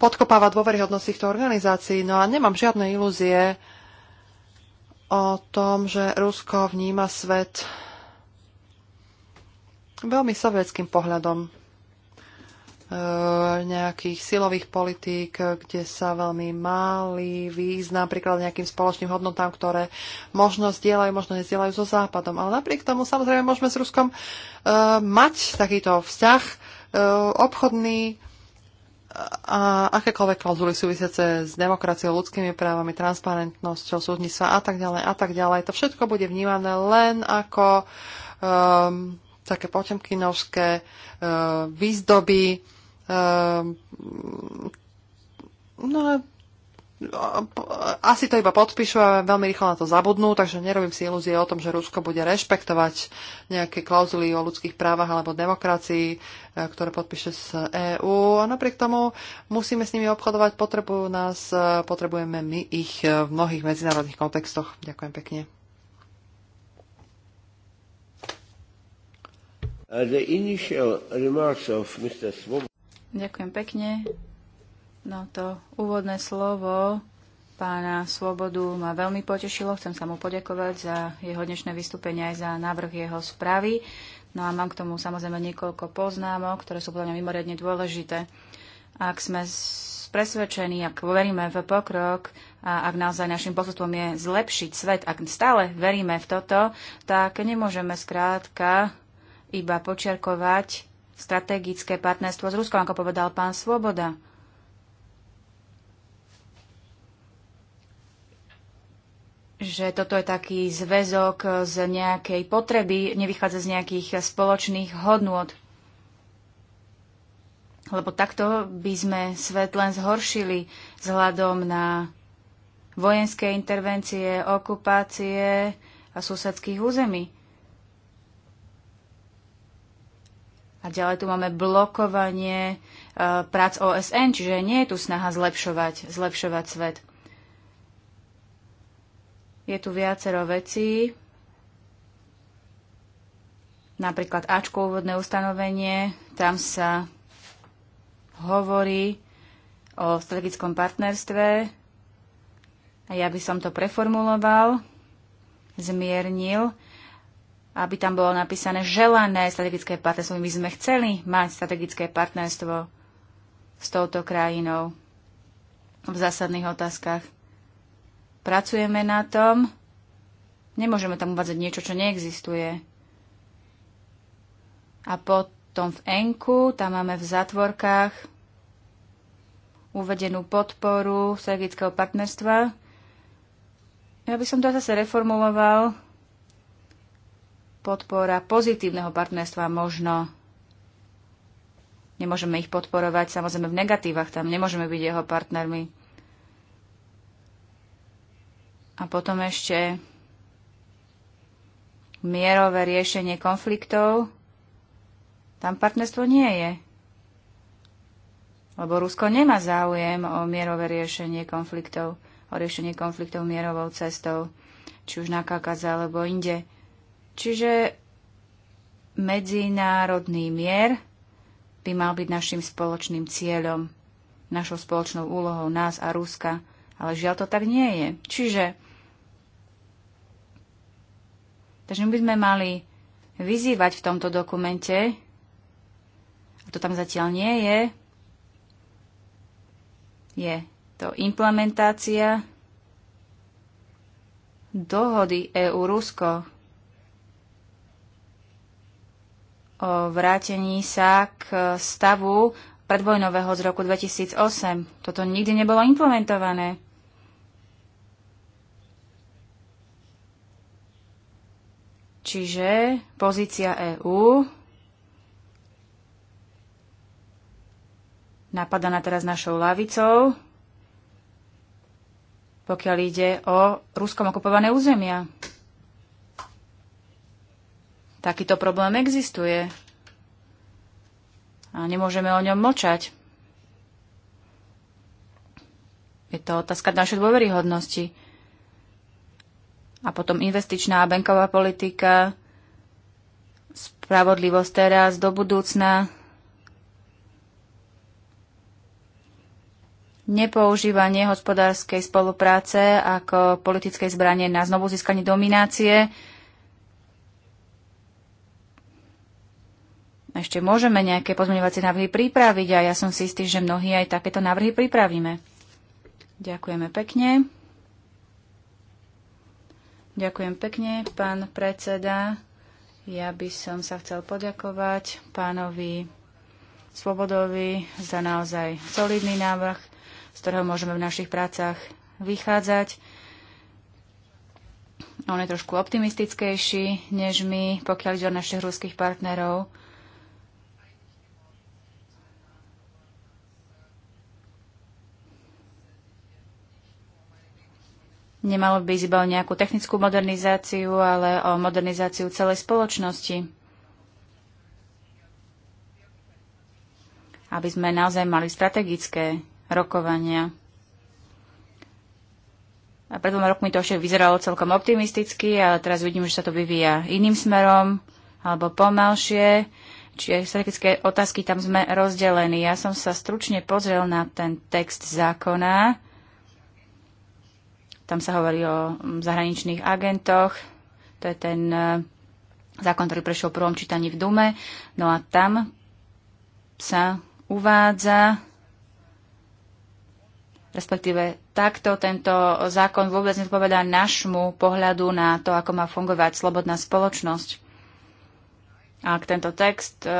podkopáva dôveryhodnosť týchto organizácií. No a nemám žiadne ilúzie o tom, že Rusko vníma svet veľmi sovietským pohľadom. Eh, nejakých silových politík, kde sa veľmi mali význam, napríklad nejakým spoločným hodnotám, ktoré možno zdieľajú, možno nezdieľajú so Západom. Ale napriek tomu samozrejme môžeme s Ruskom uh, mať takýto vzťah uh, obchodný a akékoľvek klauzuly súvisiace s demokraciou, ľudskými právami, transparentnosťou, súdnictva a tak ďalej a tak ďalej. To všetko bude vnímané len ako um, také potemkinovské uh, výzdoby, Ehm, no ale asi to iba podpíšu a veľmi rýchlo na to zabudnú, takže nerobím si ilúzie o tom, že Rusko bude rešpektovať nejaké klauzuly o ľudských právach alebo demokracii, e, ktoré podpíše z EÚ. A napriek tomu musíme s nimi obchodovať, potrebujú nás, e, potrebujeme my ich e, v mnohých medzinárodných kontextoch. Ďakujem pekne. Uh, the initial remarks of Mr. Ďakujem pekne. No to úvodné slovo pána Svobodu ma veľmi potešilo. Chcem sa mu poďakovať za jeho dnešné vystúpenie aj za návrh jeho správy. No a mám k tomu samozrejme niekoľko poznámok, ktoré sú podľa mňa mimoriadne dôležité. Ak sme presvedčení, ak veríme v pokrok a ak naozaj našim posledstvom je zlepšiť svet, ak stále veríme v toto, tak nemôžeme skrátka iba počiarkovať strategické partnerstvo s Ruskom, ako povedal pán Svoboda. že toto je taký zväzok z nejakej potreby, nevychádza z nejakých spoločných hodnôt. Lebo takto by sme svet len zhoršili vzhľadom na vojenské intervencie, okupácie a susedských území. A ďalej tu máme blokovanie e, prác OSN, čiže nie je tu snaha zlepšovať, zlepšovať svet. Je tu viacero vecí, napríklad Ačko úvodné ustanovenie, tam sa hovorí o strategickom partnerstve a ja by som to preformuloval, zmiernil aby tam bolo napísané želané strategické partnerstvo. My sme chceli mať strategické partnerstvo s touto krajinou v zásadných otázkach. Pracujeme na tom. Nemôžeme tam uvádzať niečo, čo neexistuje. A potom v Enku, tam máme v zatvorkách uvedenú podporu strategického partnerstva. Ja by som to zase reformuloval podpora pozitívneho partnerstva možno. Nemôžeme ich podporovať samozrejme v negatívach, tam nemôžeme byť jeho partnermi. A potom ešte mierové riešenie konfliktov. Tam partnerstvo nie je. Lebo Rusko nemá záujem o mierové riešenie konfliktov, o riešenie konfliktov mierovou cestou, či už na Kakaze alebo inde. Čiže medzinárodný mier by mal byť našim spoločným cieľom, našou spoločnou úlohou nás a Ruska. Ale žiaľ to tak nie je. Čiže Takže my by sme mali vyzývať v tomto dokumente, a to tam zatiaľ nie je, je to implementácia dohody EU-Rusko, o vrátení sa k stavu predvojnového z roku 2008. Toto nikdy nebolo implementované. Čiže pozícia EÚ Napadá na teraz našou lavicou, pokiaľ ide o ruskom okupované územia. Takýto problém existuje a nemôžeme o ňom mlčať. Je to otázka našej dôveryhodnosti. A potom investičná a banková politika, spravodlivosť teraz, do budúcna, nepoužívanie hospodárskej spolupráce ako politickej zbranie na znovu získanie dominácie, Ešte môžeme nejaké pozmeňovacie návrhy pripraviť a ja som si istý, že mnohí aj takéto návrhy pripravíme. Ďakujeme pekne. Ďakujem pekne, pán predseda. Ja by som sa chcel poďakovať pánovi Svobodovi za naozaj solidný návrh, z ktorého môžeme v našich prácach vychádzať. On je trošku optimistickejší než my, pokiaľ ide o našich ruských partnerov. Nemalo by ísť iba o nejakú technickú modernizáciu, ale o modernizáciu celej spoločnosti. Aby sme naozaj mali strategické rokovania. A pred dvoma rokmi to však vyzeralo celkom optimisticky, ale teraz vidím, že sa to vyvíja iným smerom alebo pomalšie. Čiže strategické otázky tam sme rozdelení. Ja som sa stručne pozrel na ten text zákona tam sa hovorí o mm, zahraničných agentoch. To je ten e, zákon, ktorý prešiel v prvom čítaní v Dume. No a tam sa uvádza, respektíve takto tento zákon vôbec nezpovedá našmu pohľadu na to, ako má fungovať slobodná spoločnosť. Ak tento text e, e,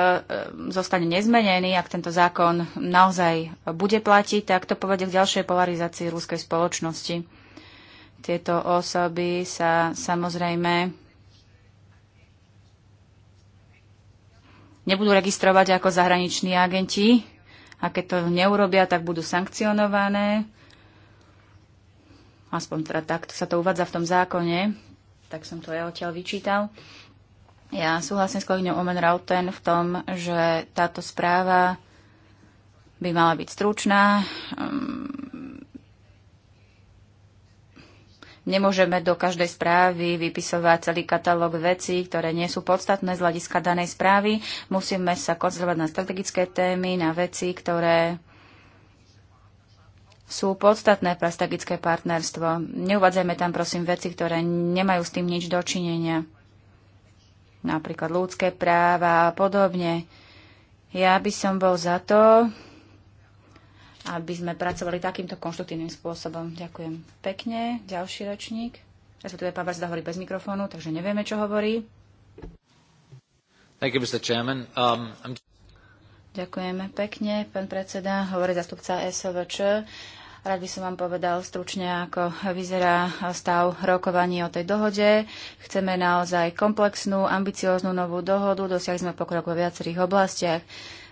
zostane nezmenený, ak tento zákon naozaj bude platiť, tak to povede k ďalšej polarizácii rúskej spoločnosti. Tieto osoby sa samozrejme nebudú registrovať ako zahraniční agenti a keď to neurobia, tak budú sankcionované. Aspoň teda tak sa to uvádza v tom zákone, tak som to ja odtiaľ vyčítal. Ja súhlasím s kolegyňou Omen Rauten v tom, že táto správa by mala byť stručná, mm, Nemôžeme do každej správy vypisovať celý katalóg vecí, ktoré nie sú podstatné z hľadiska danej správy. Musíme sa koncentrovať na strategické témy, na veci, ktoré sú podstatné pre strategické partnerstvo. Neuvádzajme tam, prosím, veci, ktoré nemajú s tým nič dočinenia. Napríklad ľudské práva a podobne. Ja by som bol za to, aby sme pracovali takýmto konštruktívnym spôsobom. Ďakujem pekne. Ďalší ročník. Respektíve pán Barzda hovorí bez mikrofónu, takže nevieme, čo hovorí. Thank you, Mr. Chairman. Um, I'm... Ďakujeme pekne, pán predseda. Hovorí zastupca SOVČ. Rád by som vám povedal stručne, ako vyzerá stav rokovaní o tej dohode. Chceme naozaj komplexnú, ambicióznu novú dohodu. Dosiahli sme pokrok vo viacerých oblastiach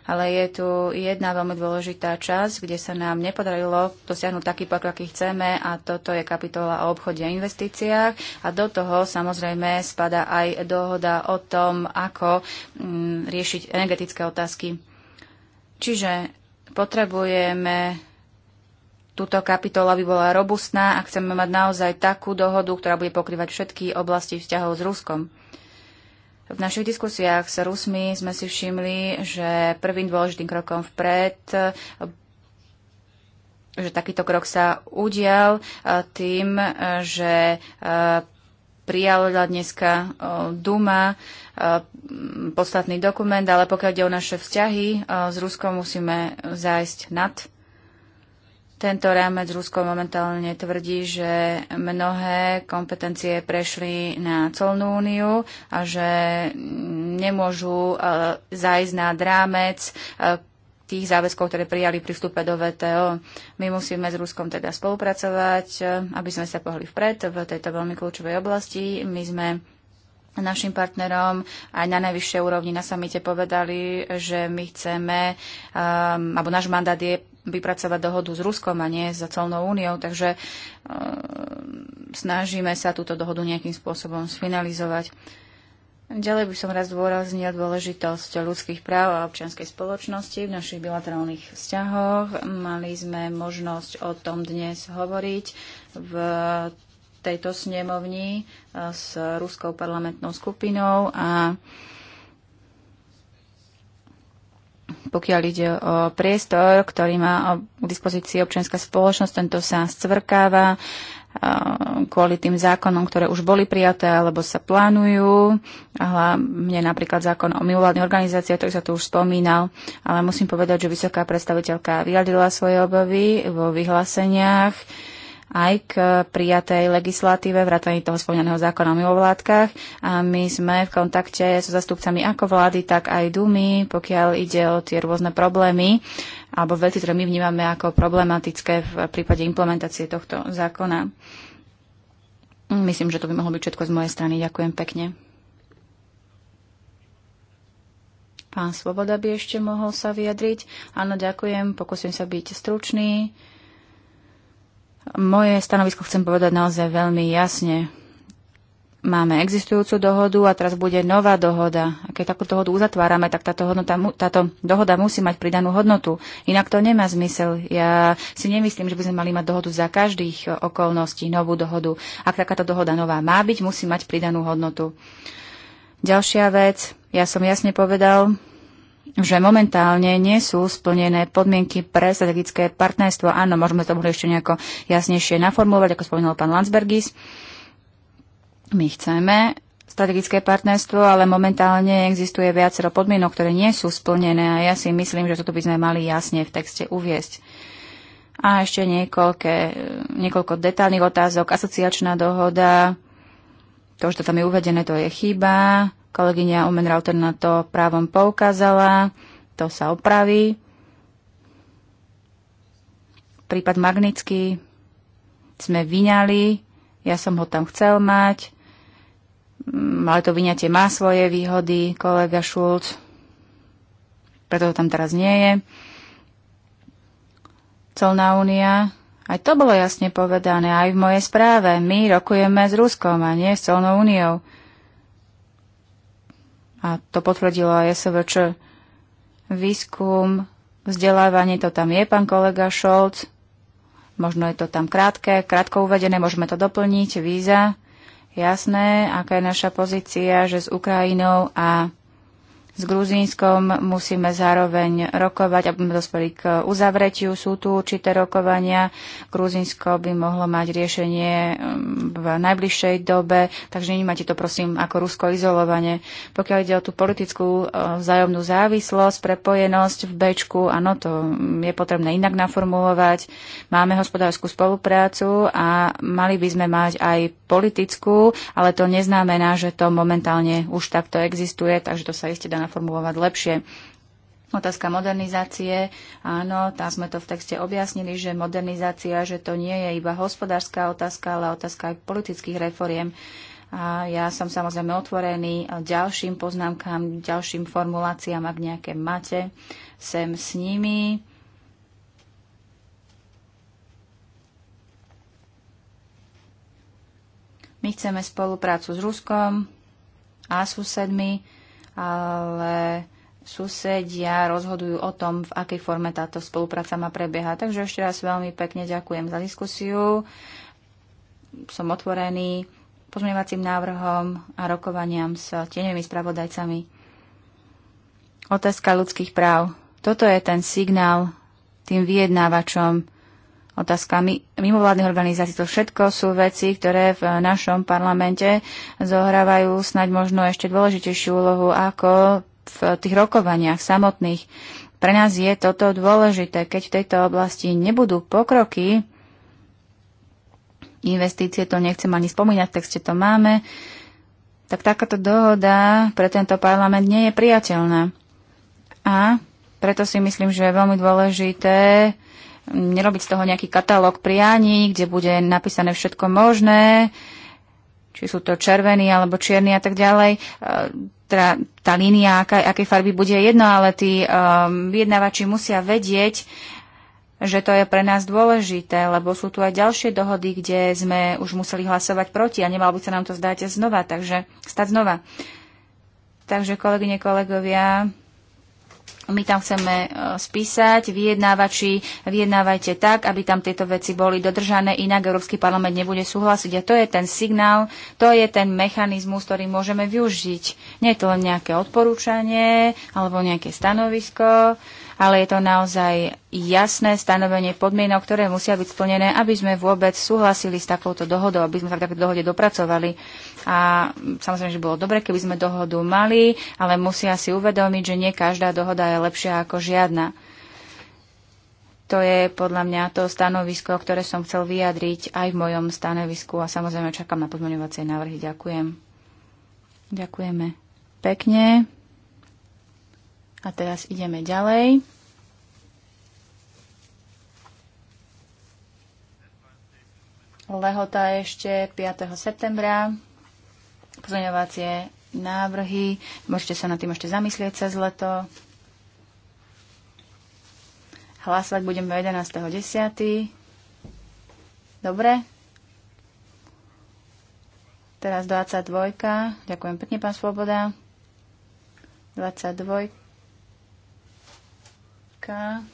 ale je tu jedna veľmi dôležitá časť, kde sa nám nepodarilo dosiahnuť taký pokrok, aký chceme a toto je kapitola o obchode a investíciách a do toho samozrejme spada aj dohoda o tom, ako mm, riešiť energetické otázky. Čiže potrebujeme túto kapitola by bola robustná a chceme mať naozaj takú dohodu, ktorá bude pokrývať všetky oblasti vzťahov s Ruskom. V našich diskusiách s Rusmi sme si všimli, že prvým dôležitým krokom vpred že takýto krok sa udial e, tým, e, že e, prijala dneska Duma podstatný dokument, ale pokiaľ ide o naše vzťahy s Ruskom, musíme zájsť nad tento rámec Rusko momentálne tvrdí, že mnohé kompetencie prešli na colnú úniu a že nemôžu e, zajsť na rámec e, tých záväzkov, ktoré prijali pri vstupe do VTO. My musíme s Ruskom teda spolupracovať, e, aby sme sa pohli vpred v tejto veľmi kľúčovej oblasti. My sme našim partnerom aj na najvyššej úrovni na samite povedali, že my chceme, um, alebo náš mandát je vypracovať dohodu s Ruskom a nie s celnou úniou, takže um, snažíme sa túto dohodu nejakým spôsobom sfinalizovať. Ďalej by som raz dôraznila dôležitosť ľudských práv a občianskej spoločnosti v našich bilaterálnych vzťahoch. Mali sme možnosť o tom dnes hovoriť v tejto snemovni e, s ruskou parlamentnou skupinou a pokiaľ ide o priestor, ktorý má k dispozícii občianská spoločnosť, tento sa scvrkáva e, kvôli tým zákonom, ktoré už boli prijaté alebo sa plánujú. Mne napríklad zákon o mimovládnej organizácii, ktorý sa tu už spomínal, ale musím povedať, že vysoká predstaviteľka vyjadrila svoje obavy vo vyhláseniach aj k prijatej legislatíve, vrátane toho spomínaného zákona o mimovládkach. A my sme v kontakte so zastupcami ako vlády, tak aj Dumy, pokiaľ ide o tie rôzne problémy alebo veci, ktoré my vnímame ako problematické v prípade implementácie tohto zákona. Myslím, že to by mohlo byť všetko z mojej strany. Ďakujem pekne. Pán Svoboda by ešte mohol sa vyjadriť. Áno, ďakujem. Pokúsim sa byť stručný. Moje stanovisko chcem povedať naozaj veľmi jasne. Máme existujúcu dohodu a teraz bude nová dohoda. A keď takú dohodu uzatvárame, tak táto, hodnota, táto dohoda musí mať pridanú hodnotu. Inak to nemá zmysel. Ja si nemyslím, že by sme mali mať dohodu za každých okolností, novú dohodu. Ak takáto dohoda nová má byť, musí mať pridanú hodnotu. Ďalšia vec, ja som jasne povedal, že momentálne nie sú splnené podmienky pre strategické partnerstvo. Áno, môžeme to mohli ešte nejako jasnejšie naformulovať, ako spomínal pán Landsbergis. My chceme strategické partnerstvo, ale momentálne existuje viacero podmienok, ktoré nie sú splnené a ja si myslím, že toto by sme mali jasne v texte uviesť. A ešte niekoľké, niekoľko detálnych otázok. Asociačná dohoda, to, že to tam je uvedené, to je chyba. Kolegyňa Rauter na to právom poukázala, to sa opraví. Prípad Magnický sme vyňali, ja som ho tam chcel mať, mm, ale to vyňatie má svoje výhody, kolega Šulc, preto to tam teraz nie je. Colná únia, aj to bolo jasne povedané, aj v mojej správe. My rokujeme s Ruskom a nie s celnou úniou a to potvrdilo, aj SVČ. Výskum, vzdelávanie, to tam je, pán kolega Šolc. Možno je to tam krátke, krátko uvedené, môžeme to doplniť, víza. Jasné, aká je naša pozícia, že s Ukrajinou a s Gruzínskom musíme zároveň rokovať, aby sme dospeli k uzavretiu. Sú tu určité rokovania. Gruzínsko by mohlo mať riešenie mm, v najbližšej dobe, takže nemáte to prosím ako Rusko izolovanie. Pokiaľ ide o tú politickú e, vzájomnú závislosť, prepojenosť v Bečku, áno, to je potrebné inak naformulovať. Máme hospodárskú spoluprácu a mali by sme mať aj politickú, ale to neznamená, že to momentálne už takto existuje, takže to sa iste dá naformulovať lepšie. Otázka modernizácie. Áno, tam sme to v texte objasnili, že modernizácia, že to nie je iba hospodárska otázka, ale otázka aj politických reforiem. A ja som samozrejme otvorený ďalším poznámkam, ďalším formuláciám, ak nejaké máte. Sem s nimi. My chceme spoluprácu s Ruskom a susedmi ale susedia rozhodujú o tom, v akej forme táto spolupráca má prebieha. Takže ešte raz veľmi pekne ďakujem za diskusiu. Som otvorený pozmeňovacím návrhom a rokovaniam s tieňovými spravodajcami. Otázka ľudských práv. Toto je ten signál tým vyjednávačom, otázkami mimovládnych organizácií. To všetko sú veci, ktoré v našom parlamente zohrávajú snaď možno ešte dôležitejšiu úlohu ako v tých rokovaniach samotných. Pre nás je toto dôležité, keď v tejto oblasti nebudú pokroky, investície to nechcem ani spomínať, v texte to máme, tak takáto dohoda pre tento parlament nie je priateľná. A preto si myslím, že je veľmi dôležité nerobiť z toho nejaký katalóg prianí, kde bude napísané všetko možné, či sú to červení alebo čierni a tak ďalej. E, teda tá línia, aká, akej farby bude jedno, ale tí um, vyjednávači musia vedieť, že to je pre nás dôležité, lebo sú tu aj ďalšie dohody, kde sme už museli hlasovať proti a nemalo by sa nám to zdať znova, takže stať znova. Takže kolegyne, kolegovia, my tam chceme e, spísať, vyjednávači, vyjednávajte tak, aby tam tieto veci boli dodržané, inak Európsky parlament nebude súhlasiť. A to je ten signál, to je ten mechanizmus, ktorý môžeme využiť. Nie je to len nejaké odporúčanie alebo nejaké stanovisko, ale je to naozaj jasné stanovenie podmienok, ktoré musia byť splnené, aby sme vôbec súhlasili s takouto dohodou, aby sme sa k takéto dohode dopracovali. A samozrejme, že bolo dobre, keby sme dohodu mali, ale musia si uvedomiť, že nie každá dohoda je lepšia ako žiadna. To je podľa mňa to stanovisko, ktoré som chcel vyjadriť aj v mojom stanovisku a samozrejme čakám na pozmeňovacie návrhy. Ďakujem. Ďakujeme pekne. A teraz ideme ďalej. Lehota ešte 5. septembra. Pozmeňovacie návrhy. Môžete sa nad tým ešte zamyslieť cez leto. Hlasovať budeme 11.10. Dobre? Teraz 22. Ďakujem pekne, pán Svoboda. 22 otázka.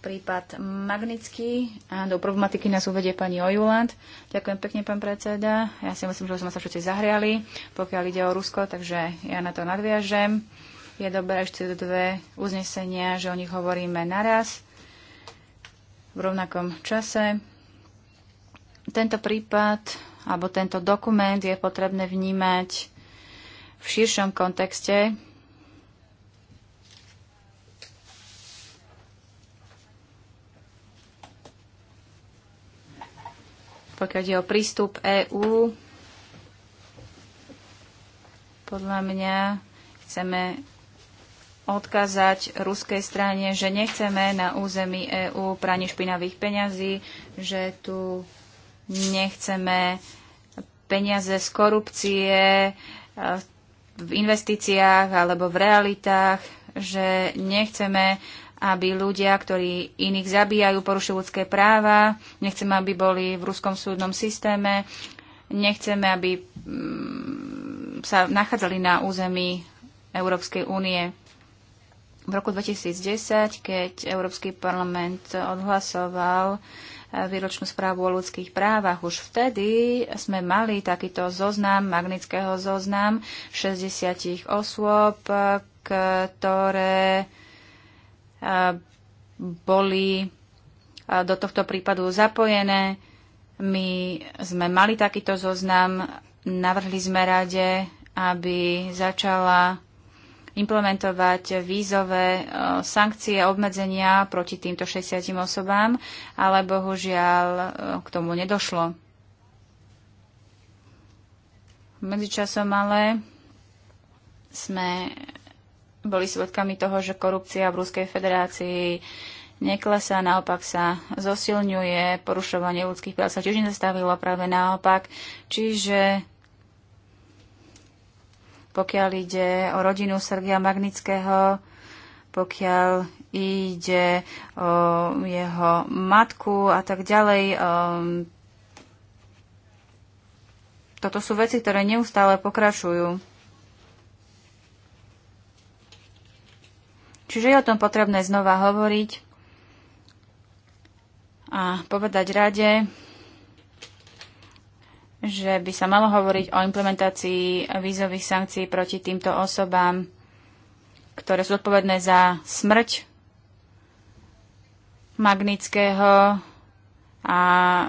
Prípad Magnický. A do problematiky nás uvedie pani Ojuland. Ďakujem pekne, pán predseda. Ja si myslím, že sme sa všetci zahriali, pokiaľ ide o Rusko, takže ja na to nadviažem. Je dobré ešte dve uznesenia, že o nich hovoríme naraz v rovnakom čase. Tento prípad alebo tento dokument je potrebné vnímať v širšom kontexte, pokiaľ ide o prístup EÚ. Podľa mňa chceme odkázať ruskej strane, že nechceme na území EÚ prani špinavých peňazí, že tu nechceme peniaze z korupcie eh, v investíciách alebo v realitách, že nechceme aby ľudia, ktorí iných zabíjajú, porušujú ľudské práva, nechceme, aby boli v ruskom súdnom systéme, nechceme, aby mm, sa nachádzali na území Európskej únie. V roku 2010, keď Európsky parlament odhlasoval eh, výročnú správu o ľudských právach. Už vtedy sme mali takýto zoznam, magnického zoznam 60 osôb, eh, ktoré boli do tohto prípadu zapojené. My sme mali takýto zoznam, navrhli sme rade, aby začala implementovať vízové e, sankcie a obmedzenia proti týmto 60 osobám, ale bohužiaľ e, k tomu nedošlo. Medzičasom ale sme boli svedkami toho, že korupcia v Ruskej federácii neklesá, naopak sa zosilňuje, porušovanie ľudských práv sa tiež nezastavilo, práve naopak. Čiže pokiaľ ide o rodinu Sergia Magnického, pokiaľ ide o jeho matku a tak ďalej, um, toto sú veci, ktoré neustále pokračujú. Čiže je o tom potrebné znova hovoriť a povedať rade, že by sa malo hovoriť o implementácii vízových sankcií proti týmto osobám, ktoré sú odpovedné za smrť Magnického a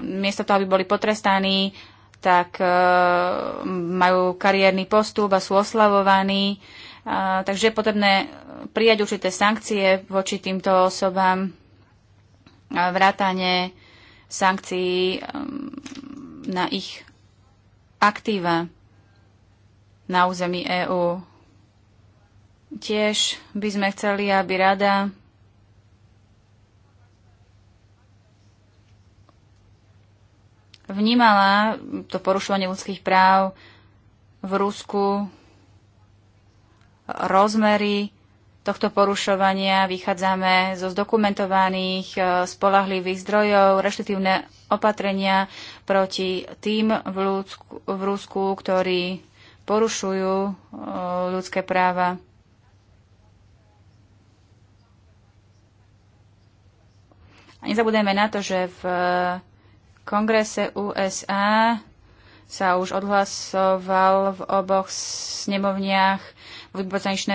miesto toho, aby boli potrestaní, tak e, majú kariérny postup a sú oslavovaní. E, takže je potrebné prijať určité sankcie voči týmto osobám, vrátanie sankcií um, na ich aktíva na území EÚ. Tiež by sme chceli, aby rada vnímala to porušovanie ľudských práv v Rusku, rozmery tohto porušovania vychádzame zo zdokumentovaných e, spolahlivých zdrojov, Reštitívne opatrenia proti tým v, Ľudsku, v Rusku, ktorí porušujú e, ľudské práva. A nezabudeme na to, že v e, kongrese USA sa už odhlasoval v oboch snemovniach v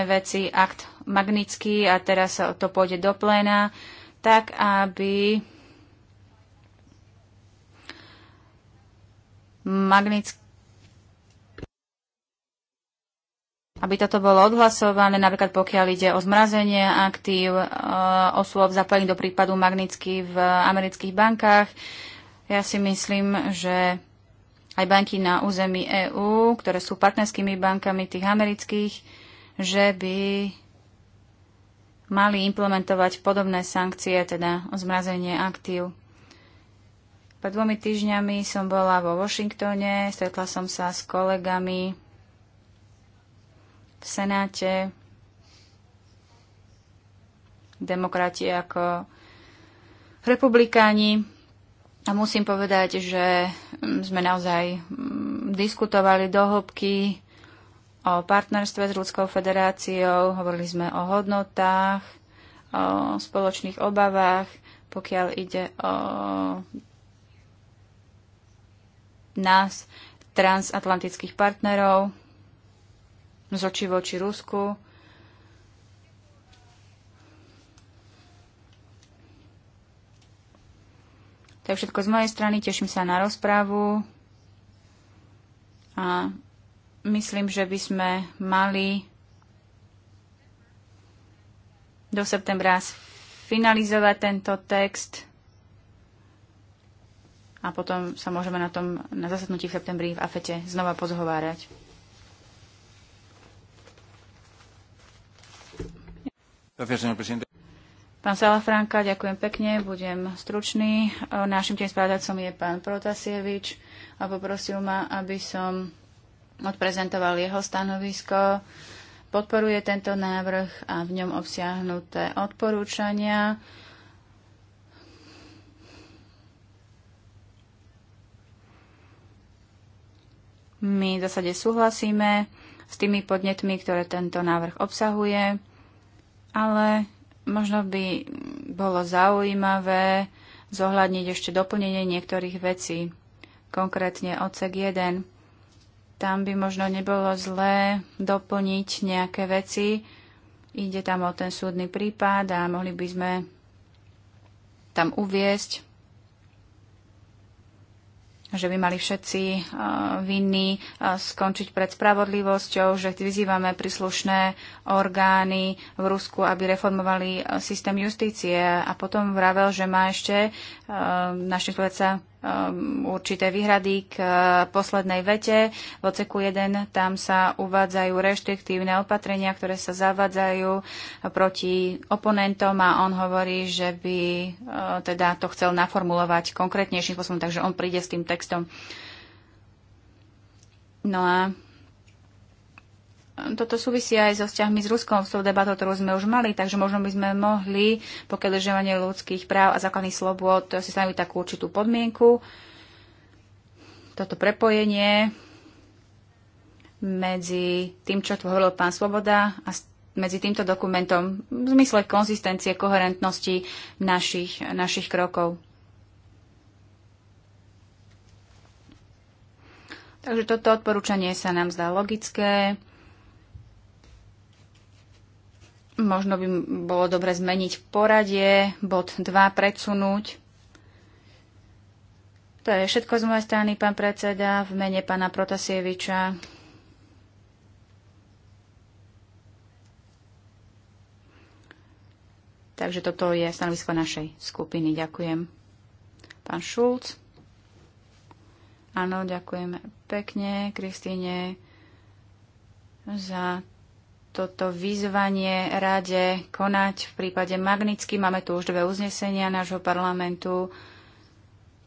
veci akt Magnický a teraz to pôjde do pléna, tak aby Magnický aby toto bolo odhlasované, napríklad pokiaľ ide o zmrazenie aktív e, osôb zapojených do prípadu Magnitsky v amerických bankách. Ja si myslím, že aj banky na území EÚ, ktoré sú partnerskými bankami tých amerických, že by mali implementovať podobné sankcie, teda zmrazenie aktív. Pred dvomi týždňami som bola vo Washingtone, stretla som sa s kolegami v Senáte. Demokrati ako republikáni. A musím povedať, že sme naozaj mm, diskutovali do hĺbky o partnerstve s Ľudskou federáciou, hovorili sme o hodnotách, o spoločných obavách, pokiaľ ide o nás, transatlantických partnerov, z oči voči Rusku. To je všetko z mojej strany. Teším sa na rozprávu a Myslím, že by sme mali do septembra finalizovať tento text a potom sa môžeme na tom na zasadnutí v septembri v AFETE znova pozhovárať. Pán Salafranka, ďakujem pekne, budem stručný. Našim tým spravodajcom je pán Protasievič a poprosil ma, aby som odprezentoval jeho stanovisko, podporuje tento návrh a v ňom obsiahnuté odporúčania. My v zásade súhlasíme s tými podnetmi, ktoré tento návrh obsahuje, ale možno by bolo zaujímavé zohľadniť ešte doplnenie niektorých vecí, konkrétne odsek 1 tam by možno nebolo zlé doplniť nejaké veci. Ide tam o ten súdny prípad a mohli by sme tam uviesť, že by mali všetci eh, vinní eh, skončiť pred spravodlivosťou, že vyzývame príslušné orgány v Rusku, aby reformovali eh, systém justície. A potom vravel, že má ešte náš sa um, určité výhrady k uh, poslednej vete. V oceku 1 tam sa uvádzajú reštriktívne opatrenia, ktoré sa zavádzajú proti oponentom a on hovorí, že by uh, teda to chcel naformulovať konkrétnejším spôsobom, takže on príde s tým textom. No a toto súvisí aj so vzťahmi s Ruskom, s tou debatou, ktorú sme už mali, takže možno by sme mohli, pokiaľ držovanie ľudských práv a základných slobôd, si stanoviť takú určitú podmienku, toto prepojenie medzi tým, čo hovoril pán Svoboda a medzi týmto dokumentom v zmysle konzistencie, koherentnosti našich, našich krokov. Takže toto odporúčanie sa nám zdá logické. Možno by bolo dobre zmeniť poradie, bod 2 predsunúť. To je všetko z mojej strany, pán predseda, v mene pána Protasieviča. Takže toto je stanovisko našej skupiny. Ďakujem. Pán Šulc. Áno, ďakujem pekne Kristine za toto vyzvanie rade konať v prípade Magnicky. Máme tu už dve uznesenia nášho parlamentu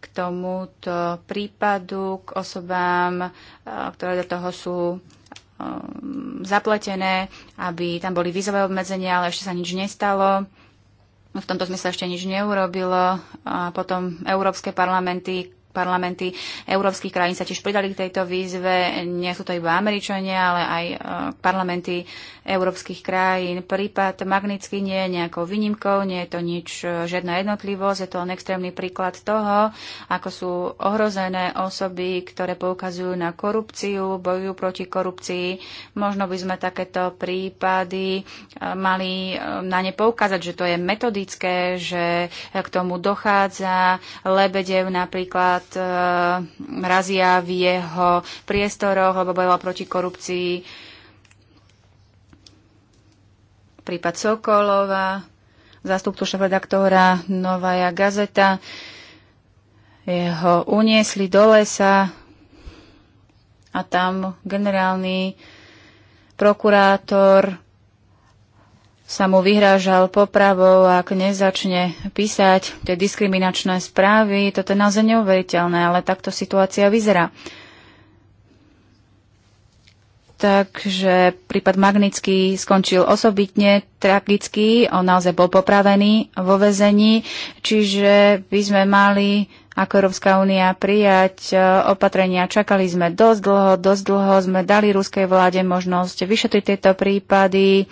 k tomuto prípadu, k osobám, eh, ktoré do toho sú eh, zapletené, aby tam boli vízové obmedzenia, ale ešte sa nič nestalo. V tomto sme sa ešte nič neurobilo. A potom európske parlamenty parlamenty európskych krajín sa tiež pridali k tejto výzve. Nie sú to iba Američania, ale aj e, parlamenty európskych krajín. Prípad Magnický nie je nejakou výnimkou, nie je to nič, e, žiadna jednotlivosť, je to len extrémny príklad toho, ako sú ohrozené osoby, ktoré poukazujú na korupciu, bojujú proti korupcii. Možno by sme takéto prípady e, mali na ne poukázať, že to je metodické, že k tomu dochádza. Lebedev napríklad napríklad e, razia v jeho priestoroch, lebo bojoval proti korupcii. Prípad Sokolova, zástupcu šéf-redaktora Novaja Gazeta. Jeho uniesli do lesa a tam generálny prokurátor sa mu vyhrážal popravou, ak nezačne písať tie diskriminačné správy, toto je naozaj neuveriteľné, ale takto situácia vyzerá. Takže prípad Magnický skončil osobitne tragicky, on naozaj bol popravený vo vezení, čiže by sme mali ako Európska únia prijať e, opatrenia. Čakali sme dosť dlho, dosť dlho sme dali ruskej vláde možnosť vyšetriť tieto prípady.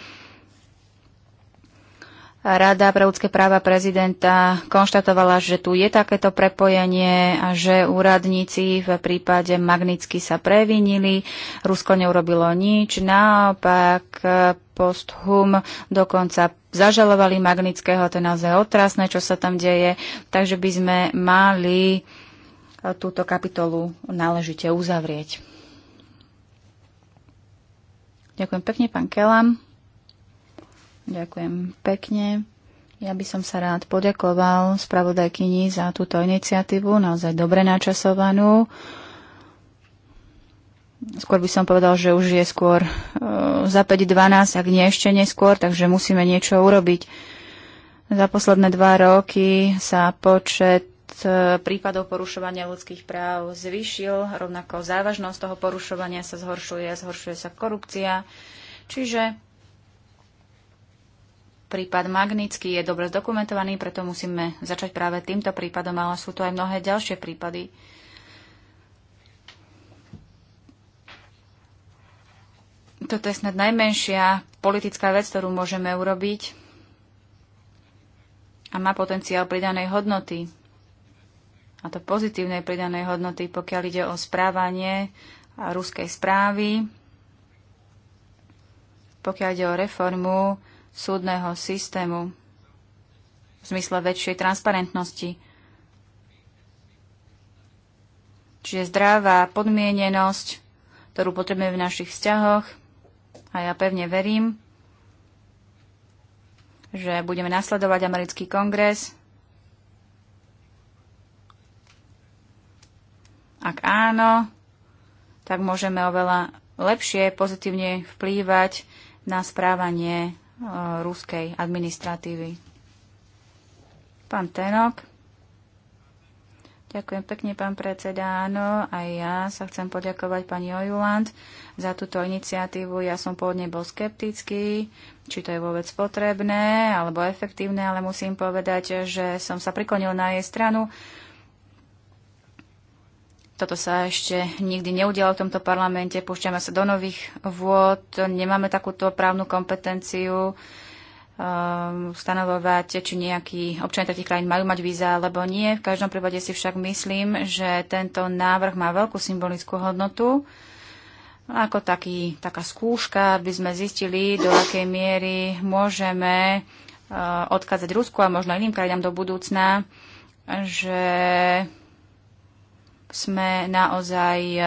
Rada pre ľudské práva prezidenta konštatovala, že tu je takéto prepojenie a že úradníci v prípade Magnitsky sa previnili. Rusko neurobilo nič, naopak posthum dokonca zažalovali Magnického, to je naozaj otrasné, čo sa tam deje, takže by sme mali e, túto kapitolu náležite uzavrieť. Ďakujem pekne, pán Kelam. Ďakujem pekne. Ja by som sa rád poďakoval spravodajkyni za túto iniciatívu, naozaj dobre načasovanú. Skôr by som povedal, že už je skôr e, za 5.12, ak nie ešte neskôr, takže musíme niečo urobiť. Za posledné dva roky sa počet e, prípadov porušovania ľudských práv zvyšil, rovnako závažnosť toho porušovania sa zhoršuje, zhoršuje sa korupcia. Čiže Prípad Magnický je dobre zdokumentovaný, preto musíme začať práve týmto prípadom, ale sú tu aj mnohé ďalšie prípady. Toto je snad najmenšia politická vec, ktorú môžeme urobiť a má potenciál pridanej hodnoty. A to pozitívnej pridanej hodnoty, pokiaľ ide o správanie ruskej správy, pokiaľ ide o reformu súdneho systému v zmysle väčšej transparentnosti. Čiže zdravá podmienenosť, ktorú potrebujeme v našich vzťahoch. A ja pevne verím, že budeme nasledovať americký kongres. Ak áno, tak môžeme oveľa lepšie, pozitívne vplývať na správanie ruskej administratívy. Pán Tenok. Ďakujem pekne, pán predseda. Áno, aj ja sa chcem poďakovať pani Ojuland za túto iniciatívu. Ja som pôvodne bol skeptický, či to je vôbec potrebné alebo efektívne, ale musím povedať, že som sa priklonil na jej stranu. Toto sa ešte nikdy neudialo v tomto parlamente, púšťame sa do nových vôd, nemáme takúto právnu kompetenciu ehm, stanovovať, či nejakí občania tretich krajín majú mať víza alebo nie. V každom prípade si však myslím, že tento návrh má veľkú symbolickú hodnotu ako taký, taká skúška, aby sme zistili, do akej miery môžeme uh, eh, odkázať Rusku a možno iným krajinám do budúcna, že sme naozaj eh,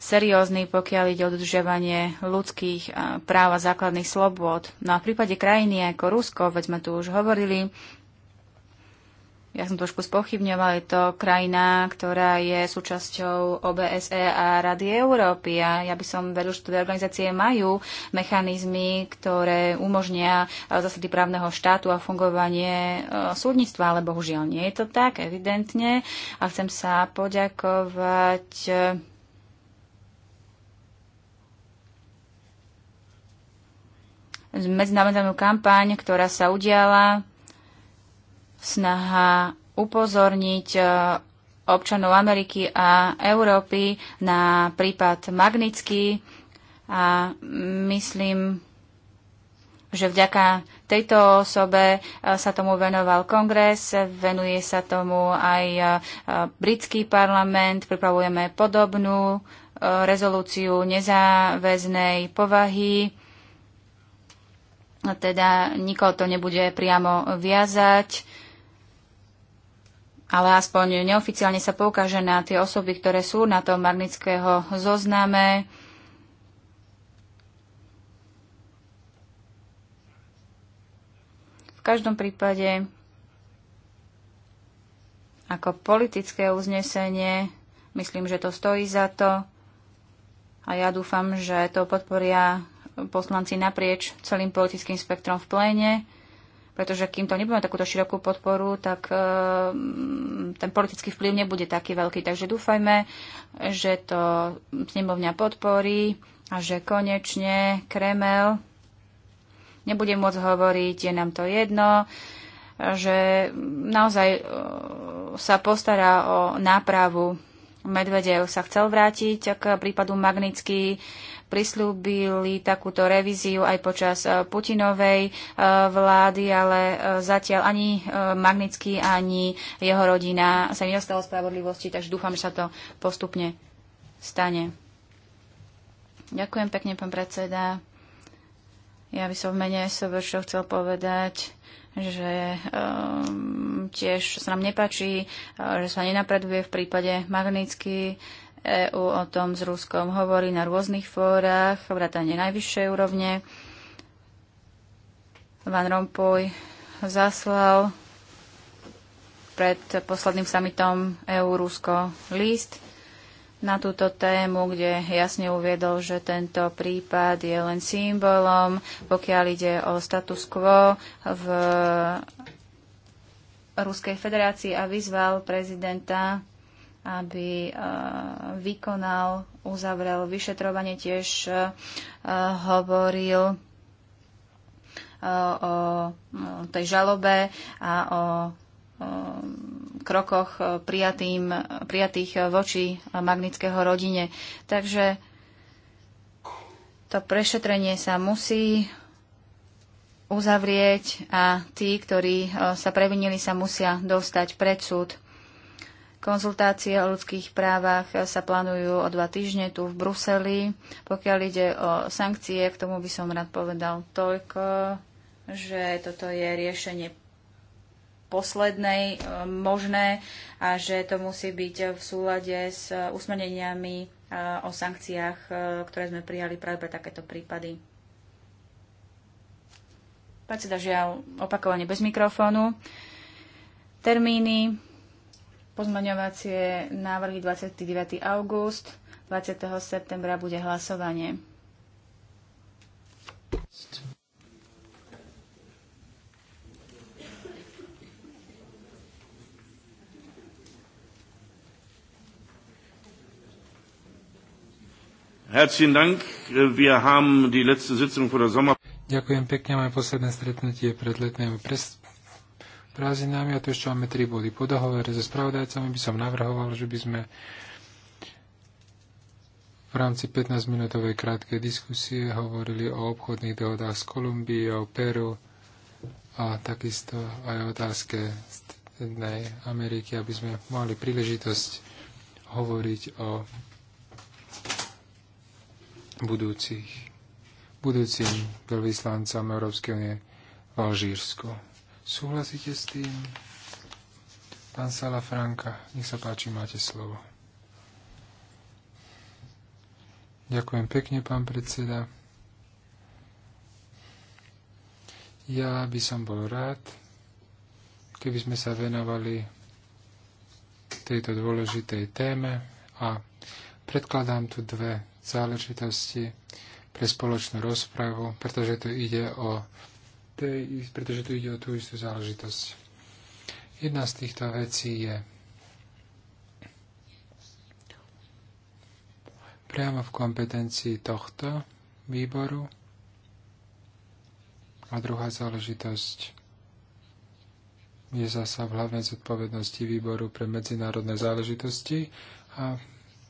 seriózni, pokiaľ ide o dodržiavanie ľudských eh, práv a základných slobôd. No a v prípade krajiny ako Rusko, veď sme tu už hovorili, ja som trošku spochybňoval, je to krajina, ktorá je súčasťou OBSE a Rady Európy a ja by som veril, že tie teda organizácie majú mechanizmy, ktoré umožnia eh, zásady právneho štátu a fungovanie eh, súdnictva, ale bohužiaľ nie je to tak, evidentne. A chcem sa poďakovať eh, medzinárodnú kampaň, ktorá sa udiala snaha upozorniť e, občanov Ameriky a Európy na prípad Magnický a myslím, že vďaka tejto osobe e, sa tomu venoval kongres, venuje sa tomu aj e, britský parlament, pripravujeme podobnú rezolúciu nezáväznej povahy. Teda nikoho to nebude priamo viazať ale aspoň neoficiálne sa poukáže na tie osoby, ktoré sú na tom magnického zozname. V každom prípade ako politické uznesenie, myslím, že to stojí za to a ja dúfam, že to podporia poslanci naprieč celým politickým spektrom v pléne pretože kým to nebudeme takúto širokú podporu, tak eh, ten politický vplyv nebude taký veľký. Takže dúfajme, že to snemovňa podporí a že konečne Kremel nebude môcť hovoriť, je nám to jedno, že naozaj eh, sa postará o nápravu Medvedev sa chcel vrátiť k prípadu Magnický, prislúbili takúto revíziu aj počas e, Putinovej e, vlády, ale e, zatiaľ ani Magnický, ani jeho rodina sa nedostalo spravodlivosti, takže dúfam, že sa to postupne stane. Ďakujem pekne, pán predseda. Ja by som v mene SVČ chcel povedať, že um, tiež sa nám nepáči, eh, že sa nenapreduje v prípade Magnitsky. EU o tom s Ruskom hovorí na rôznych fórach, vrátane najvyššej úrovne. Van Rompuy zaslal pred posledným samitom EU-Rusko list, na túto tému, kde jasne uviedol, že tento prípad je len symbolom, pokiaľ ide o status quo v Ruskej federácii a vyzval prezidenta, aby e, vykonal, uzavrel vyšetrovanie, tiež e, hovoril e, o tej žalobe a o krokoch e, prijatým, e, prijatých e, voči magnického rodine. Takže to prešetrenie sa musí uzavrieť a tí, ktorí sa previnili, sa musia dostať pred súd. Konzultácie o ľudských právach sa plánujú o dva týždne tu v Bruseli. Pokiaľ ide o sankcie, k tomu by som rád povedal toľko, že toto je riešenie poslednej e, možné a že to musí byť v súlade s usmerneniami e, o sankciách, e, ktoré sme prijali práve pre takéto prípady. Predseda žiaľ opakovane bez mikrofónu. Termíny pozmaňovacie návrhy 29. august, 20. septembra bude hlasovanie. Ďakujem pekne, máme posledné stretnutie pred letnými pres- prázdninami a tu ešte máme tri body. Po dohovore so spravodajcami by som navrhoval, že by sme v rámci 15-minútovej krátkej diskusie hovorili o obchodných dohodách s Kolumbiou, Peru a takisto aj o otázke Strednej Ameriky, aby sme mali príležitosť hovoriť o budúcich, budúcim veľvyslancom Európskej únie v Alžírsku. Súhlasíte s tým? Pán Sala Franka, nech sa páči, máte slovo. Ďakujem pekne, pán predseda. Ja by som bol rád, keby sme sa venovali tejto dôležitej téme a predkladám tu dve záležitosti pre spoločnú rozpravu, pretože tu ide o, tej, pretože tu ide o tú istú záležitosť. Jedna z týchto vecí je priamo v kompetencii tohto výboru a druhá záležitosť je zasa v hlavnej zodpovednosti výboru pre medzinárodné záležitosti a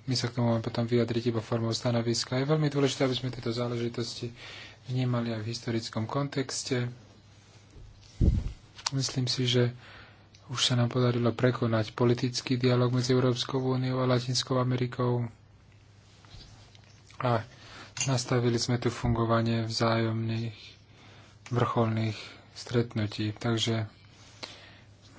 my sa k tomu potom vyjadriť iba formou stanoviska. Je veľmi dôležité, aby sme tieto záležitosti vnímali aj v historickom kontexte. Myslím si, že už sa nám podarilo prekonať politický dialog medzi Európskou úniou a Latinskou Amerikou a nastavili sme tu fungovanie vzájomných vrcholných stretnutí. Takže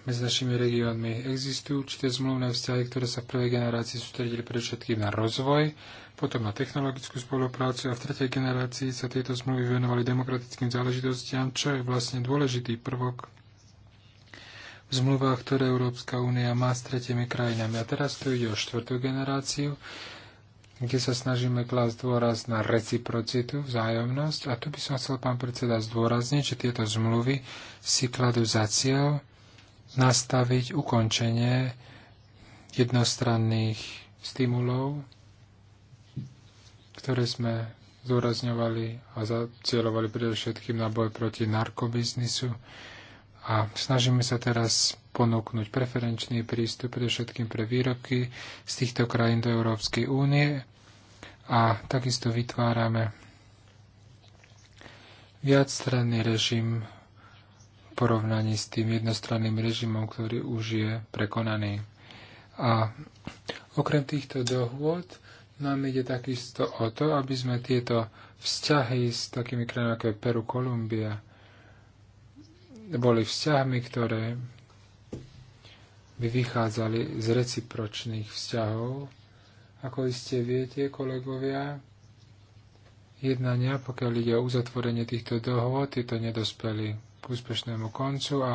medzi našimi regiónmi. Existujú určité zmluvné vzťahy, ktoré sa v prvej generácii sústredili predovšetkým na rozvoj, potom na technologickú spoluprácu a v tretej generácii sa tieto zmluvy venovali demokratickým záležitostiam, čo je vlastne dôležitý prvok v zmluvách, ktoré Európska únia má s tretimi krajinami. A teraz tu ide o štvrtú generáciu, kde sa snažíme klásť dôraz na reciprocitu, vzájomnosť. A tu by som chcel, pán predseda, zdôrazniť, že tieto zmluvy si kladú za cieľ nastaviť ukončenie jednostranných stimulov, ktoré sme zdôrazňovali a zacielovali predovšetkým na boj proti narkobiznisu. A snažíme sa teraz ponúknuť preferenčný prístup predovšetkým pre výroky z týchto krajín do Európskej únie a takisto vytvárame viacstranný režim porovnaní s tým jednostranným režimom, ktorý už je prekonaný. A okrem týchto dohôd nám ide takisto o to, aby sme tieto vzťahy s takými krajinami ako je Peru, Kolumbia boli vzťahmi, ktoré by vychádzali z recipročných vzťahov. Ako iste viete, kolegovia, jednania, pokiaľ ide o uzatvorenie týchto dohôd, tieto nedospeli k úspešnému koncu a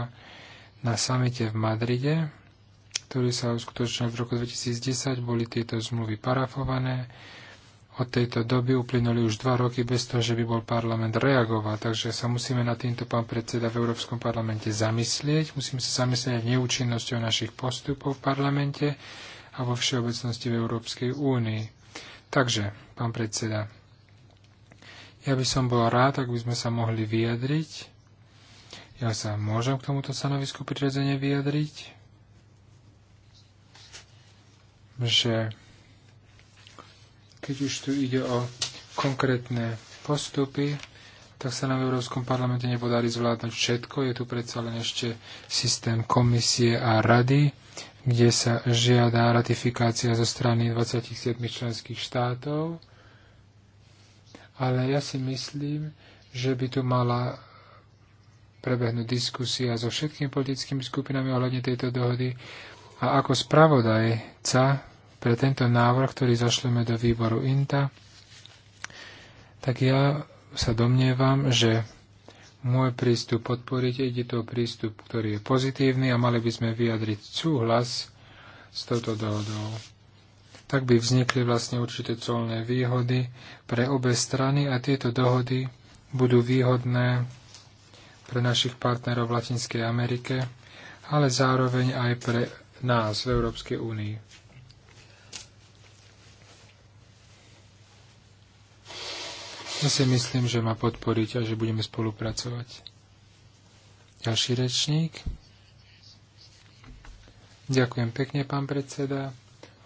na samite v Madride, ktorý sa uskutočnil v roku 2010, boli tieto zmluvy parafované. Od tejto doby uplynuli už dva roky bez toho, že by bol parlament reagoval, takže sa musíme na týmto pán predseda v Európskom parlamente zamyslieť. Musíme sa zamyslieť neúčinnosťou našich postupov v parlamente a vo všeobecnosti v Európskej únii. Takže, pán predseda, ja by som bol rád, ak by sme sa mohli vyjadriť ja sa môžem k tomuto stanovisku prirodzene vyjadriť, že keď už tu ide o konkrétne postupy, tak sa nám v Európskom parlamente nepodarí zvládnuť všetko. Je tu predsa len ešte systém komisie a rady, kde sa žiada ratifikácia zo strany 27 členských štátov. Ale ja si myslím, že by tu mala prebehnúť diskusia so všetkými politickými skupinami ohľadne tejto dohody a ako spravodajca pre tento návrh, ktorý zašleme do výboru INTA, tak ja sa domnievam, že môj prístup podporiť, ide to prístup, ktorý je pozitívny a mali by sme vyjadriť súhlas s touto dohodou. Tak by vznikli vlastne určité colné výhody pre obe strany a tieto dohody budú výhodné pre našich partnerov v Latinskej Amerike, ale zároveň aj pre nás v Európskej únii. Ja si myslím, že ma podporiť a že budeme spolupracovať. Ďalší rečník. Ďakujem pekne, pán predseda,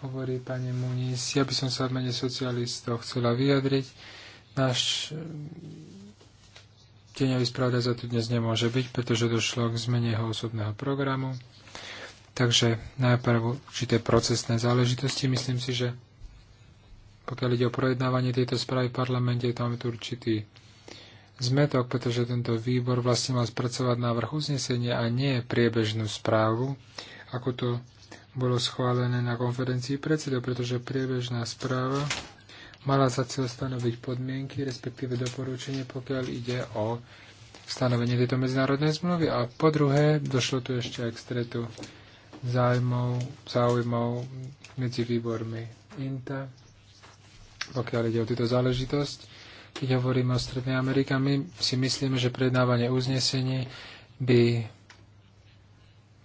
hovorí pani Muniz. Ja by som sa v mene socialistov chcela vyjadriť. Náš Tieňový spravodajca tu dnes nemôže byť, pretože došlo k zmene jeho osobného programu. Takže najprv určité procesné záležitosti. Myslím si, že pokiaľ ide o projednávanie tejto správy v parlamente, tam je tu určitý zmetok, pretože tento výbor vlastne mal spracovať návrh uznesenia a nie priebežnú správu, ako to bolo schválené na konferencii predsedov, pretože priebežná správa mala za cieľ stanoviť podmienky, respektíve doporučenie, pokiaľ ide o stanovenie tejto medzinárodnej zmluvy. A po druhé, došlo tu ešte aj k stretu zájmov, záujmov medzi výbormi INTA, pokiaľ ide o túto záležitosť. Keď hovoríme o Strednej Amerike, my si myslíme, že prednávanie uznesení by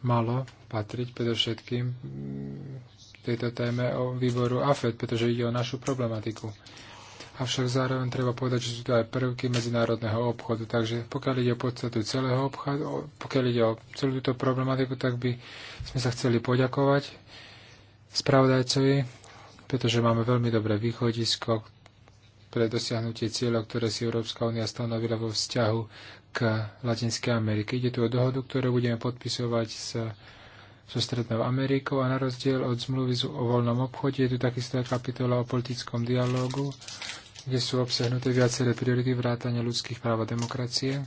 malo patriť predovšetkým tejto téme o výboru AFED, pretože ide o našu problematiku. Avšak zároveň treba povedať, že sú to aj prvky medzinárodného obchodu. Takže pokiaľ ide o podstatu celého obchodu, pokiaľ ide o celú túto problematiku, tak by sme sa chceli poďakovať spravodajcovi, pretože máme veľmi dobré východisko pre dosiahnutie cieľov, ktoré si Európska únia stanovila vo vzťahu k Latinskej Amerike. Ide tu o dohodu, ktorú budeme podpisovať s so Strednou Amerikou a na rozdiel od zmluvy o voľnom obchode je tu takisto aj kapitola o politickom dialogu, kde sú obsahnuté viaceré priority vrátania ľudských práv a demokracie.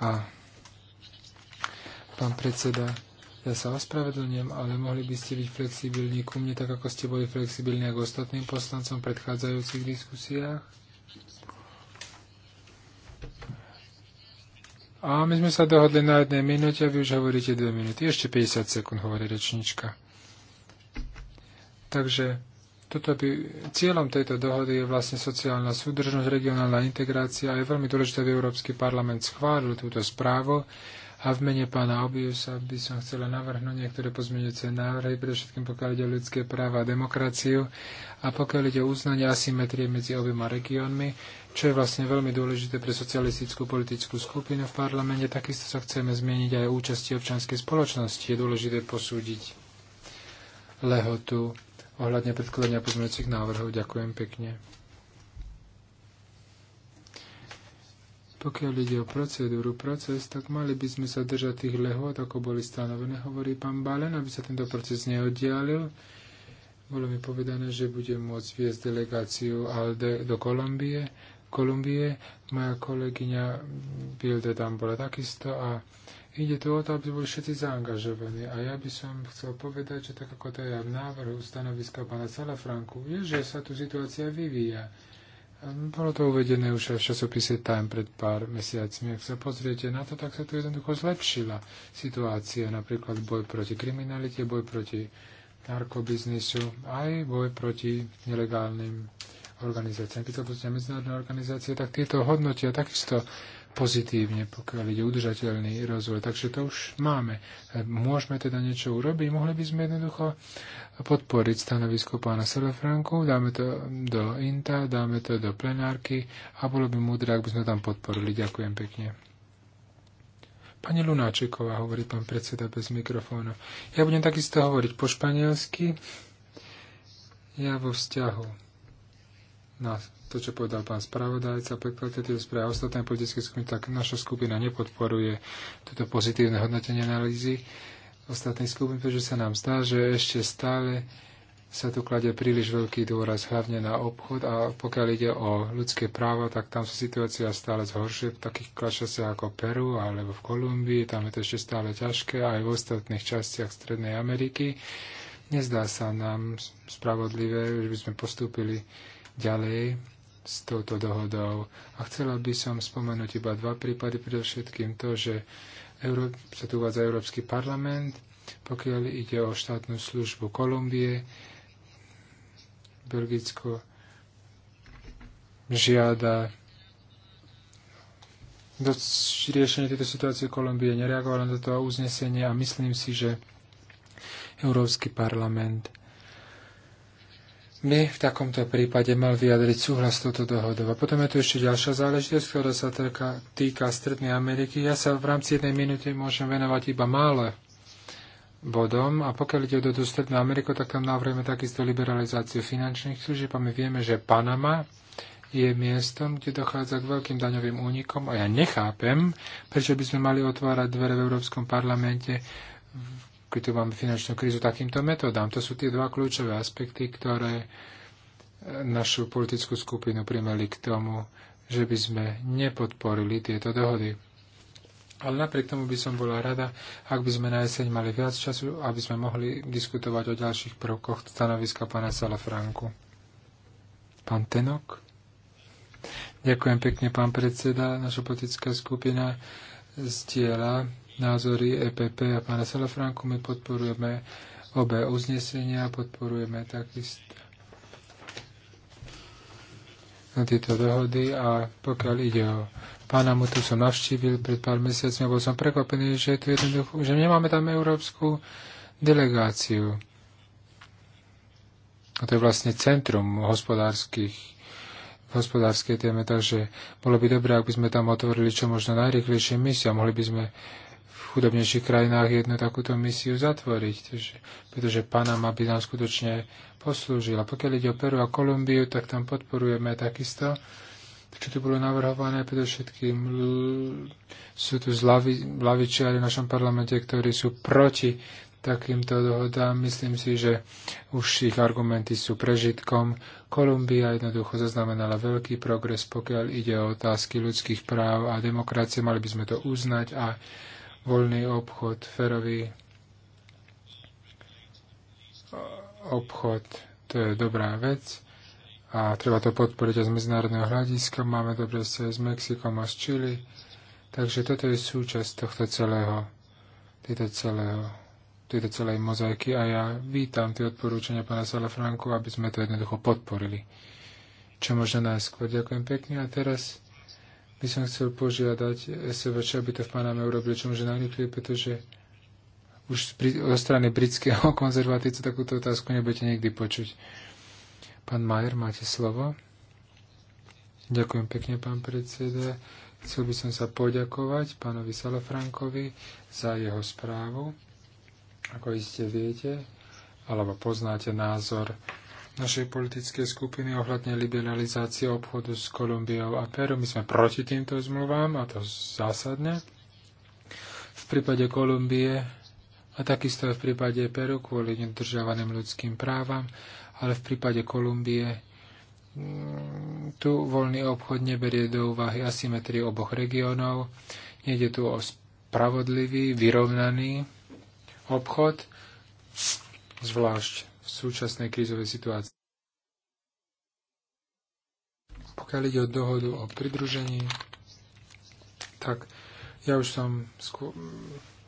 A pán predseda, ja sa ospravedlňujem, ale mohli by ste byť flexibilní ku mne, tak ako ste boli flexibilní ako ostatným poslancom v predchádzajúcich diskusiách. A my sme sa dohodli na jednej minúte a vy už hovoríte dve minúty. Ešte 50 sekúnd hovorí rečnička. Takže toto by, cieľom tejto dohody je vlastne sociálna súdržnosť, regionálna integrácia a je veľmi dôležité, aby Európsky parlament schválil túto správu. A v mene pána Obiusa by som chcela navrhnúť niektoré pozmeňujúce návrhy, predovšetkým pokiaľ ide o ľudské práva a demokraciu a pokiaľ ide o uznanie asymetrie medzi oboma regiónmi, čo je vlastne veľmi dôležité pre socialistickú politickú skupinu v parlamente. Takisto sa chceme zmieniť aj o účasti občanskej spoločnosti. Je dôležité posúdiť lehotu ohľadne predkladania pozmeňujúcich návrhov. Ďakujem pekne. Pokiaľ ide o procedúru, proces, tak mali by sme sa držať tých lehôd, ako boli stanovené, hovorí pán Balen, aby sa tento proces neoddialil. Bolo mi povedané, že budem môcť viesť delegáciu ALDE do Kolumbie. Kolumbie, moja kolegyňa Bilde tam bola takisto a ide to o to, aby boli všetci zaangažovaní. A ja by som chcel povedať, že tak ako to je v návrhu stanoviska pána Salafranku, je, že sa tu situácia vyvíja bolo to uvedené už aj v časopise Time pred pár mesiacmi. Ak sa pozriete na to, tak sa to jednoducho zlepšila situácia. Napríklad boj proti kriminalite, boj proti narkobiznisu, aj boj proti nelegálnym organizáciám. Keď sa pozriete na medzinárodné organizácie, tak tieto hodnotia takisto pozitívne, pokiaľ ide udržateľný rozvoj. Takže to už máme. Môžeme teda niečo urobiť. Mohli by sme jednoducho podporiť stanovisko pána Selefranku, dáme to do INTA, dáme to do plenárky a bolo by múdre, ak by sme tam podporili. Ďakujem pekne. Pani Lunáčeková, hovorí pán predseda bez mikrofónu. Ja budem takisto hovoriť po španielsky. Ja vo vzťahu na to, čo povedal pán spravodajca, prekladateľ správy a ostatné politické skupiny, tak naša skupina nepodporuje toto pozitívne hodnotenie analýzy ostatných skupín, pretože sa nám zdá, že ešte stále sa tu kladie príliš veľký dôraz hlavne na obchod a pokiaľ ide o ľudské práva, tak tam sa situácia stále zhoršuje v takých klašasiach ako Peru alebo v Kolumbii, tam je to ešte stále ťažké aj v ostatných častiach Strednej Ameriky. Nezdá sa nám spravodlivé, že by sme postúpili ďalej s touto dohodou. A chcela by som spomenúť iba dva prípady, predovšetkým to, že Euró- sa tu uvádza Európsky parlament, pokiaľ ide o štátnu službu Kolumbie, Belgicko žiada do riešenia tejto situácie Kolumbie nereagovala na toto uznesenie a myslím si, že Európsky parlament by v takomto prípade mal vyjadriť súhlas toto touto dohodou. A potom je tu ešte ďalšia záležitosť, ktorá sa týka, týka Strednej Ameriky. Ja sa v rámci jednej minúty môžem venovať iba málo bodom a pokiaľ ide o do Strednú Ameriku, tak tam navrhujeme takisto liberalizáciu finančných služieb a my vieme, že Panama je miestom, kde dochádza k veľkým daňovým únikom a ja nechápem, prečo by sme mali otvárať dvere v Európskom parlamente keď tu máme finančnú krízu takýmto metodám. To sú tie dva kľúčové aspekty, ktoré e, našu politickú skupinu primeli k tomu, že by sme nepodporili tieto dohody. Ale napriek tomu by som bola rada, ak by sme na jeseň mali viac času, aby sme mohli diskutovať o ďalších prvkoch stanoviska pána Salafranku. Pán Tenok? Ďakujem pekne, pán predseda. Naša politická skupina zdieľa názory EPP a pána Salafranku. My podporujeme obe uznesenia, podporujeme takisto na tieto dohody a pokiaľ ide o mu, tu som navštívil pred pár mesiacmi, bol som prekvapený, že tu jednoducho, že nemáme tam európsku delegáciu. A to je vlastne centrum hospodárskych hospodárskej téme, takže bolo by dobré, ak by sme tam otvorili čo možno najrychlejšie misie a mohli by sme chudobnejších krajinách jednu takúto misiu zatvoriť, pretože Panama by nám skutočne poslúžila. Pokiaľ ide o Peru a Kolumbiu, tak tam podporujeme takisto čo tu bolo navrhované, predovšetkým sú tu zlavi, v našom parlamente, ktorí sú proti takýmto dohodám. Myslím si, že už ich argumenty sú prežitkom. Kolumbia jednoducho zaznamenala veľký progres, pokiaľ ide o otázky ľudských práv a demokracie. Mali by sme to uznať a voľný obchod, ferový obchod, to je dobrá vec a treba to podporiť aj z medzinárodného hľadiska. Máme dobré vzťahy s Mexikom a s Čili, takže toto je súčasť tohto celého, tejto celého tejto celej mozaiky a ja vítam tie odporúčania pána Salafranku, aby sme to jednoducho podporili. Čo možno najskôr. Ďakujem pekne a teraz by som chcel požiadať SVČ, aby to v Paname urobili, čo môže najľutuje, pretože už zo strany britského [laughs] konzervatívca takúto otázku nebudete nikdy počuť. Pán Majer, máte slovo. Ďakujem pekne, pán predseda. Chcel by som sa poďakovať pánovi Salafrankovi za jeho správu. Ako iste viete, alebo poznáte názor našej politickej skupiny ohľadne liberalizácie obchodu s Kolumbiou a Peru. My sme proti týmto zmluvám, a to zásadne. V prípade Kolumbie a takisto aj v prípade Peru kvôli nedržiavaným ľudským právam, ale v prípade Kolumbie mm, tu voľný obchod neberie do úvahy asymetrie oboch regiónov. Nejde tu o spravodlivý, vyrovnaný obchod, zvlášť v súčasnej krízovej situácii. Pokiaľ ide o dohodu o pridružení, tak ja už som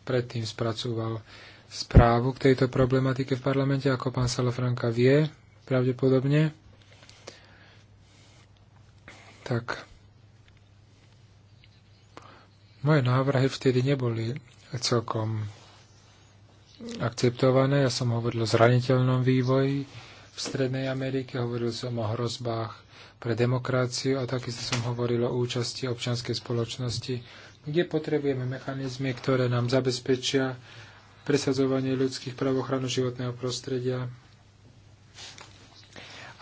predtým spracoval správu k tejto problematike v parlamente, ako pán Salofranka vie, pravdepodobne. Tak moje návrhy vtedy neboli celkom akceptované. Ja som hovoril o zraniteľnom vývoji v Strednej Amerike, hovoril som o hrozbách pre demokraciu a takisto som hovoril o účasti občianskej spoločnosti, kde potrebujeme mechanizmy, ktoré nám zabezpečia presadzovanie ľudských práv ochranu životného prostredia.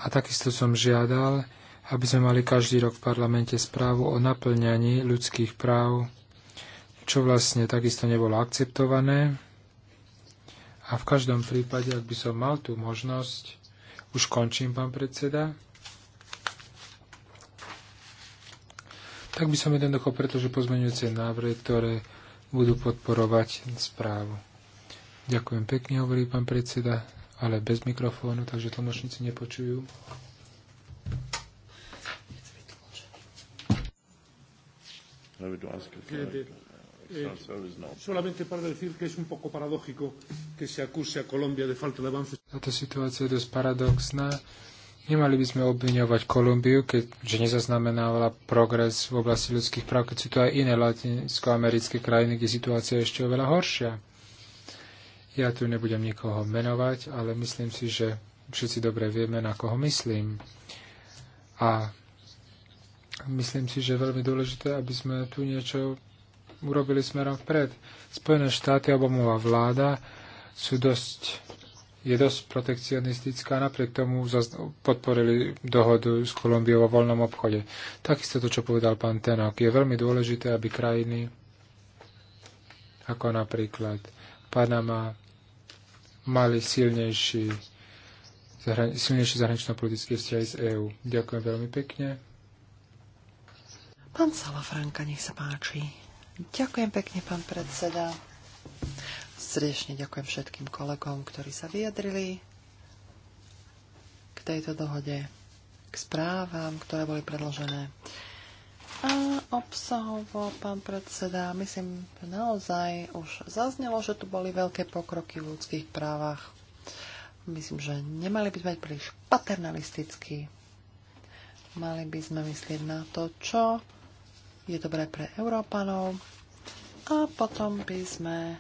A takisto som žiadal, aby sme mali každý rok v parlamente správu o naplňaní ľudských práv, čo vlastne takisto nebolo akceptované. A v každom prípade, ak by som mal tú možnosť, už končím, pán predseda, tak by som jednoducho pretože pozmeňujúce návrhy, ktoré budú podporovať správu. Ďakujem pekne, hovorí pán predseda, ale bez mikrofónu, takže tlmočníci nepočujú. Never do ask Eh, solamente para decir que es un poco paradójico que se acuse a Colombia de falta de avances. Táto situácia je dosť paradoxná. Nemali by sme obviňovať Kolumbiu, keďže nezaznamenávala progres v oblasti ľudských práv, keď sú to aj iné latinskoamerické krajiny, kde situácia je ešte oveľa horšia. Ja tu nebudem nikoho menovať, ale myslím si, že všetci dobre vieme, na koho myslím. A myslím si, že je veľmi dôležité, aby sme tu niečo urobili smerom vpred. Spojené štáty a Obamová vláda sú dosť, je dosť protekcionistická, napriek tomu podporili dohodu s Kolumbiou o voľnom obchode. Takisto to, čo povedal pán Tenok, je veľmi dôležité, aby krajiny ako napríklad Panama mali silnejší zahrani- silnejšie zahranično-politické vzťahy z EÚ. Ďakujem veľmi pekne. Pán Salafranka, nech sa páči. Ďakujem pekne, pán predseda. Srdečne ďakujem všetkým kolegom, ktorí sa vyjadrili k tejto dohode, k správam, ktoré boli predložené. A obsahovo, pán predseda, myslím, že naozaj už zaznelo, že tu boli veľké pokroky v ľudských právach. Myslím, že nemali by sme byť príliš paternalistickí. Mali by sme myslieť na to, čo je dobré pre Európanov a potom by sme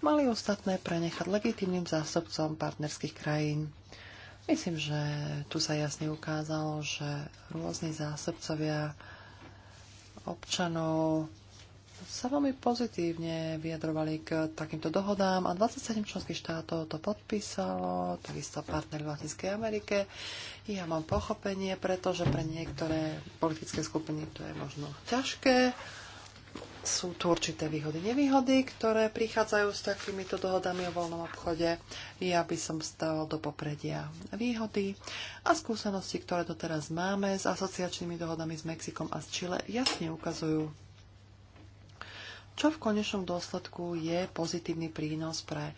mali ostatné prenechať legitimným zástupcom partnerských krajín. Myslím, že tu sa jasne ukázalo, že rôzni zástupcovia občanov sa veľmi pozitívne vyjadrovali k takýmto dohodám a 27 členských štátov to podpísalo, takisto partner v Latinskej Amerike. Ja mám pochopenie, pretože pre niektoré politické skupiny to je možno ťažké. Sú tu určité výhody, nevýhody, ktoré prichádzajú s takýmito dohodami o voľnom obchode. Ja by som stal do popredia výhody a skúsenosti, ktoré doteraz máme s asociačnými dohodami s Mexikom a s Čile, jasne ukazujú, čo v konečnom dôsledku je pozitívny prínos pre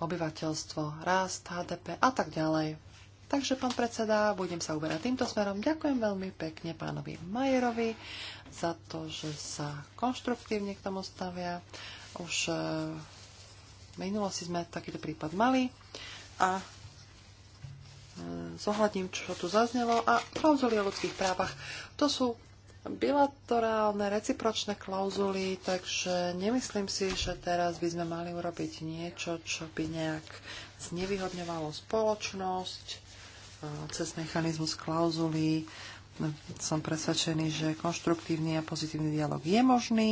obyvateľstvo, rast HDP a tak ďalej. Takže, pán predseda, budem sa uberať týmto smerom. Ďakujem veľmi pekne pánovi Majerovi za to, že sa konštruktívne k tomu stavia. Už e, v minulosti sme takýto prípad mali a e, zohľadním, čo tu zaznelo a klauzuly o ľudských právach. To sú bilaterálne recipročné klauzuly, takže nemyslím si, že teraz by sme mali urobiť niečo, čo by nejak znevýhodňovalo spoločnosť e, cez mechanizmus klauzuly. Som presvedčený, že konštruktívny a pozitívny dialog je možný.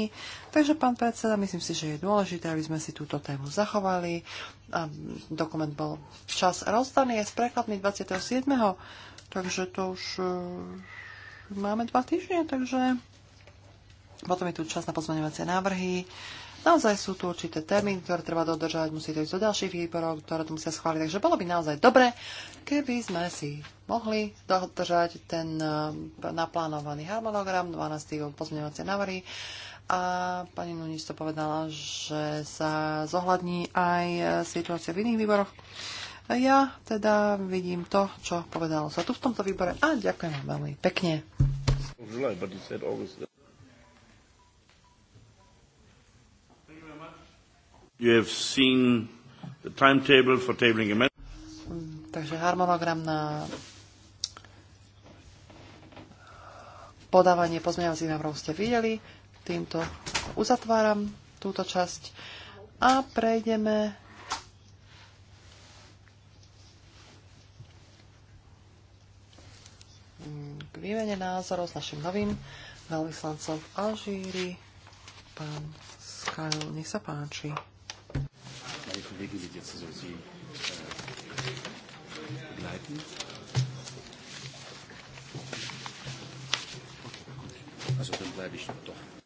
Takže, pán predseda, myslím si, že je dôležité, aby sme si túto tému zachovali. A dokument bol včas rozdaný je s prekladmi 27. Takže to už e, máme dva týždne, takže potom je tu čas na pozmeňovacie návrhy. Naozaj sú tu určité termíny, ktoré treba dodržať, musí to ísť do ďalších výborov, ktoré to musia schváliť. Takže bolo by naozaj dobre, keby sme si mohli dodržať ten eh, naplánovaný harmonogram, 12. pozmeňovacie návrhy. A pani Nunis to povedala, že sa zohľadní aj eh, situácia v iných výboroch. Ja teda vidím to, čo povedalo sa tu v tomto výbore a ďakujem vám veľmi pekne. You have seen the timetable for tabling amendments. Takže harmonogram na podávanie pozmeňovacích návrhov ste videli. Týmto uzatváram túto časť a prejdeme výmene názorov s našim novým veľvyslancom v Alžíri, pán Skyle. Nech sa páči. Also dann bleibe ich doch.